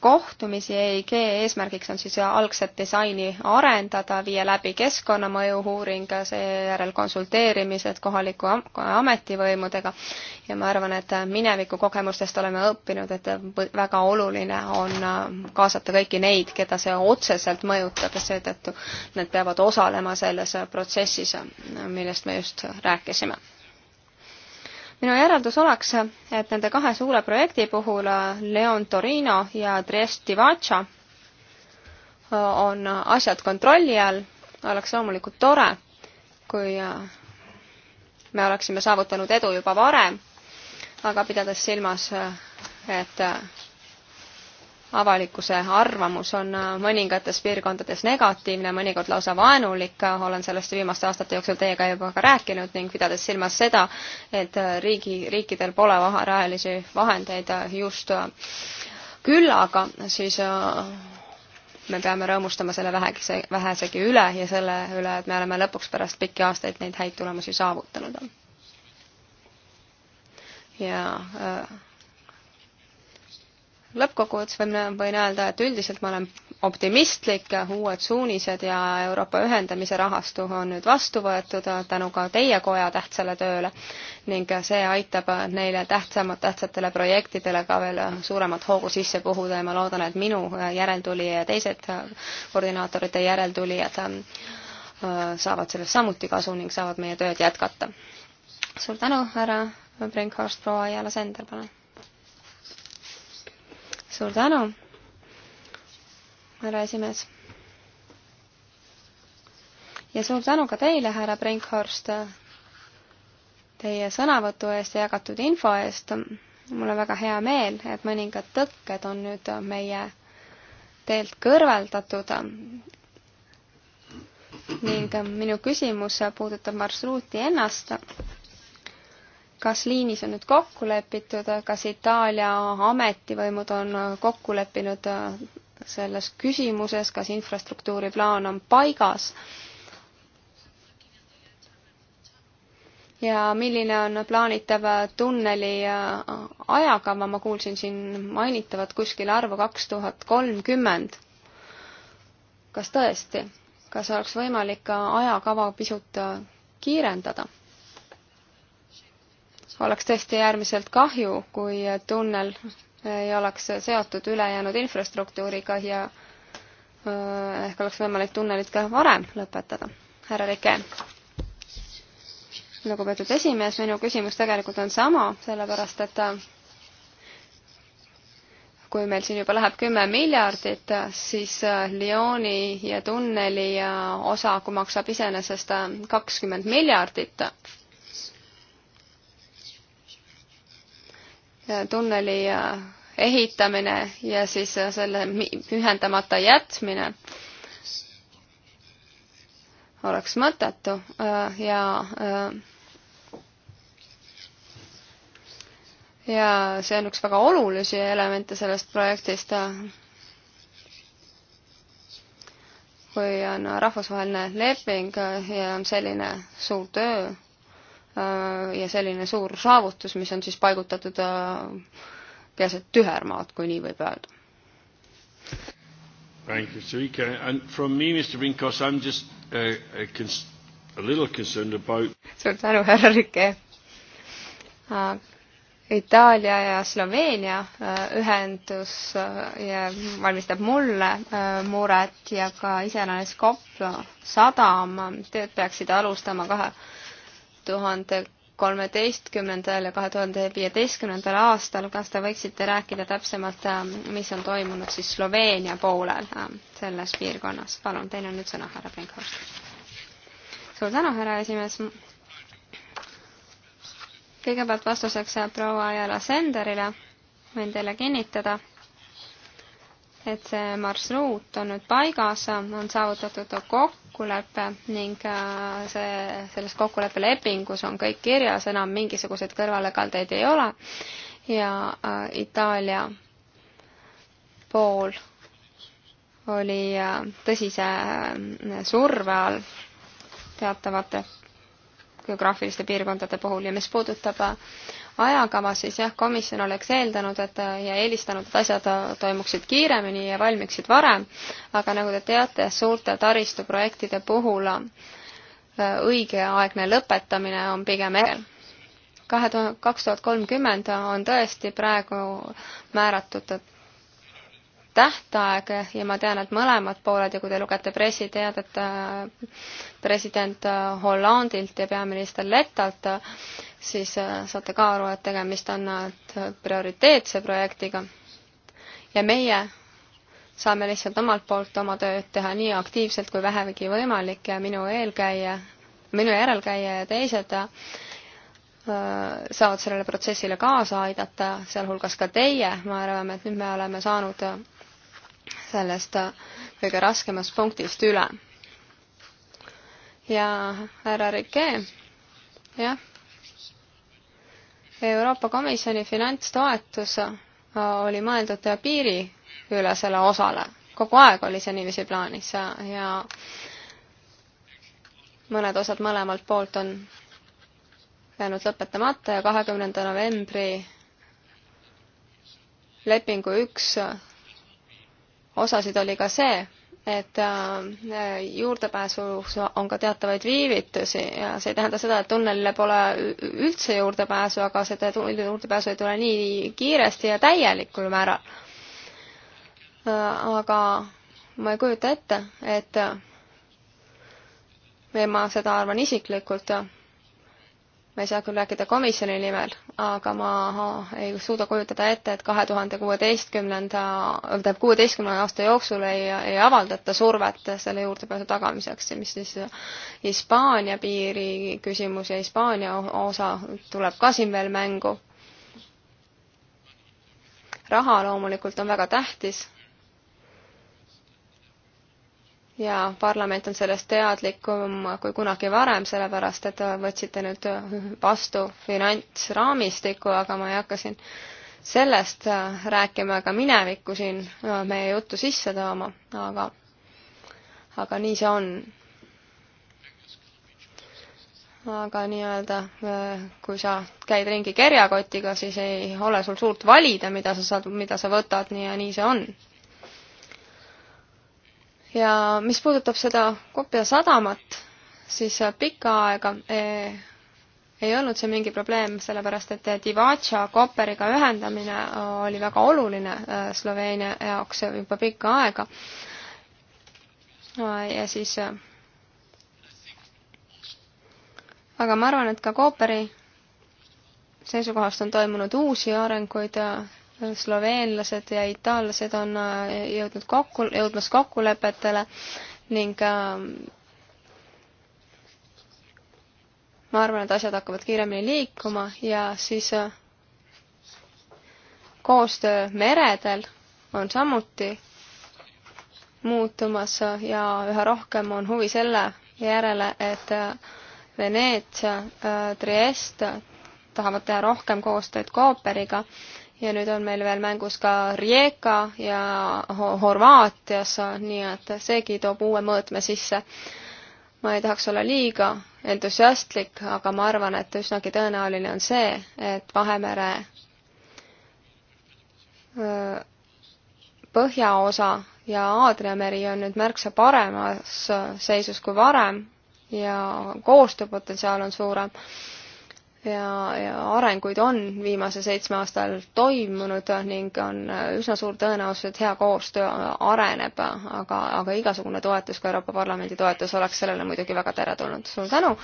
kohtumisi EIG eesmärgiks on siis algset disaini arendada, viia läbi keskkonnamõju uuring, seejärel konsulteerimised kohaliku ametivõimudega ja ma arvan, et mineviku kogemustest oleme õppinud, et väga oluline on äh, kaasata kõiki neid, keda see otseselt mõjutab ja seetõttu nad peavad osalema selles protsessis, millest me just rääkisime minu järeldus oleks, et nende kahe suure projekti puhul, Leon Torino ja Trieste Vacha, on asjad kontrolli all, oleks loomulikult tore, kui äh, me oleksime saavutanud edu juba varem, aga pidades silmas, äh, et äh, avalikkuse arvamus on äh, mõningates piirkondades negatiivne, mõnikord lausa vaenulik, olen sellest viimaste aastate jooksul teiega juba ka rääkinud ning pidades silmas seda, et äh, riigi, riikidel pole rahalisi vahendeid äh, just küllaga, siis me peame rõõmustama selle vähekese, vähesegi üle ja selle üle, et me oleme lõpuks pärast pikki aastaid neid häid tulemusi saavutanud. ja äh, lõppkokkuvõttes võin, võin öelda, et üldiselt ma olen optimistlik, uued suunised ja Euroopa ühendamise rahastu on nüüd vastu võetud tänu ka teie koja tähtsale tööle ning see aitab neile tähtsamad, tähtsatele projektidele ka veel suuremat hoogu sisse puhuda ja ma loodan, et minu järeltulija ja teised koordinaatorite järeltulijad äh, saavad sellest samuti kasu ning saavad meie tööd jätkata. suur tänu, härra Brinkhorst, proua Jala Sender, palun suur tänu, härra esimees. ja suur tänu ka teile, härra Brinkhorst, teie sõnavõtu eest ja jagatud info eest. mul on väga hea meel, et mõningad tõkked on nüüd meie teelt kõrvaldatud ning minu küsimus puudutab marsruuti ennast kas liinis on nüüd kokku lepitud, kas Itaalia ametivõimud on kokku leppinud äh, selles küsimuses, kas infrastruktuuri plaan on paigas? ja milline on plaanitav tunneli äh, ajakava, ma kuulsin siin mainitavat kuskil arvu kaks tuhat kolmkümmend. kas tõesti, kas oleks võimalik ajakava pisut äh, kiirendada? oleks tõesti äärmiselt kahju, kui tunnel ei oleks seotud ülejäänud infrastruktuuriga ja äh, ehk oleks võimalik tunnelit ka varem lõpetada. härra Rike. lugupeetud esimees, minu küsimus tegelikult on sama, sellepärast et äh, kui meil siin juba läheb kümme miljardit, äh, siis Lyoni ja tunneli osa maksab iseenesest kakskümmend miljardit tunneli äh, ehitamine ja siis äh, selle ühendamata jätmine oleks mõttetu äh, ja ja see on üks väga olulisi elemente sellest projektist. kui on rahvusvaheline leping ja on selline suur töö Äh, ja selline suur saavutus, mis on siis paigutatud keset äh, tühermaad, kui nii võib öelda. Thank you, Sarika. And from me, Mr Rinkos, I am just uh, a, a little concerned about suur tänu, härra Rike uh,. Äh, Itaalia ja Sloveenia uh, ühendus ja valmistab mulle muret ja ka iseenesest Kopla sadam, tööd peaksid alustama kahe tuhande kolmeteistkümnendal ja kahe tuhande viieteistkümnendal aastal, kas te võiksite rääkida täpsemalt, äh, mis on toimunud siis Sloveenia poolel äh, selles piirkonnas? palun, teil on nüüd sõna, härra Brinkhorst. suur tänu, härra esimees. kõigepealt vastuseks äh, proua Ajala Senderile võin teile kinnitada, et see marsruut on nüüd paigas, on saavutatud kokkulepe ning äh, see, selles kokkuleppelepingus on kõik kirjas, enam mingisuguseid kõrvalekaldeid ei ole ja äh, Itaalia pool oli äh, tõsise surve all teatavate geograafiliste piirkondade puhul ja mis puudutab ajakava, siis jah, komisjon oleks eeldanud, et ja eelistanud, et asjad toimuksid kiiremini ja valmiksid varem, aga nagu te teate, suurte taristuprojektide puhul äh, õigeaegne lõpetamine on pigem eel. kahe tuhande, kaks tuhat kolmkümmend on tõesti praegu määratud tähtaeg ja ma tean, et mõlemad pooled ja kui te lugete pressiteadet äh, president äh, Hollandilt ja peaminister Lettalt, äh, siis saate ka aru, et tegemist on prioriteetse projektiga. ja meie saame lihtsalt omalt poolt oma tööd teha nii aktiivselt kui vähegi võimalik ja minu eelkäija, minu järelkäija ja teised saavad sellele protsessile kaasa aidata, sealhulgas ka teie, me arvame, et nüüd me oleme saanud sellest äh, kõige raskemast punktist üle. ja härra Rike, jah, Euroopa Komisjoni finantstoetus äh, oli mõeldud piiriülesele osale, kogu aeg oli see niiviisi plaanis ja, äh, ja mõned osad mõlemalt poolt on jäänud lõpetamata ja kahekümnenda novembri lepingu üks osasid oli ka see, et äh, juurdepääsus on ka teatavaid viivitusi ja see ei tähenda seda, et tunnelile pole üldse juurdepääsu, aga seda juurdepääsu ei tule nii kiiresti ja täielikul määral. Äh, aga ma ei kujuta ette, et või äh, ma seda arvan isiklikult ma ei saa küll rääkida komisjoni nimel, aga ma ei suuda kujutada ette, et kahe tuhande kuueteistkümnenda, tähendab kuueteistkümne aasta jooksul ei, ei avaldata survet selle juurdepääsu tagamiseks ja mis siis Hispaania piiri küsimus ja Hispaania osa tuleb ka siin veel mängu. raha loomulikult on väga tähtis ja parlament on sellest teadlikum kui kunagi varem, sellepärast et võtsite nüüd vastu finantsraamistiku, aga ma ei hakka siin sellest rääkima ega minevikku siin meie juttu sisse tooma, aga, aga nii see on. aga nii-öelda, kui sa käid ringi kerjakotiga, siis ei ole sul suurt valida, mida sa saad, mida sa võtad, nii ja nii see on ja mis puudutab seda Kopja sadamat, siis pikka aega ei, ei olnud see mingi probleem, sellepärast et Divača Koperiga ühendamine oli väga oluline e, Sloveenia jaoks juba pikka aega. ja siis e, aga ma arvan, et ka Kooperi seisukohast on toimunud uusi arenguid e, sloveenlased ja itaallased on äh, jõudnud kokku, jõudmas kokkulepetele ning äh, ma arvan, et asjad hakkavad kiiremini liikuma ja siis äh, koostöö meredel on samuti muutumas ja üha rohkem on huvi selle järele, et Veneetsia, Trieste tahavad teha rohkem koostööd Kooperiga ja nüüd on meil veel mängus ka Rijeka ja Horvaatias, nii et seegi toob uue mõõtme sisse. ma ei tahaks olla liiga entusiastlik, aga ma arvan, et üsnagi tõenäoline on see, et Vahemere põhjaosa ja Aadria meri on nüüd märksa paremas seisus kui varem ja koostööpotentsiaal on suurem ja, ja arenguid on viimase seitsme aasta ajal toimunud ning on üsna suur tõenäosus, et hea koostöö areneb, aga, aga igasugune toetus, ka Euroopa Parlamendi toetus, oleks sellele muidugi väga teretulnud. suur tänu,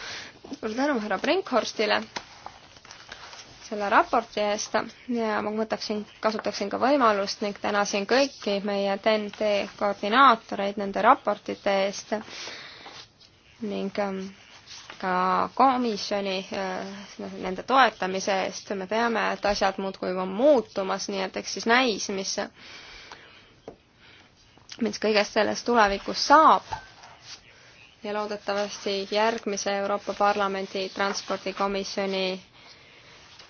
suur tänu härra Brinkhorstile selle raporti eest ja ma võtaksin, kasutaksin ka võimalust ning tänasin kõiki meie TNT koordinaatoreid nende raportite eest ning ähm, ka komisjoni äh, nende toetamise eest, me teame, et asjad muudkui on muutumas, nii et eks siis näis, mis, mis kõigest sellest tulevikus saab. ja loodetavasti järgmise Euroopa Parlamendi transpordikomisjoni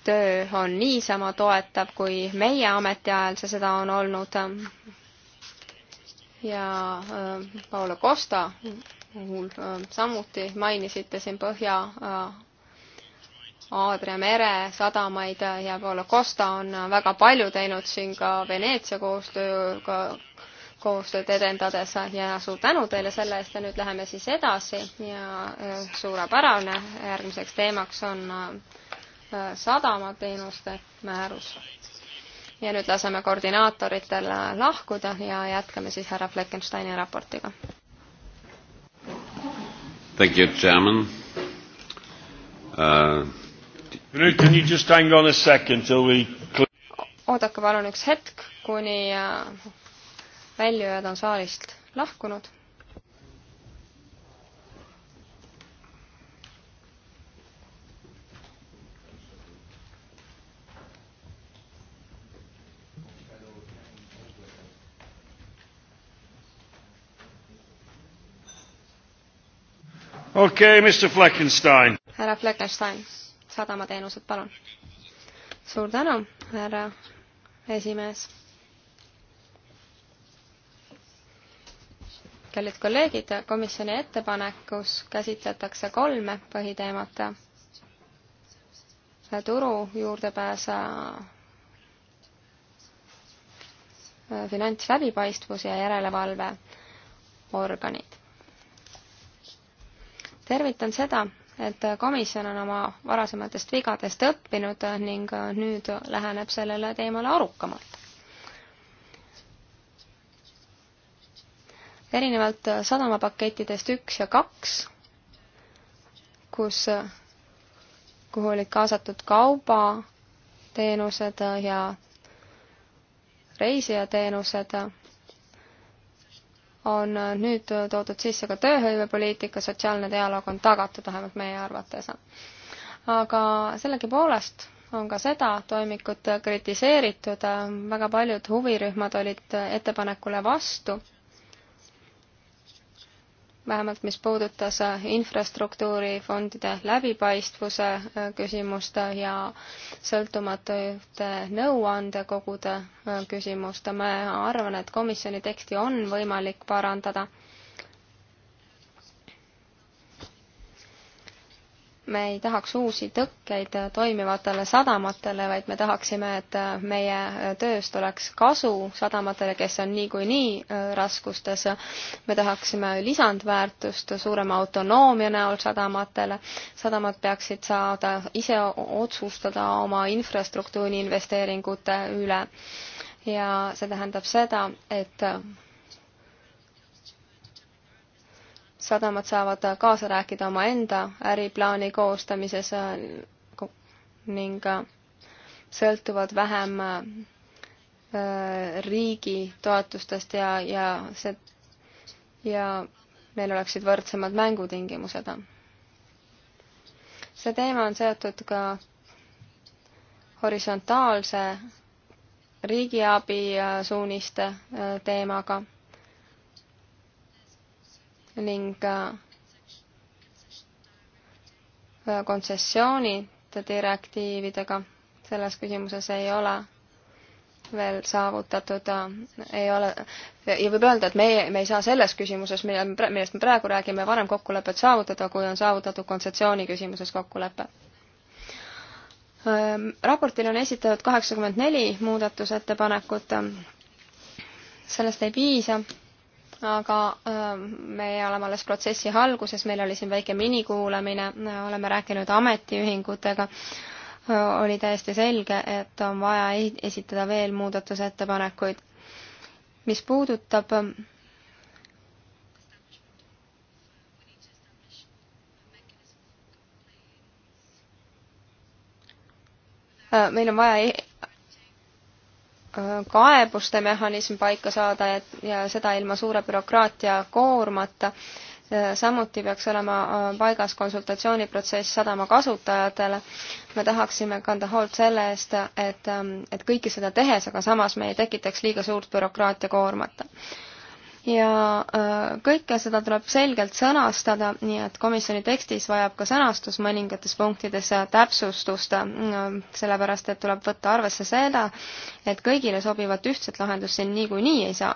töö on niisama toetav, kui meie ametiajal see seda on olnud. ja äh, Paolo Costa mul äh, samuti mainisite siin Põhja äh, Aadria mere sadamaid äh, ja Paolo Costa on väga palju teinud siin ka Veneetsia koostööga koostööd edendades ja suur tänu teile selle eest ja nüüd läheme siis edasi ja suurepärane, järgmiseks teemaks on sadamateenuste määrus. ja nüüd laseme koordinaatoritel lahkuda ja jätkame siis härra Fleckensteini raportiga. Thank you, Chairman. Uh... Nüüd, can you just hang on a second till we oodake palun üks hetk, kuni äh, väljujad on saalist lahkunud. okei okay,, Mr Fleckenstein. härra Fleckenstein, sadamateenused, palun. suur tänu, härra esimees. kallid kolleegid, komisjoni ettepanekus käsitletakse kolme põhiteemat. turu juurdepääs äh, finantsläbipaistvus ja järelevalveorganid tervitan seda, et komisjon on oma varasematest vigadest õppinud ning nüüd läheneb sellele teemale arukamalt. erinevalt sadamapakettidest üks ja kaks, kus, kuhu olid kaasatud kaubateenused ja reisijateenused, on äh, nüüd toodud sisse ka tööhõivepoliitika, sotsiaalne dialoog on tagatud, vähemalt meie arvates. aga sellegipoolest on ka seda toimikut kritiseeritud, väga paljud huvirühmad olid ettepanekule vastu vähemalt mis puudutas äh, infrastruktuurifondide läbipaistvuse äh, küsimust äh, ja sõltumatute nõuandekogude küsimust. ma arvan, et komisjoni teksti on võimalik parandada me ei tahaks uusi tõkkeid toimivatele sadamatele, vaid me tahaksime, et meie tööst oleks kasu sadamatele, kes on niikuinii nii äh, raskustes. me tahaksime lisandväärtust suurema autonoomia näol sadamatele. sadamad peaksid saada ise otsustada oma infrastruktuuri investeeringute üle. ja see tähendab seda, et sadamad saavad kaasa rääkida omaenda äriplaani koostamises äh, ning äh, sõltuvad vähem äh, riigi toetustest ja, ja see, ja meil oleksid võrdsemad mängutingimused. see teema on seotud ka horisontaalse riigiabi suuniste teemaga ning äh, äh, kontsessioonide direktiividega selles küsimuses ei ole veel saavutatud, äh, ei ole, ja võib öelda, et meie, me ei saa selles küsimuses, mille, millest me praegu räägime, varem kokkulepet saavutada, kui on saavutatud kontsessiooni küsimuses kokkulepe ähm, raportile on esitatud kaheksakümmend neli muudatusettepanekut. sellest ei piisa aga ähm, me oleme alles protsessi alguses, meil oli siin väike minikuulamine, oleme rääkinud ametiühingutega, oli täiesti selge, et on vaja esitada veel muudatusettepanekuid. mis puudutab ähm, meil on vaja kaebuste mehhanism paika saada ja, ja seda ilma suure bürokraatia koormata. samuti peaks olema äh, paigas konsultatsiooniprotsess sadama kasutajatele. me tahaksime kanda hoolt selle eest, et, ähm, et kõike seda tehes, aga samas me ei tekitaks liiga suurt bürokraatia koormat ja äh, kõike seda tuleb selgelt sõnastada, nii et komisjoni tekstis vajab ka sõnastus mõningates punktides täpsustust, mm, sellepärast et tuleb võtta arvesse seda, et kõigile sobivat ühtset lahendust siin niikuinii ei saa.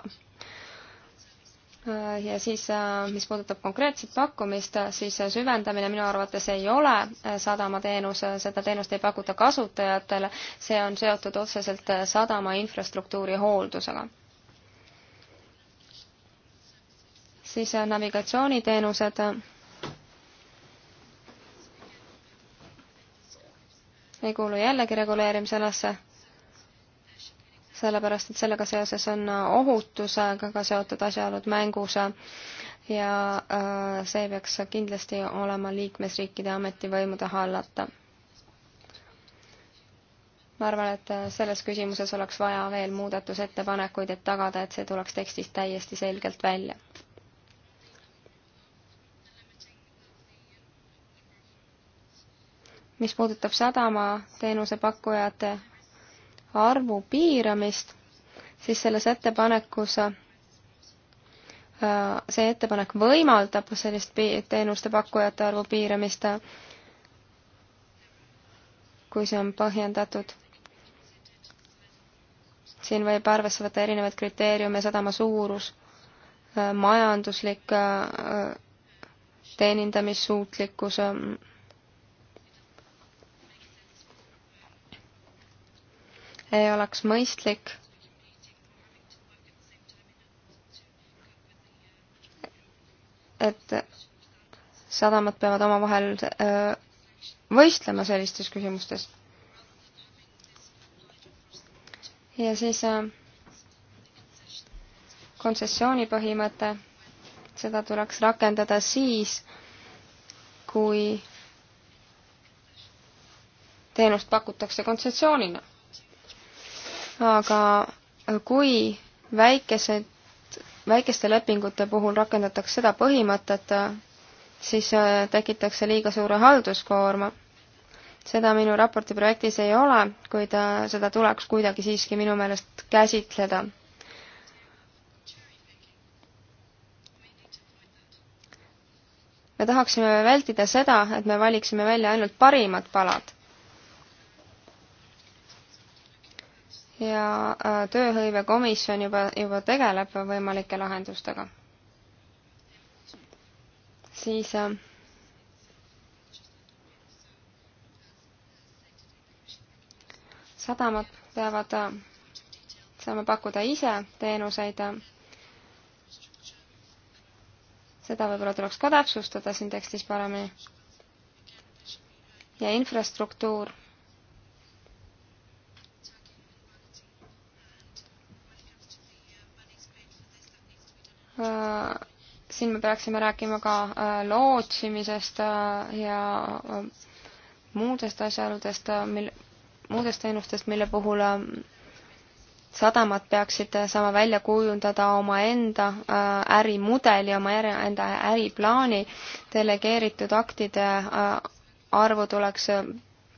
Äh, ja siis, äh, mis puudutab konkreetset pakkumist, siis süvendamine minu arvates ei ole sadamateenus, seda teenust ei pakuta kasutajatele, see on seotud otseselt sadama infrastruktuuri hooldusega siis äh, navigatsiooniteenused. ei kuulu jällegi reguleerimisalasse, sellepärast et sellega seoses on äh, ohutusega ka seotud asjaolud mängus ja äh, see peaks kindlasti olema liikmesriikide ametivõimude hallata ma arvan, et selles küsimuses oleks vaja veel muudatusettepanekuid, et tagada, et see tuleks tekstist täiesti selgelt välja. mis puudutab sadamateenuse pakkujate arvu piiramist, siis selles ettepanekus äh, see ettepanek võimaldab sellist teenuste pakkujate arvu piiramist, kui see on põhjendatud. siin võib arvesse võtta erinevaid kriteeriume, sadama suurus, äh, majanduslik äh, teenindamissuutlikkus ähm, ei oleks mõistlik et sadamad peavad omavahel äh, võistlema sellistes küsimustes. ja siis äh, kontsessiooni põhimõte, seda tuleks rakendada siis, kui teenust pakutakse kontsessioonina aga kui väikesed, väikeste lepingute puhul rakendatakse seda põhimõtet, siis äh, tekitakse liiga suure halduskoorma. seda minu raporti projektis ei ole, kuid äh, seda tuleks kuidagi siiski minu meelest käsitleda. me tahaksime vältida seda, et me valiksime välja ainult parimad palad ja äh, tööhõivekomisjon juba, juba tegeleb võimalike lahendustega. siis äh, sadamad peavad äh, saame pakkuda ise teenuseid. seda võib-olla tuleks ka täpsustada siin tekstis paremini. ja infrastruktuur Äh, siin me peaksime rääkima ka äh, lootsimisest äh, ja muudest asjaoludest, mil-, muudest teenustest, mille puhul sadamad peaksid saama välja kujundada omaenda ärimudeli, oma enda äriplaani, delegeeritud aktide arvu tuleks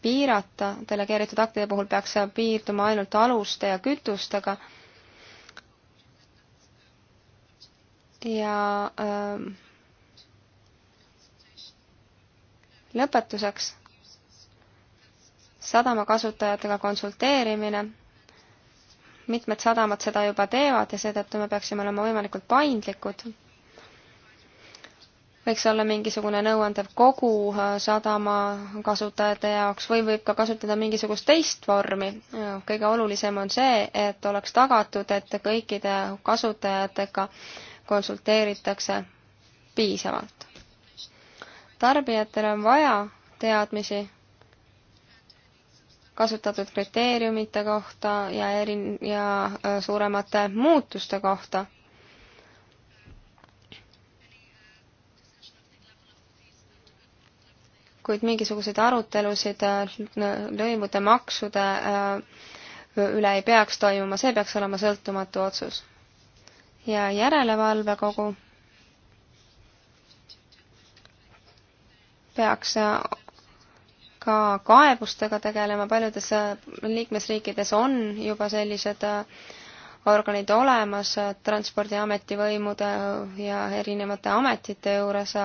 piirata, delegeeritud aktide puhul peaks piirduma ainult aluste ja kütustega ja öö, ähm, lõpetuseks sadamakasutajatega konsulteerimine. mitmed sadamad seda juba teevad ja seetõttu me peaksime olema võimalikult paindlikud. võiks olla mingisugune nõuandev kogu äh, sadama kasutajate jaoks või võib ka kasutada mingisugust teist vormi. Äh, kõige olulisem on see, et oleks tagatud, et kõikide kasutajatega äh, konsulteeritakse piisavalt. tarbijatel on vaja teadmisi kasutatud kriteeriumite kohta ja eri- ja suuremate muutuste kohta. kuid mingisuguseid arutelusid lõivude maksude üle ei peaks toimuma, see peaks olema sõltumatu otsus ja järelevalvekogu peaks ka kaebustega tegelema, paljudes liikmesriikides on juba sellised organid olemas Transpordiameti võimude ja erinevate ametite juures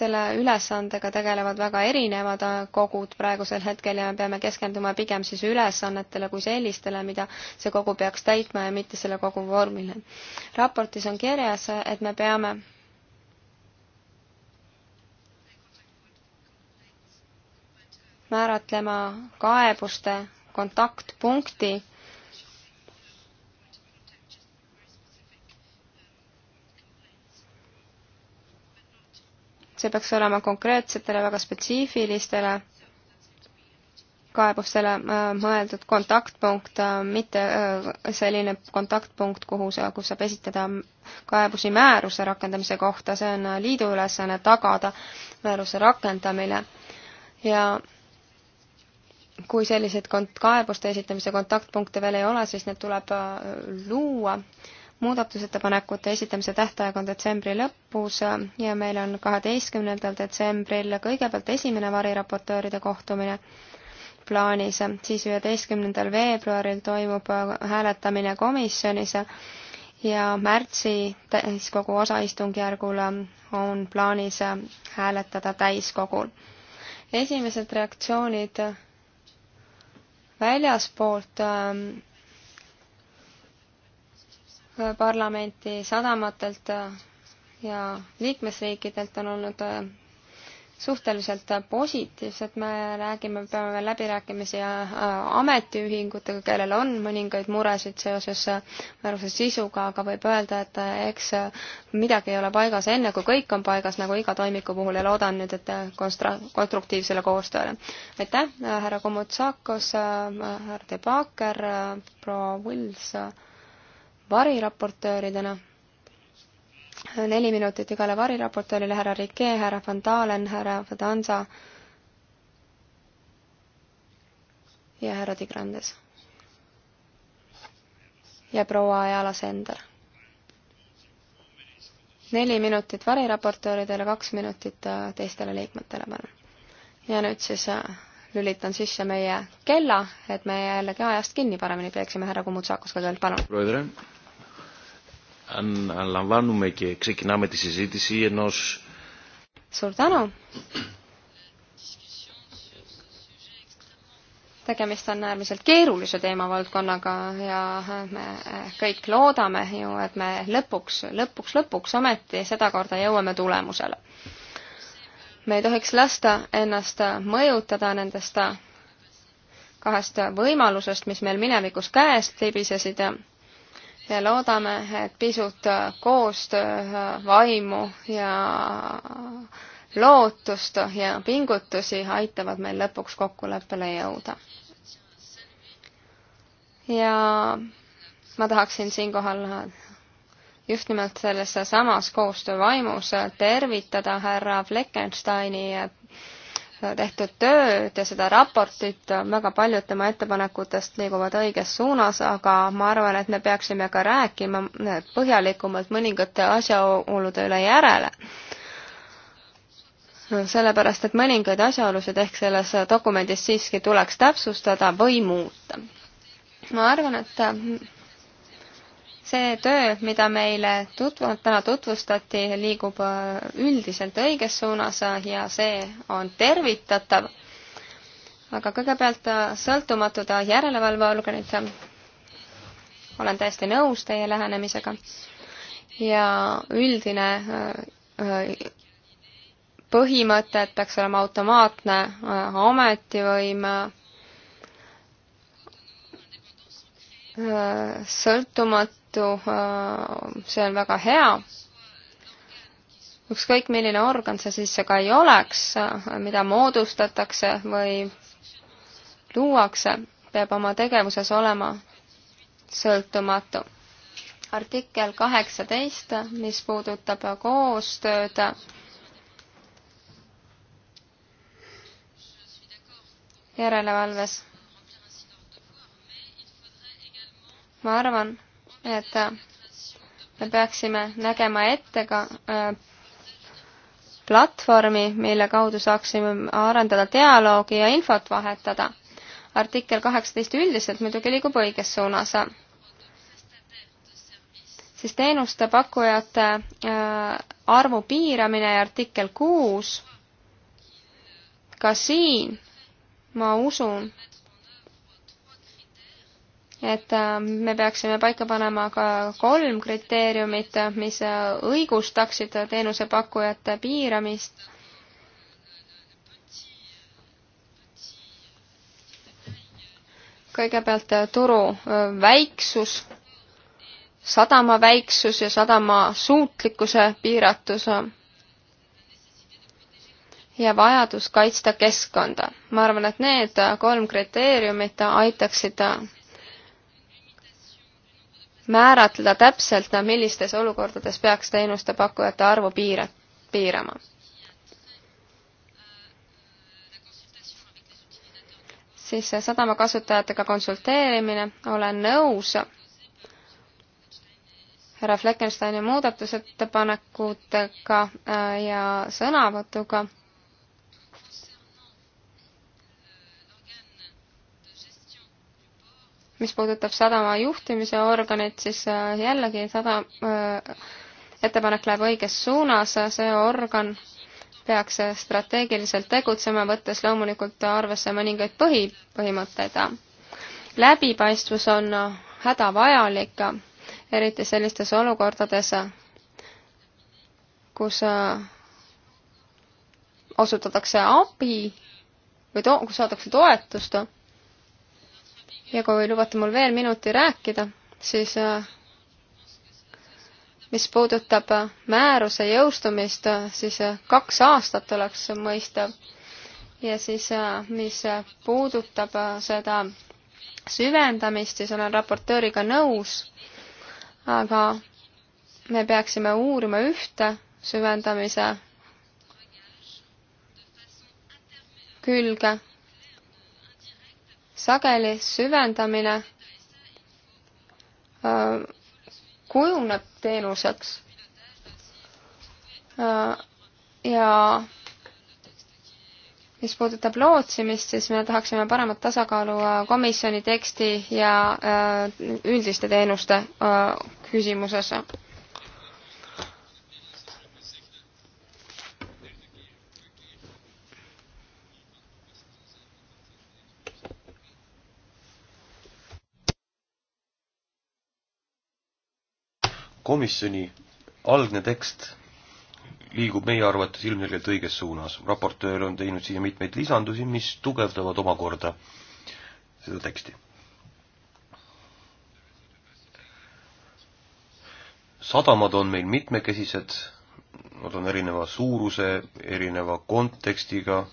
selle ülesandega tegelevad väga erinevad kogud praegusel hetkel ja me peame keskenduma pigem siis ülesannetele kui sellistele, mida see kogu peaks täitma ja mitte selle kogu vormile. raportis on kirjas, et me peame määratlema kaebuste kontaktpunkti see peaks olema konkreetsetele, väga spetsiifilistele kaebustele äh, mõeldud kontaktpunkt, äh, mitte äh, selline kontaktpunkt, kuhu sa, kus saab esitada kaebusi määruse rakendamise kohta, see on liidu ülesanne tagada määruse rakendamine. ja kui selliseid kont-, kaebuste esitamise kontaktpunkte veel ei ole, siis need tuleb luua muudatusettepanekute esitamise tähtaeg on detsembri lõpus ja meil on kaheteistkümnendal detsembril kõigepealt esimene variraportööride kohtumine plaanis, siis üheteistkümnendal veebruaril toimub hääletamine komisjonis ja märtsi täiskogu osaistungjärgul on plaanis hääletada täiskogul. esimesed reaktsioonid väljaspoolt ähm, parlamenti, sadamatelt äh, ja liikmesriikidelt on olnud äh, suhteliselt positiivsed, me räägime, peame veel läbirääkimisi äh, ametiühingutega, kellel on mõningaid muresid seoses määruse sisuga, aga võib öelda, et eks midagi ei ole paigas enne, kui kõik on paigas, nagu iga toimiku puhul ja loodan nüüd, et konstra-, konstruktiivsele koostööle. aitäh, härra Komotsakos, härra De Backer, proua Vils variraportööridena. neli minutit igale variraportöörile, härra Rike, härra Van Dalen, härra Vadanza ja härra Digrandes. ja proua Ajala Sender. neli minutit variraportööridele, kaks minutit äh, teistele liikmetele, palun. ja nüüd siis äh, lülitan sisse meie kella, et me jällegi ajast kinni paremini peaksime, härra Kumutsakas kõigepealt, palun αναλαμβάνουμε και ξεκινάμε τη συζήτηση ενός... Suur tänu! tegemist on äärmiselt keerulise teemavaldkonnaga ja me kõik loodame ju, et me lõpuks, lõpuks, lõpuks ometi sedakorda jõuame tulemusele. me ei tohiks lasta ennast mõjutada nendest kahest võimalusest, mis meil minevikus käest libisesid ja loodame, et pisut äh, koostöö äh, vaimu ja lootust ja pingutusi aitavad meil lõpuks kokkuleppele jõuda. ja ma tahaksin siinkohal just nimelt selles samas koostöövaimus tervitada härra Fleckensteini tehtud tööd ja seda raportit, väga paljud tema ettepanekutest liiguvad õiges suunas, aga ma arvan, et me peaksime ka rääkima põhjalikumalt mõningate asjaolude üle järele. sellepärast, et mõningaid asjaolusid ehk selles dokumendis siiski tuleks täpsustada või muuta. ma arvan, et see töö, mida meile tutvu-, täna tutvustati, liigub äh, üldiselt õiges suunas äh, ja see on tervitatav. aga kõigepealt äh, sõltumatud järelevalveorganid. olen täiesti nõus teie lähenemisega ja üldine põhimõte, et peaks olema automaatne ametivõim Äh, sõltumatu, äh, see on väga hea. ükskõik, milline organ see siis ka ei oleks, äh, mida moodustatakse või luuakse, peab oma tegevuses olema sõltumatu. artikkel kaheksateist, mis puudutab koostööd järelevalves ma arvan, et äh, me peaksime nägema ette ka äh, platvormi, mille kaudu saaksime arendada dialoogi ja infot vahetada. artikkel kaheksateist üldiselt muidugi liigub õiges suunas siis teenuste pakkujate äh, arvu piiramine ja artikkel kuus. ka siin ma usun, et äh, me peaksime paika panema ka kolm kriteeriumit, mis õigustaksid teenusepakkujate piiramist. kõigepealt äh, turu äh, väiksus, sadama väiksus ja sadama suutlikkuse piiratus ja vajadus kaitsta keskkonda. ma arvan, et need kolm kriteeriumit aitaksid määratleda täpselt, millistes olukordades peaks teenustepakkujate arvu piira, piirama. siis sadama kasutajatega konsulteerimine, olen nõus härra Fleckensteini muudatusettepanekutega äh, ja sõnavõtuga mis puudutab sadama juhtimise organit, siis äh, jällegi sada, äh, ettepanek läheb õiges suunas, see organ peaks äh, strateegiliselt tegutsema, võttes loomulikult arvesse mõningaid põhi, põhimõtteid. läbipaistvus on hädavajalik, eriti sellistes olukordades, kus osutatakse abi või to-, kus saadakse toetust ja kui lubate mul veel minuti rääkida, siis äh, mis puudutab äh, määruse jõustumist, äh, siis kaks aastat oleks mõistav. ja siis, mis puudutab seda süvendamist, siis olen raportööriga nõus, aga me peaksime uurima ühte süvendamise külge sageli süvendamine äh, kujuneb teenuseks äh, ja mis puudutab lootsimist, siis me tahaksime paremat tasakaalu äh, komisjoni teksti ja üldiste teenuste küsimuses komisjoni algne tekst liigub meie arvates ilmselgelt õiges suunas. raportöör on teinud siia mitmeid lisandusi, mis tugevdavad omakorda seda teksti. sadamad on meil mitmekesised, nad on erineva suuruse, erineva kontekstiga,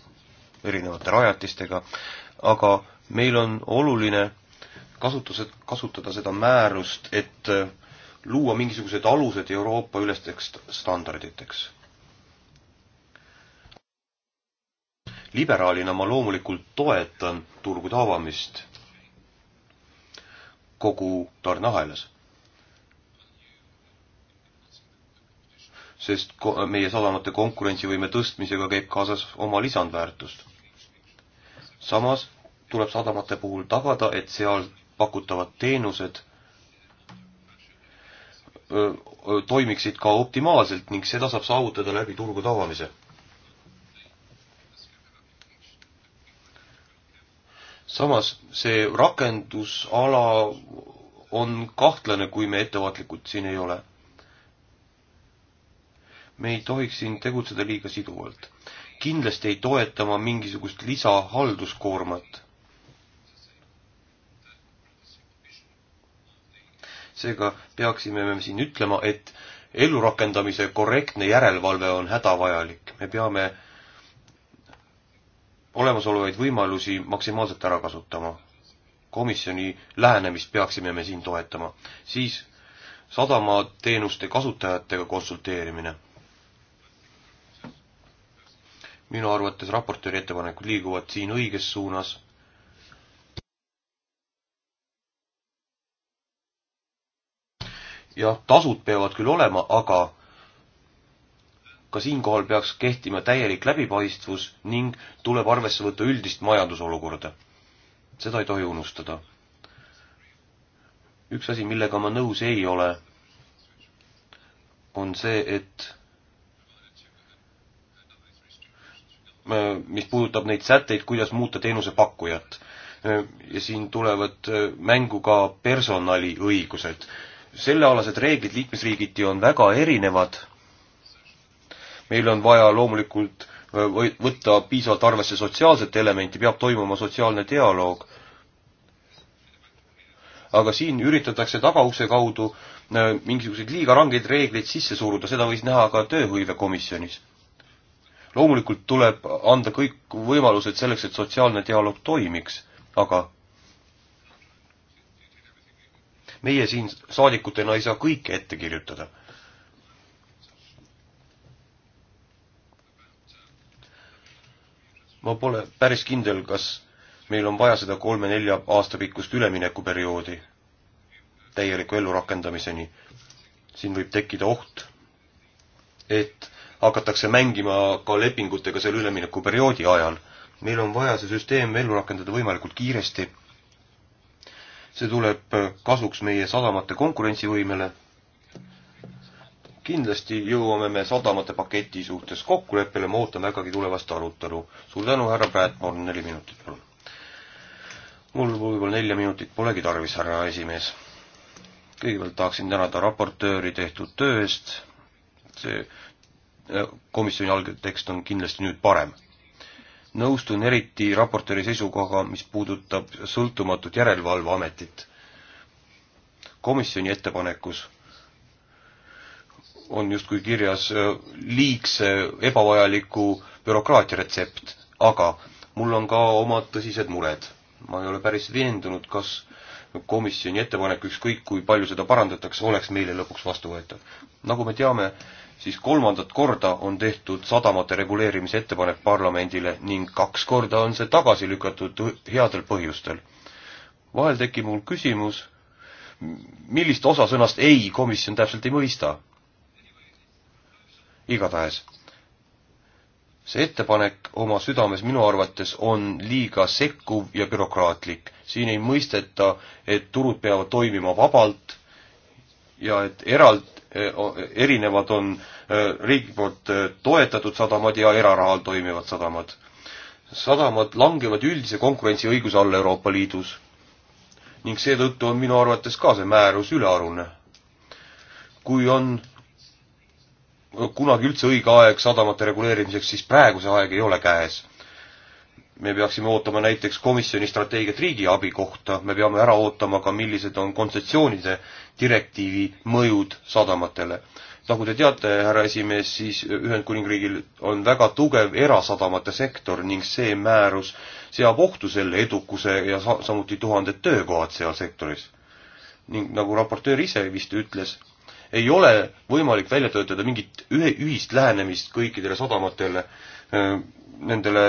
erinevate rajatistega, aga meil on oluline kasutused, kasutada seda määrust, et äh, luua mingisugused alused Euroopa ülesteks standarditeks. liberaalina ma loomulikult toetan turgude avamist kogu tarneahelas. sest meie sadamate konkurentsivõime tõstmisega käib kaasas oma lisandväärtust. samas tuleb sadamate puhul tagada, et seal pakutavad teenused toimiksid ka optimaalselt ning seda saab saavutada läbi turgude avamise. samas see rakendusala on kahtlane, kui me ettevaatlikud siin ei ole. me ei tohiks siin tegutseda liiga siduvalt. kindlasti ei toeta ma mingisugust lisahalduskoormat seega peaksime me siin ütlema, et ellurakendamise korrektne järelevalve on hädavajalik. me peame olemasolevaid võimalusi maksimaalselt ära kasutama. komisjoni lähenemist peaksime me siin toetama. siis sadamateenuste kasutajatega konsulteerimine. minu arvates raportööri ettepanekud liiguvad siin õiges suunas jah, tasud peavad küll olema, aga ka siinkohal peaks kehtima täielik läbipaistvus ning tuleb arvesse võtta üldist majandusolukorda. seda ei tohi unustada. üks asi, millega ma nõus ei ole, on see, et mis puudutab neid sätteid, kuidas muuta teenusepakkujat. ja siin tulevad mängu ka personaliõigused sellealased reeglid liikmesriigiti on väga erinevad. meil on vaja loomulikult äh, võtta piisavalt arvesse sotsiaalset elementi, peab toimuma sotsiaalne dialoog. aga siin üritatakse tagaukse kaudu äh, mingisuguseid liiga rangeid reegleid sisse suruda, seda võis näha ka tööhõivekomisjonis. loomulikult tuleb anda kõik võimalused selleks, et sotsiaalne dialoog toimiks, aga meie siin saadikutena ei saa kõike ette kirjutada. ma pole päris kindel, kas meil on vaja seda kolme-nelja aasta pikkust üleminekuperioodi täieliku ellurakendamiseni. siin võib tekkida oht, et hakatakse mängima ka lepingutega selle üleminekuperioodi ajal. meil on vaja see süsteem ellu rakendada võimalikult kiiresti see tuleb äh, kasuks meie sadamate konkurentsivõimele. kindlasti jõuame me sadamate paketi suhtes kokkuleppele, ma ootan vägagi tulevast arutelu. suur tänu, härra Bradborn, neli minutit, palun. mul võib-olla nelja minutit polegi tarvis, härra esimees. kõigepealt tahaksin tänada raportööri tehtud töö eest, see äh, komisjoni algne tekst on kindlasti nüüd parem nõustun eriti raportööri seisukohaga, mis puudutab sõltumatut järelevalveametit. komisjoni ettepanekus on justkui kirjas äh, liigse ebavajaliku bürokraatia retsept, aga mul on ka omad tõsised mured. ma ei ole päris veendunud, kas komisjoni ettepanek, ükskõik kui palju seda parandatakse, oleks meile lõpuks vastuvõetav. nagu me teame, siis kolmandat korda on tehtud sadamate reguleerimise ettepanek parlamendile ning kaks korda on see tagasi lükatud headel põhjustel. vahel tekib mul küsimus, millist osa sõnast ei komisjon täpselt ei mõista. igatahes see ettepanek oma südames minu arvates on liiga sekkuv ja bürokraatlik. siin ei mõisteta, et turud peavad toimima vabalt ja et eraldi e, erinevad on e, riigi poolt e, toetatud sadamad ja erarahal toimivad sadamad. sadamad langevad üldise konkurentsiõiguse alla Euroopa Liidus ning seetõttu on minu arvates ka see määrus ülearune. kui on kunagi üldse õige aeg sadamate reguleerimiseks, siis praegu see aeg ei ole käes. me peaksime ootama näiteks komisjoni strateegiat riigiabi kohta, me peame ära ootama ka, millised on kontsessioonide direktiivi mõjud sadamatele. nagu te teate, härra esimees, siis Ühendkuningriigil on väga tugev erasadamate sektor ning see määrus seab ohtu selle edukuse ja sa samuti tuhanded töökohad seal sektoris. ning nagu raportöör ise vist ütles, ei ole võimalik välja töötada mingit ühe, ühist lähenemist kõikidele sadamatele, nendele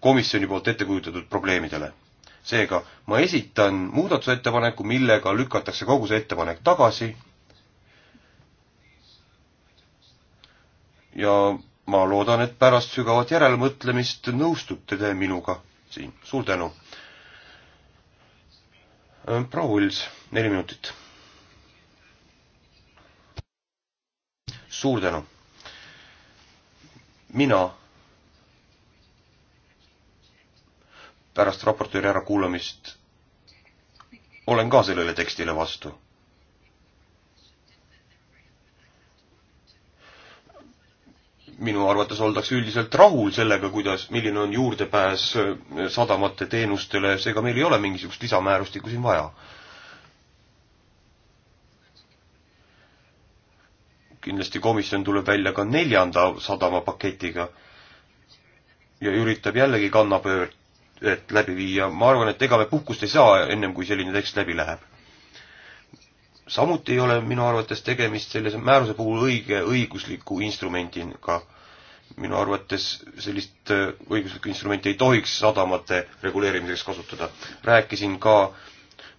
komisjoni poolt ette kujutatud probleemidele. seega ma esitan muudatusettepaneku, millega lükatakse kogu see ettepanek tagasi ja ma loodan, et pärast sügavat järelmõtlemist nõustute te minuga siin. suur tänu! proua Uls, neli minutit suur tänu. mina pärast raportööri ärakuulamist olen ka sellele tekstile vastu. minu arvates oldakse üldiselt rahul sellega, kuidas, milline on juurdepääs sadamate teenustele, seega meil ei ole mingisugust lisamäärustikku siin vaja kindlasti komisjon tuleb välja ka neljanda sadamapaketiga ja üritab jällegi kannapööret läbi viia. ma arvan, et ega me puhkust ei saa ennem, kui selline tekst läbi läheb. samuti ei ole minu arvates tegemist selle määruse puhul õige õigusliku instrumendiga. minu arvates sellist äh, õiguslikku instrumenti ei tohiks sadamate reguleerimiseks kasutada. rääkisin ka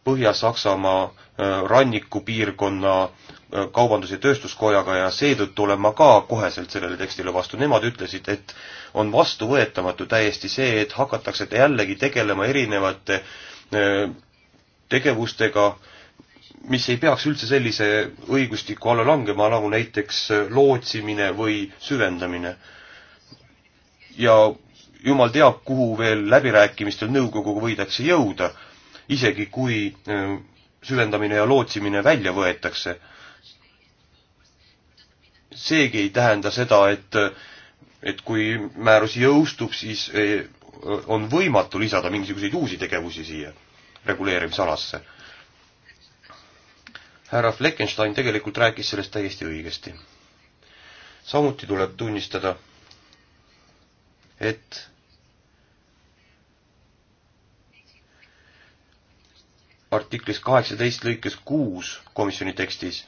Põhja-Saksamaa äh, rannikupiirkonna Kaubandus-Tööstuskojaga ja seetõttu olen ma ka koheselt sellele tekstile vastu. Nemad ütlesid, et on vastuvõetamatu täiesti see, et hakatakse jällegi tegelema erinevate äh, tegevustega, mis ei peaks üldse sellise õigustiku alla langema, nagu näiteks äh, lootsimine või süvendamine. ja jumal teab, kuhu veel läbirääkimistel nõukoguga võidakse jõuda, isegi kui äh, süvendamine ja lootsimine välja võetakse seegi ei tähenda seda, et, et kui määrus jõustub, siis eh, on võimatu lisada mingisuguseid uusi tegevusi siia reguleerimisalasse. härra Fleckenstein tegelikult rääkis sellest täiesti õigesti. samuti tuleb tunnistada, et artiklis kaheksateist lõikes kuus komisjoni tekstis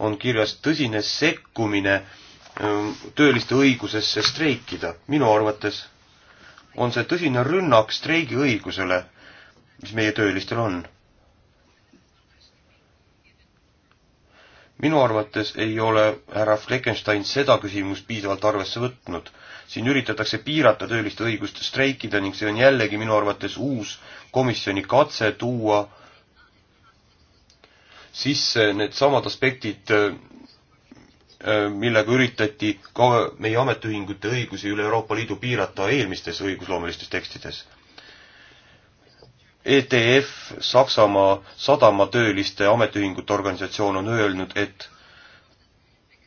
on kirjas tõsine sekkumine ähm, tööliste õigusesse streikida. minu arvates on see tõsine rünnak streigiõigusele, mis meie töölistel on. minu arvates ei ole härra Fleckenstein seda küsimust piisavalt arvesse võtnud. siin üritatakse piirata tööliste õigust streikida ning see on jällegi minu arvates uus komisjoni katse tuua sisse needsamad aspektid, äh, äh, millega üritati ka meie ametiühingute õigusi üle Euroopa Liidu piirata eelmistes õigusloomelistes tekstides. ETF, Saksamaa sadamatööliste ametiühingute organisatsioon on öelnud, et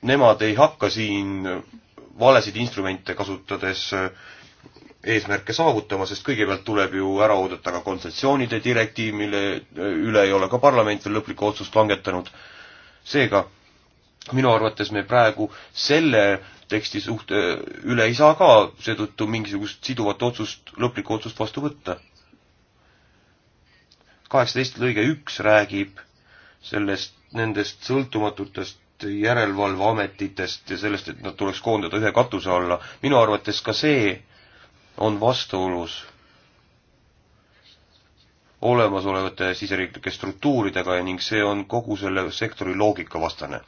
nemad ei hakka siin valesid instrumente kasutades äh, eesmärke saavutama, sest kõigepealt tuleb ju ära oodata ka kontsessioonide direktiiv, mille äh, üle ei ole ka parlament veel lõplikku otsust langetanud. seega minu arvates me praegu selle teksti suht-, äh, üle ei saa ka seetõttu mingisugust siduvat otsust, lõplikku otsust vastu võtta. kaheksateist lõige üks räägib sellest, nendest sõltumatutest järelevalveametitest ja sellest, et nad tuleks koondada ühe katuse alla. minu arvates ka see on vastuolus olemasolevate siseriiklike struktuuridega ning see on kogu selle sektori loogika vastane.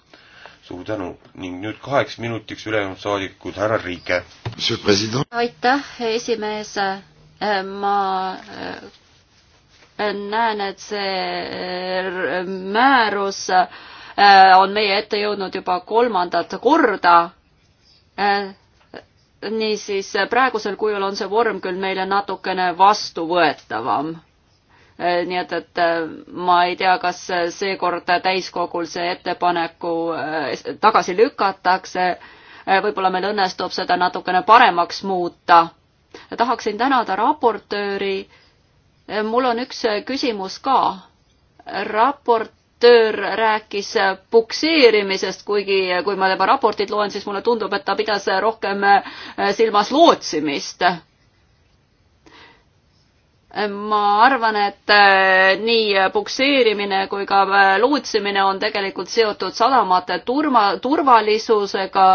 suur tänu ning nüüd kaheks minutiks ülejäänud saadikud, härra Riike. aitäh, esimees. ma äh, näen, et see äh, määrus äh, on meie ette jõudnud juba kolmandat korda niisiis praegusel kujul on see vorm küll meile natukene vastuvõetavam. Äh, nii et, et äh, ma ei tea, kas seekord täiskogul see ettepaneku äh, tagasi lükatakse. võib-olla meil õnnestub seda natukene paremaks muuta. tahaksin tänada raportööri. mul on üks küsimus ka. raport raportöör rääkis pukseerimisest, kuigi kui ma tema raportit loen, siis mulle tundub, et ta pidas rohkem silmas lootsimist. ma arvan, et nii pukseerimine kui ka lootsimine on tegelikult seotud sadamate turma, turvalisusega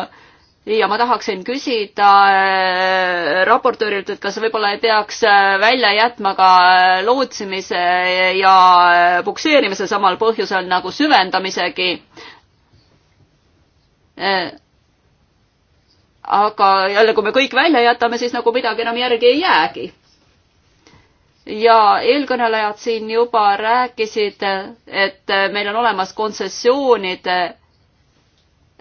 ja ma tahaksin küsida äh, raportöörilt, et kas võib-olla ei peaks äh, välja jätma ka äh, lootsimise ja pukseerimise samal põhjusel nagu süvendamisegi. aga jälle, kui me kõik välja jätame, siis nagu midagi enam järgi ei jäägi ja eelkõnelejad siin juba rääkisid, et meil on olemas kontsessioonide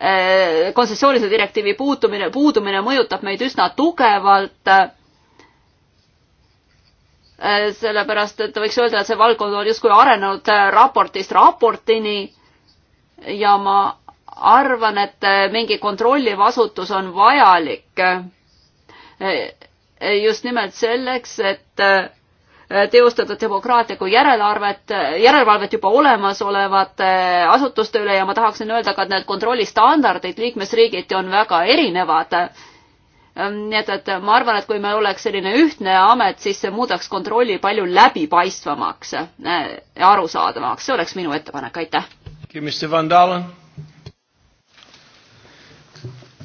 Äh, kontsessioonide direktiivi puutumine, puudumine mõjutab meid üsna tugevalt. Äh, sellepärast, et võiks öelda, et see valdkond on justkui arenenud äh, raportist raportini ja ma arvan, et mingi kontrolliv asutus on vajalik just nimelt selleks, et Äh, teostada demokraatlikku järelearvet, järelevalvet juba olemasolevate asutuste üle ja ma tahaksin öelda ka, et need kontrollistandardid liikmesriigiti on väga erinevad. Ähm, nii et, et ma arvan, et kui meil oleks selline ühtne amet, siis see muudaks kontrolli palju läbipaistvamaks äh, ja arusaadavamaks, see oleks minu ettepanek, aitäh.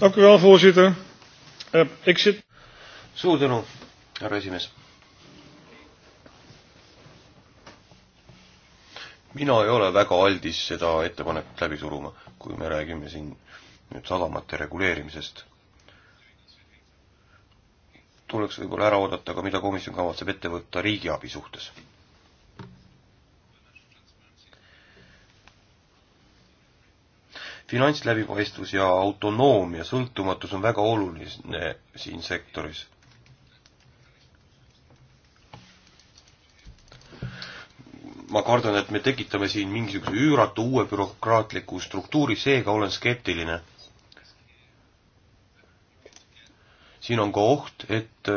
Dank u wel, voorzitter. Uh, ik zit... Suur tänu, härra esimees mina ei ole väga aldis seda ettepanekut läbi suruma, kui me räägime siin nüüd sadamate reguleerimisest. tuleks võib-olla ära oodata ka, mida komisjon kavatseb ette võtta riigiabi suhtes. finantsläbipaistvus ja autonoomia, sõltumatus on väga oluline siin sektoris ma kardan, et me tekitame siin mingisuguse üüratu uue bürokraatliku struktuuri, seega olen skeptiline. siin on ka oht, et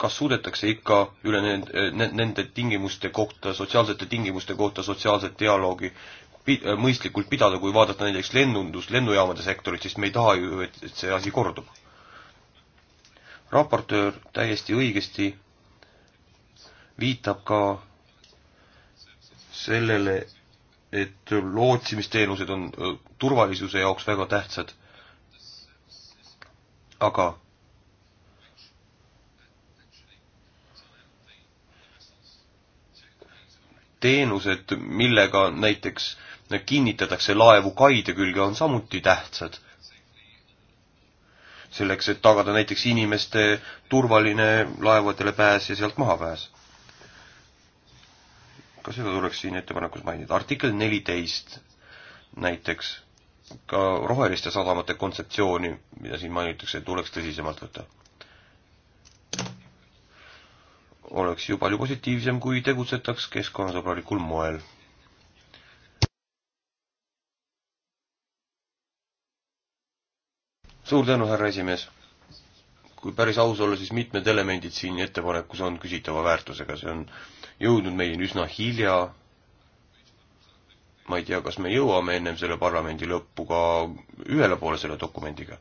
kas suudetakse ikka üle nende, nende tingimuste kohta, sotsiaalsete tingimuste kohta sotsiaalset dialoogi pid, mõistlikult pidada, kui vaadata näiteks lennundus, lennujaamade sektorit, siis me ei taha ju, et see asi kordub raportöör täiesti õigesti viitab ka sellele, et lootsimisteenused on turvalisuse jaoks väga tähtsad. aga teenused, millega näiteks kinnitatakse laevu kaide külge, on samuti tähtsad selleks, et tagada näiteks inimeste turvaline laevadele pääs ja sealt mahapääs. ka seda tuleks siin ettepanekus mainida. artikkel neliteist näiteks, ka roheliste sadamate kontseptsiooni, mida siin mainitakse, tuleks tõsisemalt võtta. oleks ju palju positiivsem, kui tegutsetaks keskkonnasõbralikul moel suur tänu, härra esimees. kui päris aus olla, siis mitmed elemendid siin ettepanekus on küsitava väärtusega, see on jõudnud meieni üsna hilja. ma ei tea, kas me jõuame ennem selle parlamendi lõppu ka ühele poole selle dokumendiga.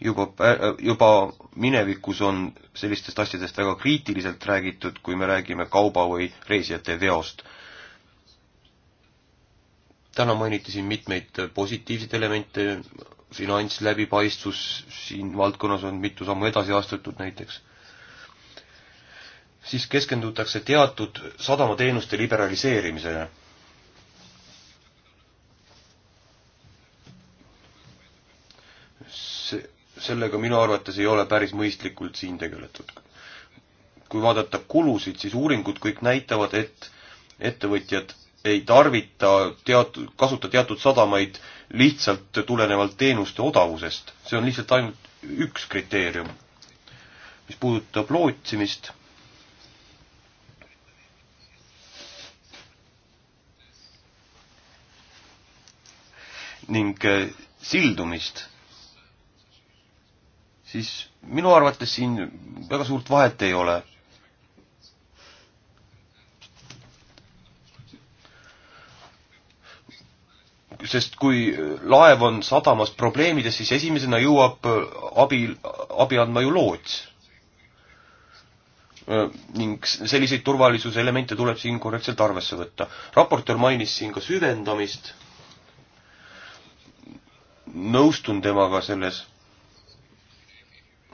juba, äh, juba minevikus on sellistest asjadest väga kriitiliselt räägitud, kui me räägime kauba või reisijate veost täna mainiti siin mitmeid positiivseid elemente, finantsläbipaistvus siin valdkonnas on mitu sammu edasi astutud näiteks. siis keskendutakse teatud sadamateenuste liberaliseerimisele sellega minu arvates ei ole päris mõistlikult siin tegeletud. kui vaadata kulusid, siis uuringud kõik näitavad, et ettevõtjad ei tarvita teatud, kasuta teatud sadamaid lihtsalt tulenevalt teenuste odavusest. see on lihtsalt ainult üks kriteerium. mis puudutab lootsimist, ning äh, sildumist, siis minu arvates siin väga suurt vahet ei ole sest kui äh, laev on sadamas probleemides, siis esimesena jõuab äh, abi, abi andma ju loots. Äh, ning selliseid turvalisuse elemente tuleb siin korrektselt arvesse võtta. raportöör mainis siin ka süvendamist. nõustun temaga selles,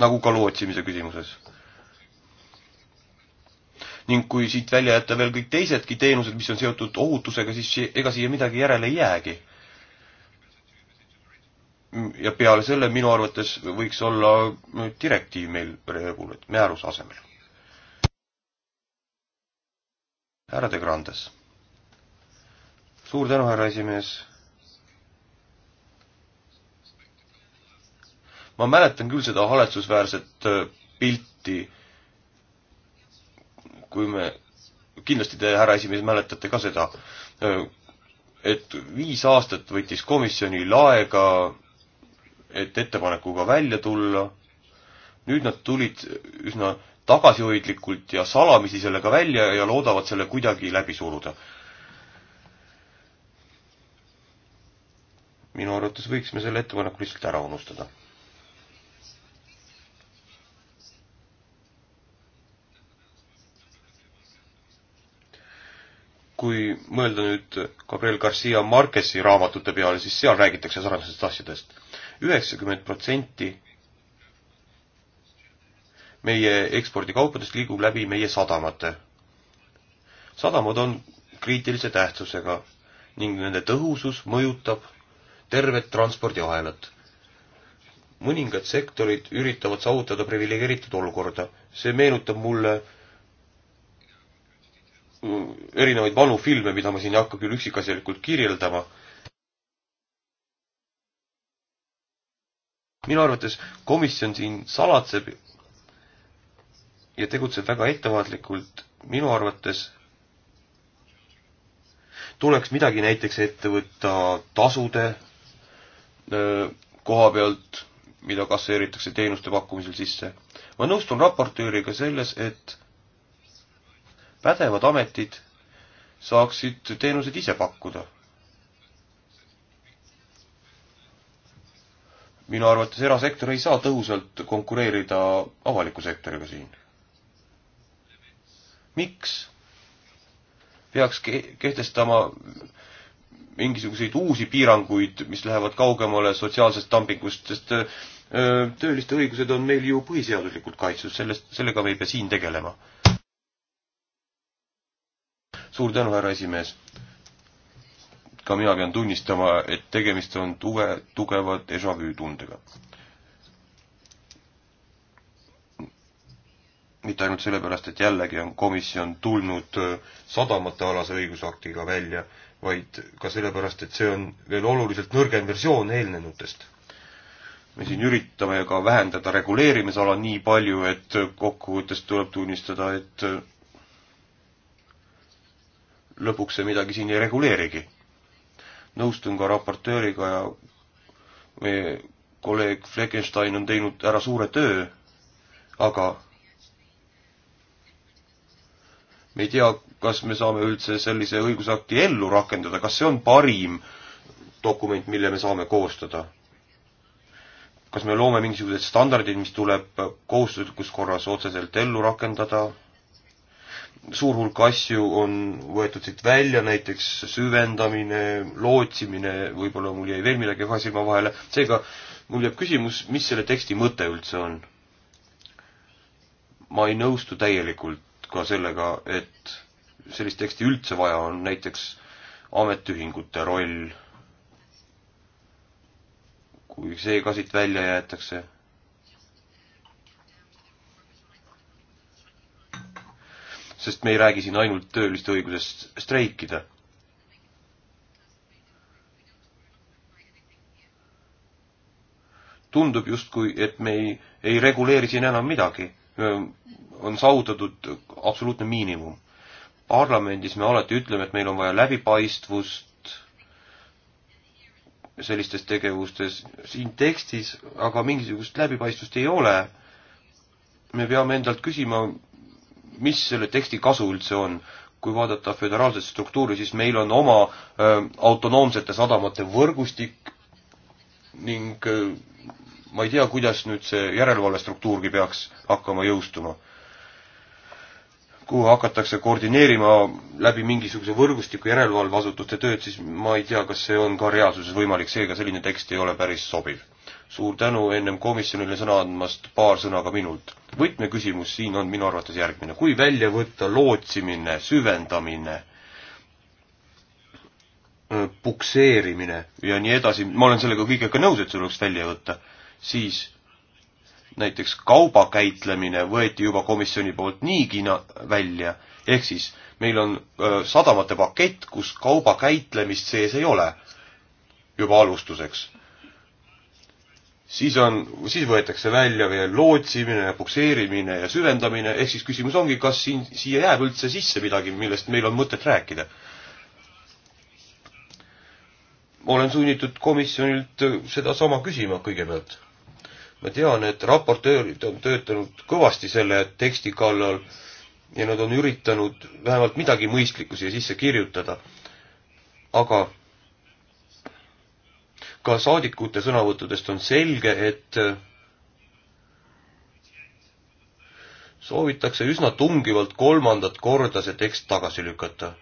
nagu ka lootsimise küsimuses ning kui siit välja jätta veel kõik teisedki teenused, mis on seotud ohutusega, siis ega siia midagi järele ei jäägi ja peale selle minu arvates võiks olla direktiiv meil regulat-, määruse asemel. härra De Grandes. suur tänu, härra esimees. ma mäletan küll seda haletsusväärset äh, pilti, kui me, kindlasti te, härra esimees, mäletate ka seda, äh, et viis aastat võttis komisjonil aega et ettepanekuga välja tulla. nüüd nad tulid üsna tagasihoidlikult ja salamisi sellega välja ja loodavad selle kuidagi läbi suruda. minu arvates võiks me selle ettepaneku lihtsalt ära unustada. kui mõelda nüüd Gabriel Garcia Marquesi raamatute peale, siis seal räägitakse sarnasest asjadest üheksakümmend protsenti meie ekspordikaupadest liigub läbi meie sadamate. sadamad on kriitilise tähtsusega ning nende tõhusus mõjutab tervet transpordiahelat. mõningad sektorid üritavad saavutada priviligeeritud olukorda. see meenutab mulle erinevaid vanu filme, mida ma siin ei hakka küll üksikasjalikult kirjeldama, minu arvates komisjon siin salatseb ja tegutseb väga ettevaatlikult, minu arvates tuleks midagi näiteks ette võtta tasude koha pealt, mida kasseeritakse teenuste pakkumisel sisse. ma nõustun raportööriga selles, et pädevad ametid saaksid teenuseid ise pakkuda minu arvates erasektor ei saa tõhusalt konkureerida avaliku sektoriga siin. miks peaks ke-, kehtestama mingisuguseid uusi piiranguid, mis lähevad kaugemale sotsiaalsest dumpingust, sest tööliste õigused on meil ju põhiseaduslikult kaitstud, sellest, sellega me ei pea siin tegelema. suur tänu, härra esimees ka mina pean tunnistama, et tegemist on tuge, tugeva déjà vu tundega. mitte ainult sellepärast, et jällegi on komisjon tulnud äh, sadamatealase õigusaktiga välja, vaid ka sellepärast, et see on veel oluliselt nõrgem versioon eelnenutest. me siin üritame ka vähendada reguleerimisala nii palju, et kokkuvõttes tuleb tunnistada, et äh, lõpuks see midagi siin ei reguleerigi nõustun ka raportööriga ja meie kolleeg Fleckenstein on teinud ära suure töö, aga me ei tea, kas me saame üldse sellise õigusakti ellu rakendada, kas see on parim dokument, mille me saame koostada? kas me loome mingisugused standardid, mis tuleb kohustuslikus korras otseselt ellu rakendada? suur hulk asju on võetud siit välja, näiteks süvendamine, lootsimine, võib-olla mul jäi veel midagi kahe silma vahele, seega mul jääb küsimus, mis selle teksti mõte üldse on? ma ei nõustu täielikult ka sellega, et sellist teksti üldse vaja on, näiteks ametiühingute roll, kui see ka siit välja jäetakse sest me ei räägi siin ainult tööliste õigusest streikida. tundub justkui, et me ei, ei reguleeri siin enam midagi. on saavutatud absoluutne miinimum. parlamendis me alati ütleme, et meil on vaja läbipaistvust, sellistes tegevustes. siin tekstis aga mingisugust läbipaistvust ei ole. me peame endalt küsima, mis selle teksti kasu üldse on? kui vaadata föderaalset struktuuri, siis meil on oma öö, autonoomsete sadamate võrgustik ning öö, ma ei tea, kuidas nüüd see järelevalvestruktuurgi peaks hakkama jõustuma. kuhu hakatakse koordineerima läbi mingisuguse võrgustiku järelevalveasutuste tööd, siis ma ei tea, kas see on ka reaalsuses võimalik, seega selline tekst ei ole päris sobiv suur tänu ennem komisjonile sõna andmast, paar sõna ka minult. võtmeküsimus siin on minu arvates järgmine, kui välja võtta lootsimine, süvendamine, pukseerimine ja nii edasi, ma olen sellega kõigega nõus, et see tuleks välja võtta, siis näiteks kaubakäitlemine võeti juba komisjoni poolt niigi välja, ehk siis meil on öö, sadamate pakett, kus kaubakäitlemist sees ei ole juba alustuseks siis on, siis võetakse välja veel lootsimine ja pukseerimine ja süvendamine, ehk siis küsimus ongi, kas siin, siia jääb üldse sisse midagi, millest meil on mõtet rääkida. olen sunnitud komisjonilt sedasama küsima kõigepealt. ma tean, et raportöörid on töötanud kõvasti selle teksti kallal ja nad on üritanud vähemalt midagi mõistlikku siia sisse kirjutada. aga ka saadikute sõnavõttudest on selge, et soovitakse üsna tungivalt kolmandat korda see tekst tagasi lükata.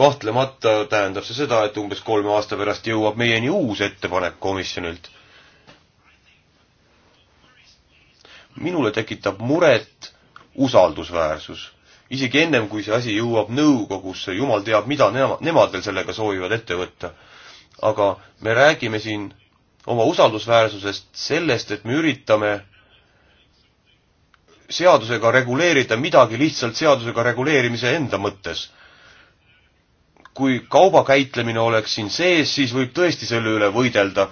kahtlemata tähendab see seda, et umbes kolme aasta pärast jõuab meieni uus ettepanek komisjonilt. minule tekitab muret usaldusväärsus. isegi ennem, kui see asi jõuab nõukogusse, jumal teab, mida nema, nemad veel sellega soovivad ette võtta aga me räägime siin oma usaldusväärsusest sellest, et me üritame seadusega reguleerida midagi lihtsalt seadusega reguleerimise enda mõttes. kui kauba käitlemine oleks siin sees, siis võib tõesti selle üle võidelda.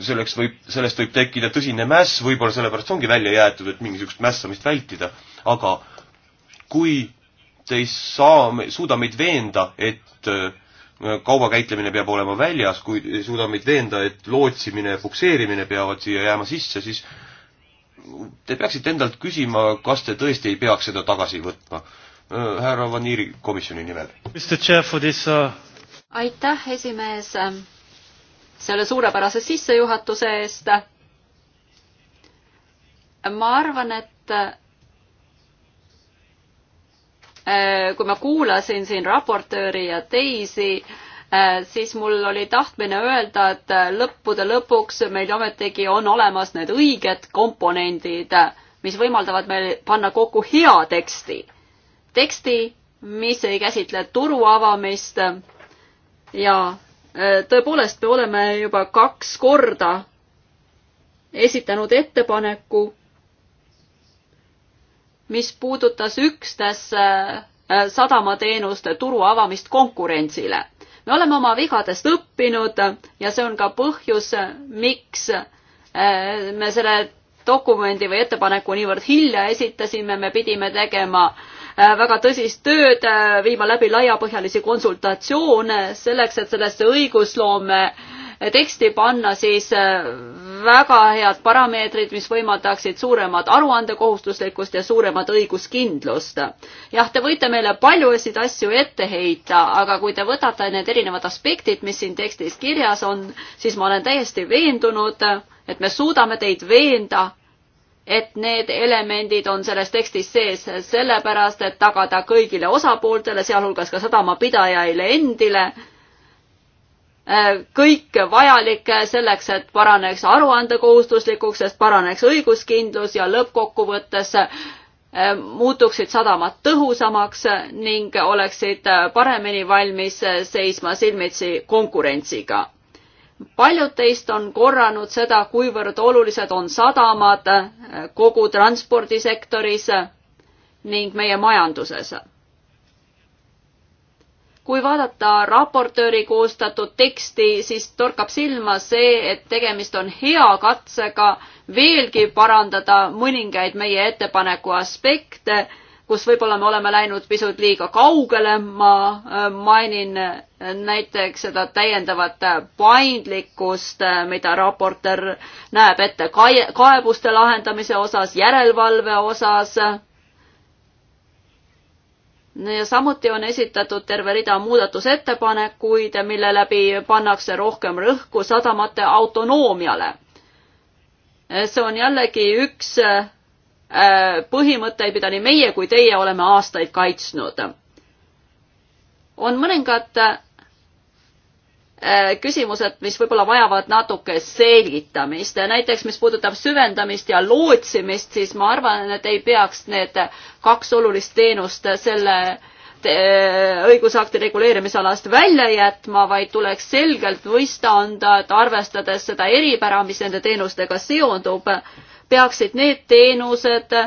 selleks võib, sellest võib tekkida tõsine mäss, võib-olla sellepärast ongi välja jäetud, et mingisugust mässamist vältida, aga kui te ei saa, suuda meid veenda, et äh, kauba käitlemine peab olema väljas, kui suudame meid veenda, et lootsimine ja pukseerimine peavad siia jääma sisse, siis te peaksite endalt küsima, kas te tõesti ei peaks seda tagasi võtma. härra Vaniiri komisjoni nimel. Uh, aitäh, esimees, selle suurepärase sissejuhatuse eest. ma arvan, et Äh, kui ma kuulasin siin raportööri ja teisi, äh, siis mul oli tahtmine öelda, et äh, lõppude lõpuks meil ometigi on olemas need õiged komponendid, mis võimaldavad meil panna kokku hea teksti. teksti, mis ei käsitle turu avamist ja tõepoolest, me oleme juba kaks korda esitanud ettepaneku mis puudutas üksnes äh, sadamateenuste turu avamist konkurentsile. me oleme oma vigadest õppinud ja see on ka põhjus, miks äh, me selle dokumendi või ettepaneku niivõrd hilja esitasime, me pidime tegema äh, väga tõsist tööd, viima läbi laiapõhjalisi konsultatsioone selleks, et sellesse õigusloome äh, teksti panna siis äh, väga head parameetrid, mis võimaldaksid suuremat aruandekohustuslikkust ja suuremat õiguskindlust. jah, te võite meile paljusid asju ette heita, aga kui te võtate need erinevad aspektid, mis siin tekstis kirjas on, siis ma olen täiesti veendunud, et me suudame teid veenda, et need elemendid on selles tekstis sees sellepärast, et tagada kõigile osapooltele, sealhulgas ka sadamapidajaile endile Äh, kõik vajalik selleks, et paraneks aruandekohustuslikuks, sest paraneks õiguskindlus ja lõppkokkuvõttes äh, muutuksid sadamad tõhusamaks ning oleksid äh, paremini valmis seisma silmitsi konkurentsiga. paljud teist on korranud seda, kuivõrd olulised on sadamad kogu transpordisektoris ning meie majanduses kui vaadata raportööri koostatud teksti, siis torkab silma see, et tegemist on hea katsega veelgi parandada mõningaid meie ettepaneku aspekte, kus võib-olla me oleme läinud pisut liiga kaugele, ma äh, mainin äh, näiteks seda täiendavat paindlikkust, äh, mida raporter näeb ette kaebuste lahendamise osas, järelevalve osas ja samuti on esitatud terve rida muudatusettepanekuid, mille läbi pannakse rohkem rõhku sadamate autonoomiale. see on jällegi üks äh, põhimõtteid, mida nii meie kui teie oleme aastaid kaitsnud. on mõningad Äh, küsimused, mis võib-olla vajavad natuke selgitamist. näiteks, mis puudutab süvendamist ja lootsimist, siis ma arvan, et ei peaks need kaks olulist teenust selle äh, õigusakti reguleerimisalast välja jätma, vaid tuleks selgelt mõista anda, et arvestades seda eripära, mis nende teenustega seondub, peaksid need teenused äh,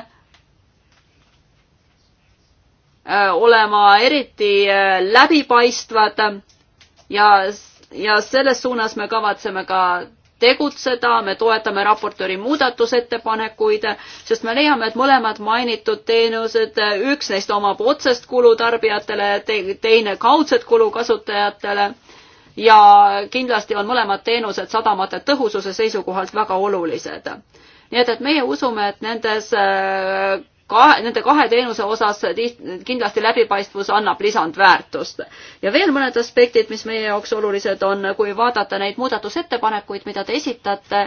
olema eriti läbipaistvad ja ja selles suunas me kavatseme ka tegutseda, me toetame raportööri muudatusettepanekuid, sest me leiame, et mõlemad mainitud teenused, üks neist omab otsest kulu tarbijatele, teine kaudset kulu kasutajatele ja kindlasti on mõlemad teenused sadamate tõhususe seisukohalt väga olulised nii et, et meie usume, et nendes ka nende kahe teenuse osas kindlasti läbipaistvus annab lisandväärtust. ja veel mõned aspektid, mis meie jaoks olulised on, kui vaadata neid muudatusettepanekuid, mida te esitate,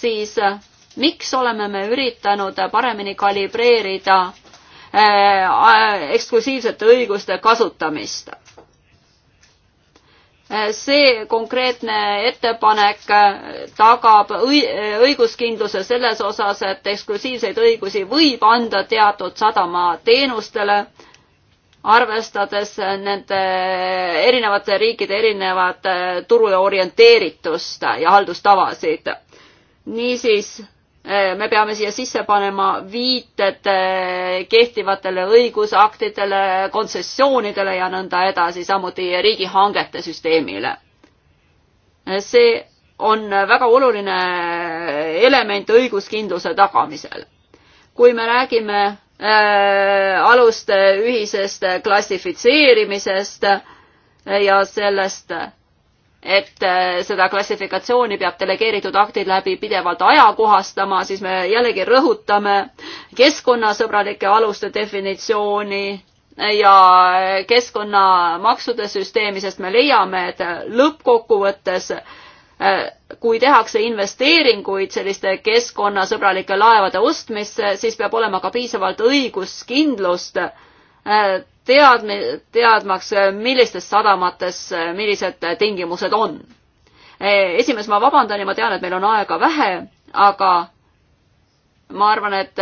siis eh, miks oleme me üritanud paremini kalibreerida eh, eksklusiivsete õiguste kasutamist Äh, see konkreetne ettepanek äh, tagab äh, õiguskindluse selles osas, et eksklusiivseid õigusi võib anda teatud sadamateenustele, arvestades nende erinevate riikide erinevat turu orienteeritust ja haldustavasid. niisiis Eh, me peame siia sisse panema viited eh, kehtivatele õigusaktidele, kontsessioonidele ja nõnda edasi, samuti riigihangete süsteemile. Eh, see on väga oluline element õiguskindluse tagamisel. kui me räägime äh, aluste ühisest klassifitseerimisest ja sellest äh, et äh, seda klassifikatsiooni peab delegeeritud aktid läbi pidevalt ajakohastama, siis me jällegi rõhutame keskkonnasõbralike aluste definitsiooni ja keskkonnamaksude süsteemi, sest me leiame, et lõppkokkuvõttes äh, kui tehakse investeeringuid selliste keskkonnasõbralike laevade ostmisse, siis peab olema ka piisavalt õiguskindlust Äh, teadmi-, teadmaks, äh, millistes sadamates äh, millised tingimused on. esimees, ma vabandan ja ma tean, et meil on aega vähe, aga ma arvan, et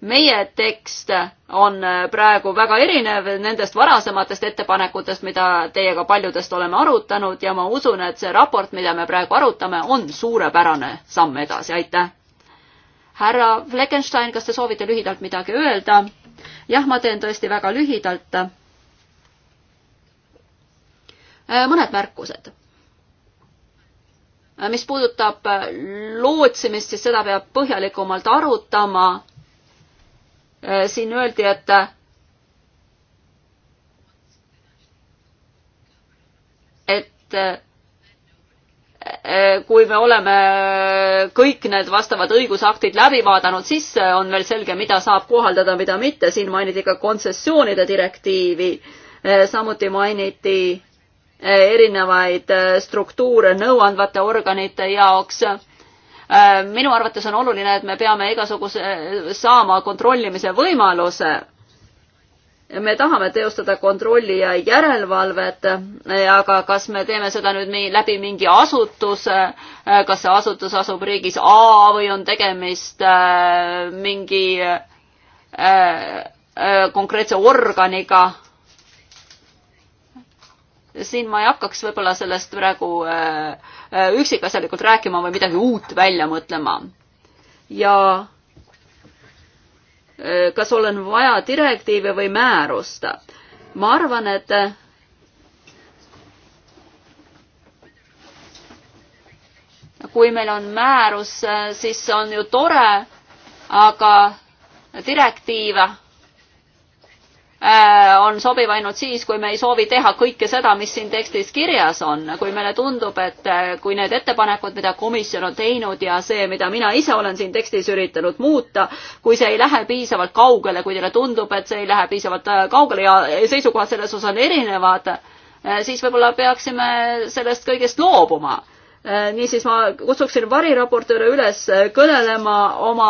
meie tekst on praegu väga erinev nendest varasematest ettepanekutest, mida teiega paljudest oleme arutanud ja ma usun, et see raport, mida me praegu arutame, on suurepärane samm edasi, aitäh! härra Fleckenstein, kas te soovite lühidalt midagi öelda? jah, ma teen tõesti väga lühidalt. Äh, mõned märkused. Äh, mis puudutab äh, lootsimist, siis seda peab põhjalikumalt arutama. siin öeldi, et et Eh, kui me oleme kõik need vastavad õigusaktid läbi vaadanud, siis eh, on veel selge, mida saab kohaldada, mida mitte. siin mainiti ka kontsessioonide direktiivi, eh, samuti mainiti erinevaid struktuure nõuandvate organite jaoks. minu arvates on oluline, et me peame igasuguse, saama kontrollimise võimaluse me tahame teostada kontrolli ja järelevalvet, eh, aga kas me teeme seda nüüd nii läbi mingi asutuse, eh, kas see asutus asub riigis A või on tegemist eh, mingi konkreetse organiga? siin ma ei hakkaks võib-olla sellest praegu üksikasjalikult rääkima või midagi uut välja mõtlema. ja kas olen vaja direktiive või määrust. ma arvan, et kui meil on määrus, siis on ju tore, aga direktiiv Äh, on sobiv ainult siis, kui me ei soovi teha kõike seda, mis siin tekstis kirjas on. kui meile tundub, et äh, kui need ettepanekud, mida komisjon on teinud ja see, mida mina ise olen siin tekstis üritanud muuta, kui see ei lähe piisavalt kaugele, kui teile tundub, et see ei lähe piisavalt äh, kaugele ja seisukohad selles osas on erinevad, siis võib-olla peaksime sellest kõigest loobuma niisiis ma kutsuksin variraportööre üles kõnelema oma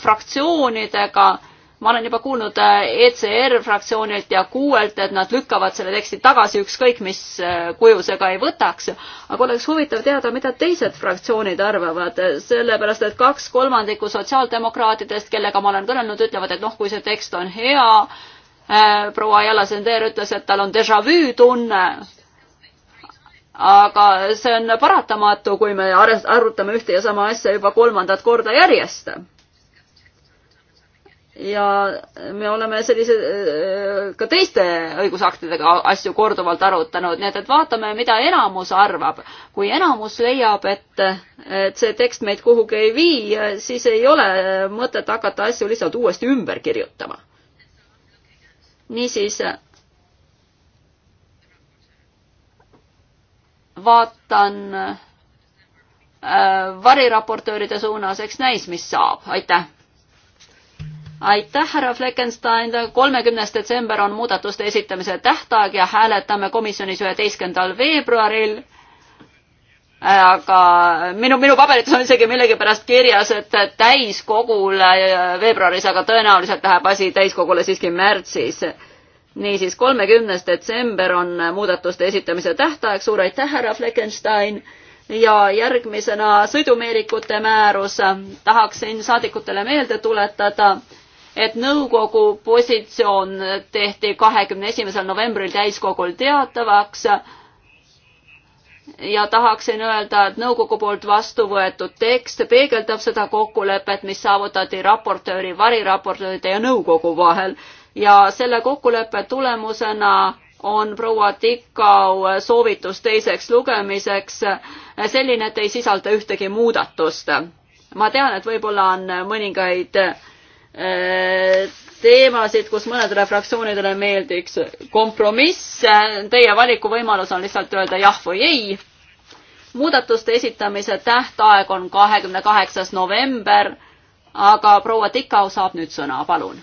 fraktsioonidega äh, ma olen juba kuulnud äh, ECR fraktsioonilt ja kuuelt, et nad lükkavad selle teksti tagasi, ükskõik mis äh, kuju see ka ei võtaks. aga oleks huvitav teada, mida teised fraktsioonid arvavad, äh, sellepärast et kaks kolmandikku sotsiaaldemokraatidest, kellega ma olen kõnelenud, ütlevad, et noh, kui see tekst on hea, proua Jalasender ütles, et tal on déjà vu tunne, aga see on paratamatu, kui me arutame ühte ja sama asja juba kolmandat korda järjest ja me oleme sellise, ka teiste õigusaktidega asju korduvalt arutanud, nii et, et vaatame, mida enamus arvab. kui enamus leiab, et, et see tekst meid kuhugi ei vii, siis ei ole mõtet hakata asju lihtsalt uuesti ümber kirjutama. niisiis vaatan äh, variraportööride suunas, eks näis, mis saab, aitäh aitäh, härra Fleckenstein, kolmekümnes detsember on muudatuste esitamise tähtaeg ja hääletame komisjonis üheteistkümnendal veebruaril. Äh, aga minu, minu paberites on isegi millegipärast kirjas, et täiskogule äh, veebruaris, aga tõenäoliselt läheb asi täiskogule siiski märtsis. niisiis, kolmekümnes detsember on muudatuste esitamise tähtaeg, suur aitäh, härra Fleckenstein ja järgmisena sõidumeerikute määrus. tahaksin saadikutele meelde tuletada, et nõukogu positsioon tehti kahekümne esimesel novembril täiskogul teatavaks ja tahaksin öelda, et nõukogu poolt vastu võetud tekst peegeldab seda kokkulepet, mis saavutati raportööri, variraportööride ja nõukogu vahel ja selle kokkuleppe tulemusena on proua Tikau soovitus teiseks lugemiseks selline, et ei sisalda ühtegi muudatust. ma tean, et võib-olla on mõningaid Äh, teemasid, kus mõnedele fraktsioonidele meeldiks kompromiss. Teie valikuvõimalus on lihtsalt öelda jah või ei. muudatuste esitamise tähtaeg on kahekümne kaheksas november, aga proua Tikau saab nüüd sõna, palun.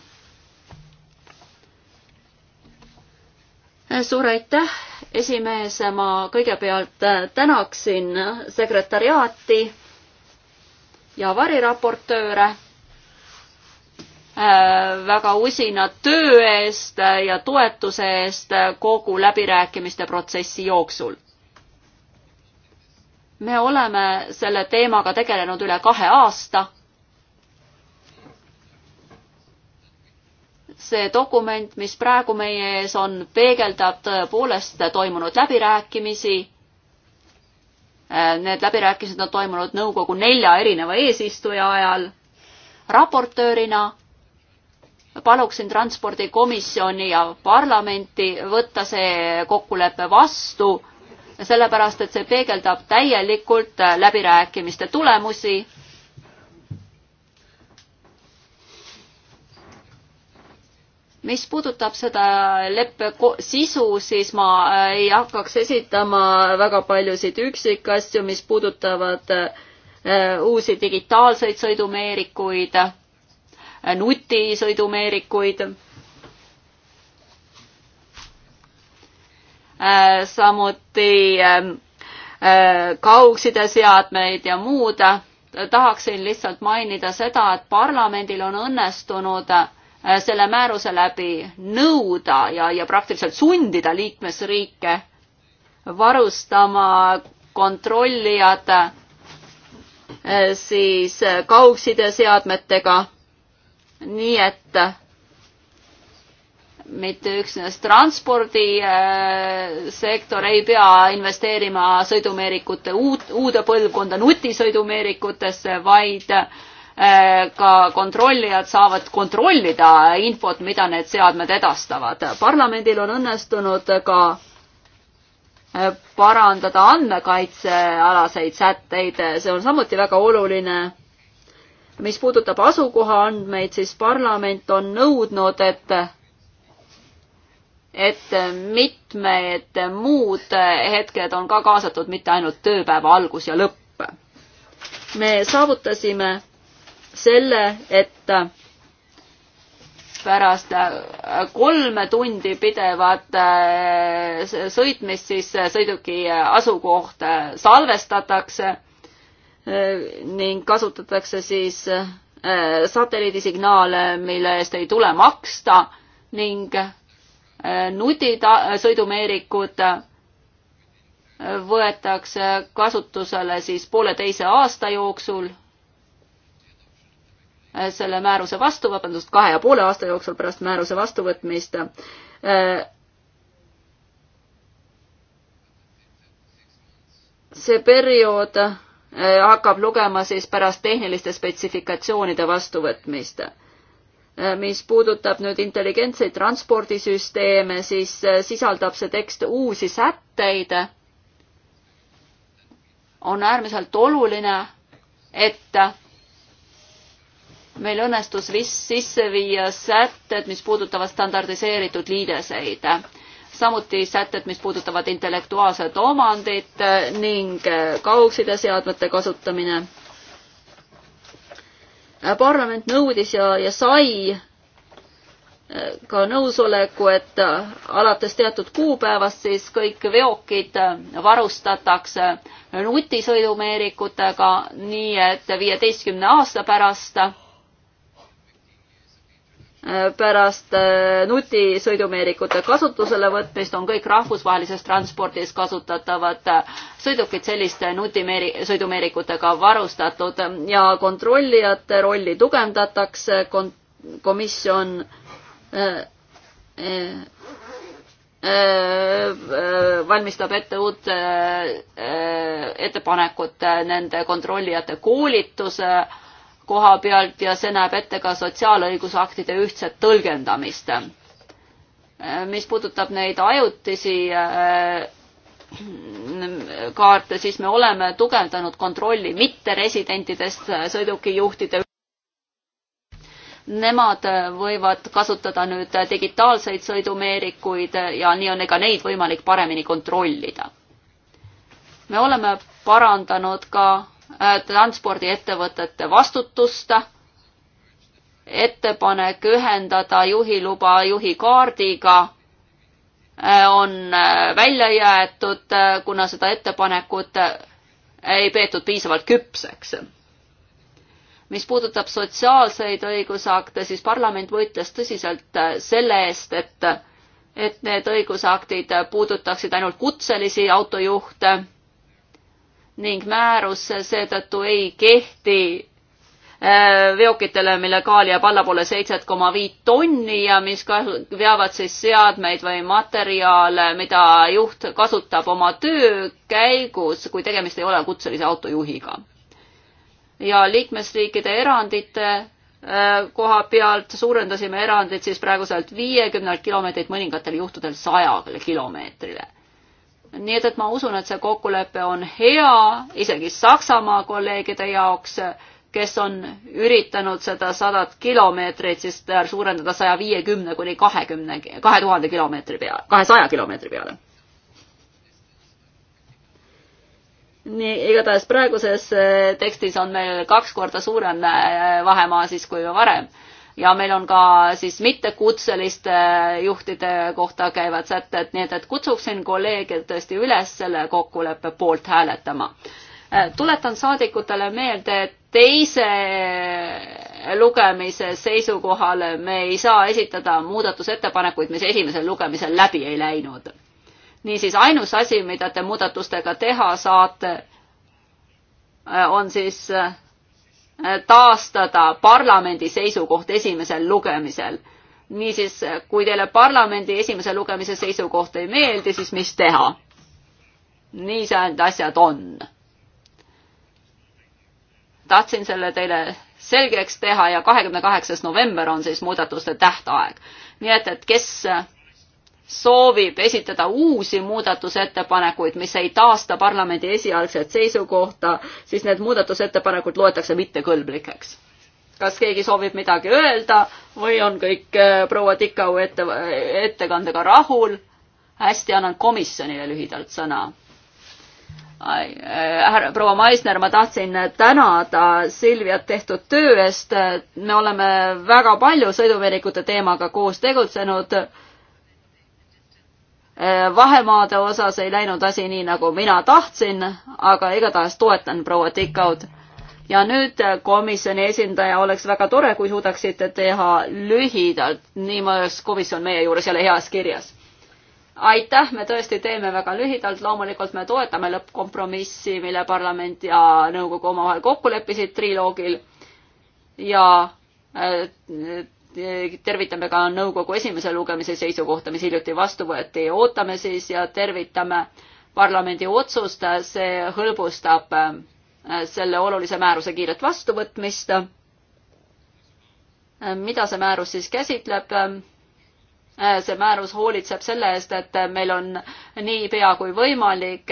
suur aitäh, esimees, ma kõigepealt tänaksin sekretäriaati ja variraportööre Äh, väga usina töö eest ja toetuse eest kogu läbirääkimiste protsessi jooksul. me oleme selle teemaga tegelenud üle kahe aasta. see dokument, mis praegu meie ees on, peegeldab tõepoolest toimunud läbirääkimisi. Äh, need läbirääkimised on toimunud nõukogu nelja erineva eesistuja ajal. raportöörina paluksin transpordikomisjoni ja parlamenti võtta see kokkulepe vastu, sellepärast et see peegeldab täielikult läbirääkimiste tulemusi. mis puudutab seda leppe sisu, siis ma ei hakkaks esitama väga paljusid üksikasju, mis puudutavad äh, uusi digitaalseid sõidumeerikuid nutisõidumeerikuid. Äh, samuti ähm, äh, kaugsideseadmeid ja muud. tahaksin lihtsalt mainida seda, et parlamendil on õnnestunud äh, selle määruse läbi nõuda ja, ja praktiliselt sundida liikmesriike varustama kontrollijad siis kaugsideseadmetega nii et äh, mitte üksnes transpordisektor äh, ei pea investeerima sõidumeerikute uut, uude põlvkonda nutisõidumeerikutesse, vaid äh, ka kontrollijad saavad kontrollida infot, mida need seadmed edastavad. parlamendil on õnnestunud ka parandada andmekaitsealaseid sätteid, see on samuti väga oluline mis puudutab asukohaandmeid, siis parlament on nõudnud, et et mitmed muud hetked on ka kaasatud, mitte ainult tööpäeva algus ja lõpp. me saavutasime selle, et pärast kolme tundi pidevat äh, sõitmist siis sõiduki asukoht äh, salvestatakse Äh, ning kasutatakse siis äh, satelliidisignaale, mille eest ei tule maksta ning äh, nutida-, sõidumeerikud võetakse kasutusele siis pooleteise aasta jooksul selle määruse vastu, vabandust, kahe ja poole aasta jooksul pärast määruse vastuvõtmist. see periood Äh, hakkab lugema siis pärast tehniliste spetsifikatsioonide vastuvõtmist. Äh, mis puudutab nüüd intelligentseid transpordisüsteeme, siis äh, sisaldab see tekst uusi sätteid. on äärmiselt oluline, et meil õnnestus vist sisse viia sätted, mis puudutavad standardiseeritud liideseid samuti sätted, mis puudutavad intellektuaalset omandit äh, ning äh, kaugsideseadmete kasutamine. Äh, parlament nõudis ja, ja sai ka nõusoleku, et alates teatud kuupäevast siis kõik veokid varustatakse nutisõidumeerikutega, nii et viieteistkümne aasta pärast Äh, pärast äh, nutisõidumeerikute kasutusele võtmist on kõik rahvusvahelises transpordis kasutatavad äh, sõidukid selliste nutisõidumeerikutega varustatud ja kontrollijate rolli tugevdatakse Kon, komisjon äh, äh, valmistab ette uut äh, ettepanekut nende kontrollijate koolituse äh, koha pealt ja see näeb ette ka sotsiaalõigusaktide ühtset tõlgendamist. Äh, mis puudutab neid ajutisi äh, kaarte, siis me oleme tugevdanud kontrolli mitteresidentidest äh, sõidukijuhtide Nemad võivad kasutada nüüd digitaalseid sõidumeerikuid ja nii on ega neid võimalik paremini kontrollida. me oleme parandanud ka Äh, transpordiettevõtete vastutust. ettepanek ühendada juhiluba juhikaardiga äh, on äh, välja jäetud, kuna seda ettepanekut ei peetud piisavalt küpseks mis puudutab sotsiaalseid õigusakte, siis parlament võitles tõsiselt selle eest, et, et need õigusaktid puudutaksid ainult kutselisi autojuhte ning määrus seetõttu ei kehti äh, veokitele, mille kaal jääb allapoole seitset koma viit tonni ja mis veavad siis seadmeid või materjale, mida juht kasutab oma töö käigus, kui tegemist ei ole kutselise autojuhiga. ja liikmesriikide erandite äh, koha pealt suurendasime erandit siis praeguselt viiekümnelt kilomeetrilt mõningatel juhtudel sajale kilomeetrile nii et, et ma usun, et see kokkulepe on hea isegi Saksamaa kolleegide jaoks, kes on üritanud seda sadat kilomeetrit siis suurendada saja viiekümne kuni kahekümne, kahe tuhande kilomeetri peale, kahesaja kilomeetri peale. nii, igatahes praeguses äh, tekstis on meil kaks korda suurem äh, vahemaa siis kui varem ja meil on ka siis mittekutseliste juhtide kohta käivad sätted, nii et, et kutsuksin kolleege tõesti üles selle kokkuleppe poolt hääletama. Äh, tuletan saadikutele meelde, et teise lugemise seisukohale me ei saa esitada muudatusettepanekuid, mis esimesel lugemisel läbi ei läinud. niisiis, ainus asi, mida te muudatustega teha saate, äh, on siis äh, taastada parlamendi seisukoht esimesel lugemisel. niisiis, kui teile parlamendi esimese lugemise seisukoht ei meeldi, siis mis teha? nii see need asjad on. tahtsin selle teile selgeks teha ja kahekümne kaheksas november on siis muudatuste tähtaeg. nii et, et kes soovib esitada uusi muudatusettepanekuid, mis ei taasta parlamendi esialgset seisukohta, siis need muudatusettepanekud loetakse mittekõlblikeks. kas keegi soovib midagi öelda või on kõik äh, proua Tikau ette, ettekandega rahul? hästi, annan komisjonile lühidalt sõna äh, härra proua Maisner, ma tahtsin tänada Silviat tehtud töö eest. me oleme väga palju sõiduveerikute teemaga koos tegutsenud Äh, vahemaade osas ei läinud asi nii, nagu mina tahtsin, aga igatahes toetan proua Tikaud. ja nüüd äh, komisjoni esindaja, oleks väga tore, kui suudaksite teha lühidalt, nii oleks komisjon meie juures jälle heas kirjas. aitäh, me tõesti teeme väga lühidalt, loomulikult me toetame lõppkompromissi, mille parlament ja nõukogu omavahel kokku leppisid triloogil ja et, äh, et, tervitame ka nõukogu esimese lugemise seisukohta, mis hiljuti vastu võeti. ootame siis ja tervitame parlamendi otsust, see hõlbustab äh, selle olulise määruse kiiret vastuvõtmist. Äh, mida see määrus siis käsitleb? Äh, see määrus hoolitseb selle eest, et meil on niipea kui võimalik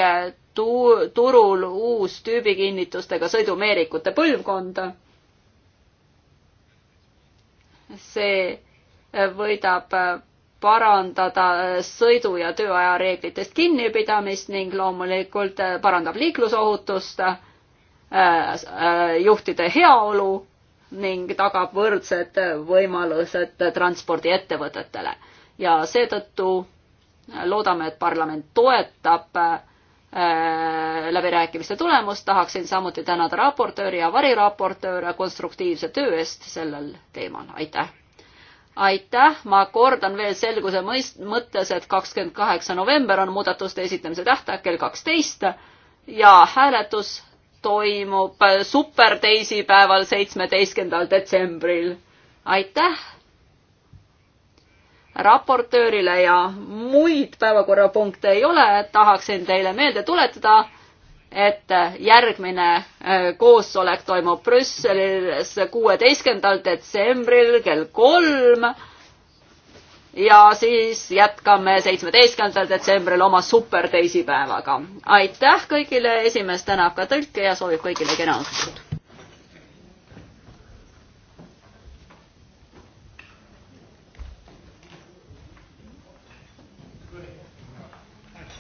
tu-, turul uus tüübikinnitustega sõidumeerikute põlvkond see äh, võidab äh, parandada äh, sõidu- ja tööaja reeglitest kinnipidamist ning loomulikult parandab liiklusohutust, juhtide heaolu ning tagab võrdsed võimalused transpordiettevõtetele. ja seetõttu loodame, et parlament toetab Äh, läbirääkimiste tulemust, tahaksin samuti tänada raportööri ja variraportööre konstruktiivse töö eest sellel teemal, aitäh! aitäh, ma kordan veel selguse mõist-, mõttes, et kakskümmend kaheksa november on muudatuste esitamise tähtaeg kell kaksteist ja hääletus toimub superteisipäeval, seitsmeteistkümnendal detsembril. aitäh! raportöörile ja muid päevakorrapunkte ei ole, tahaksin teile meelde tuletada, et järgmine äh, koosolek toimub Brüsselis kuueteistkümnendal detsembril kell kolm ja siis jätkame seitsmeteistkümnendal detsembril oma superteisipäevaga. aitäh kõigile, esimees tänab ka tõlke ja soovib kõigile kena õhtut!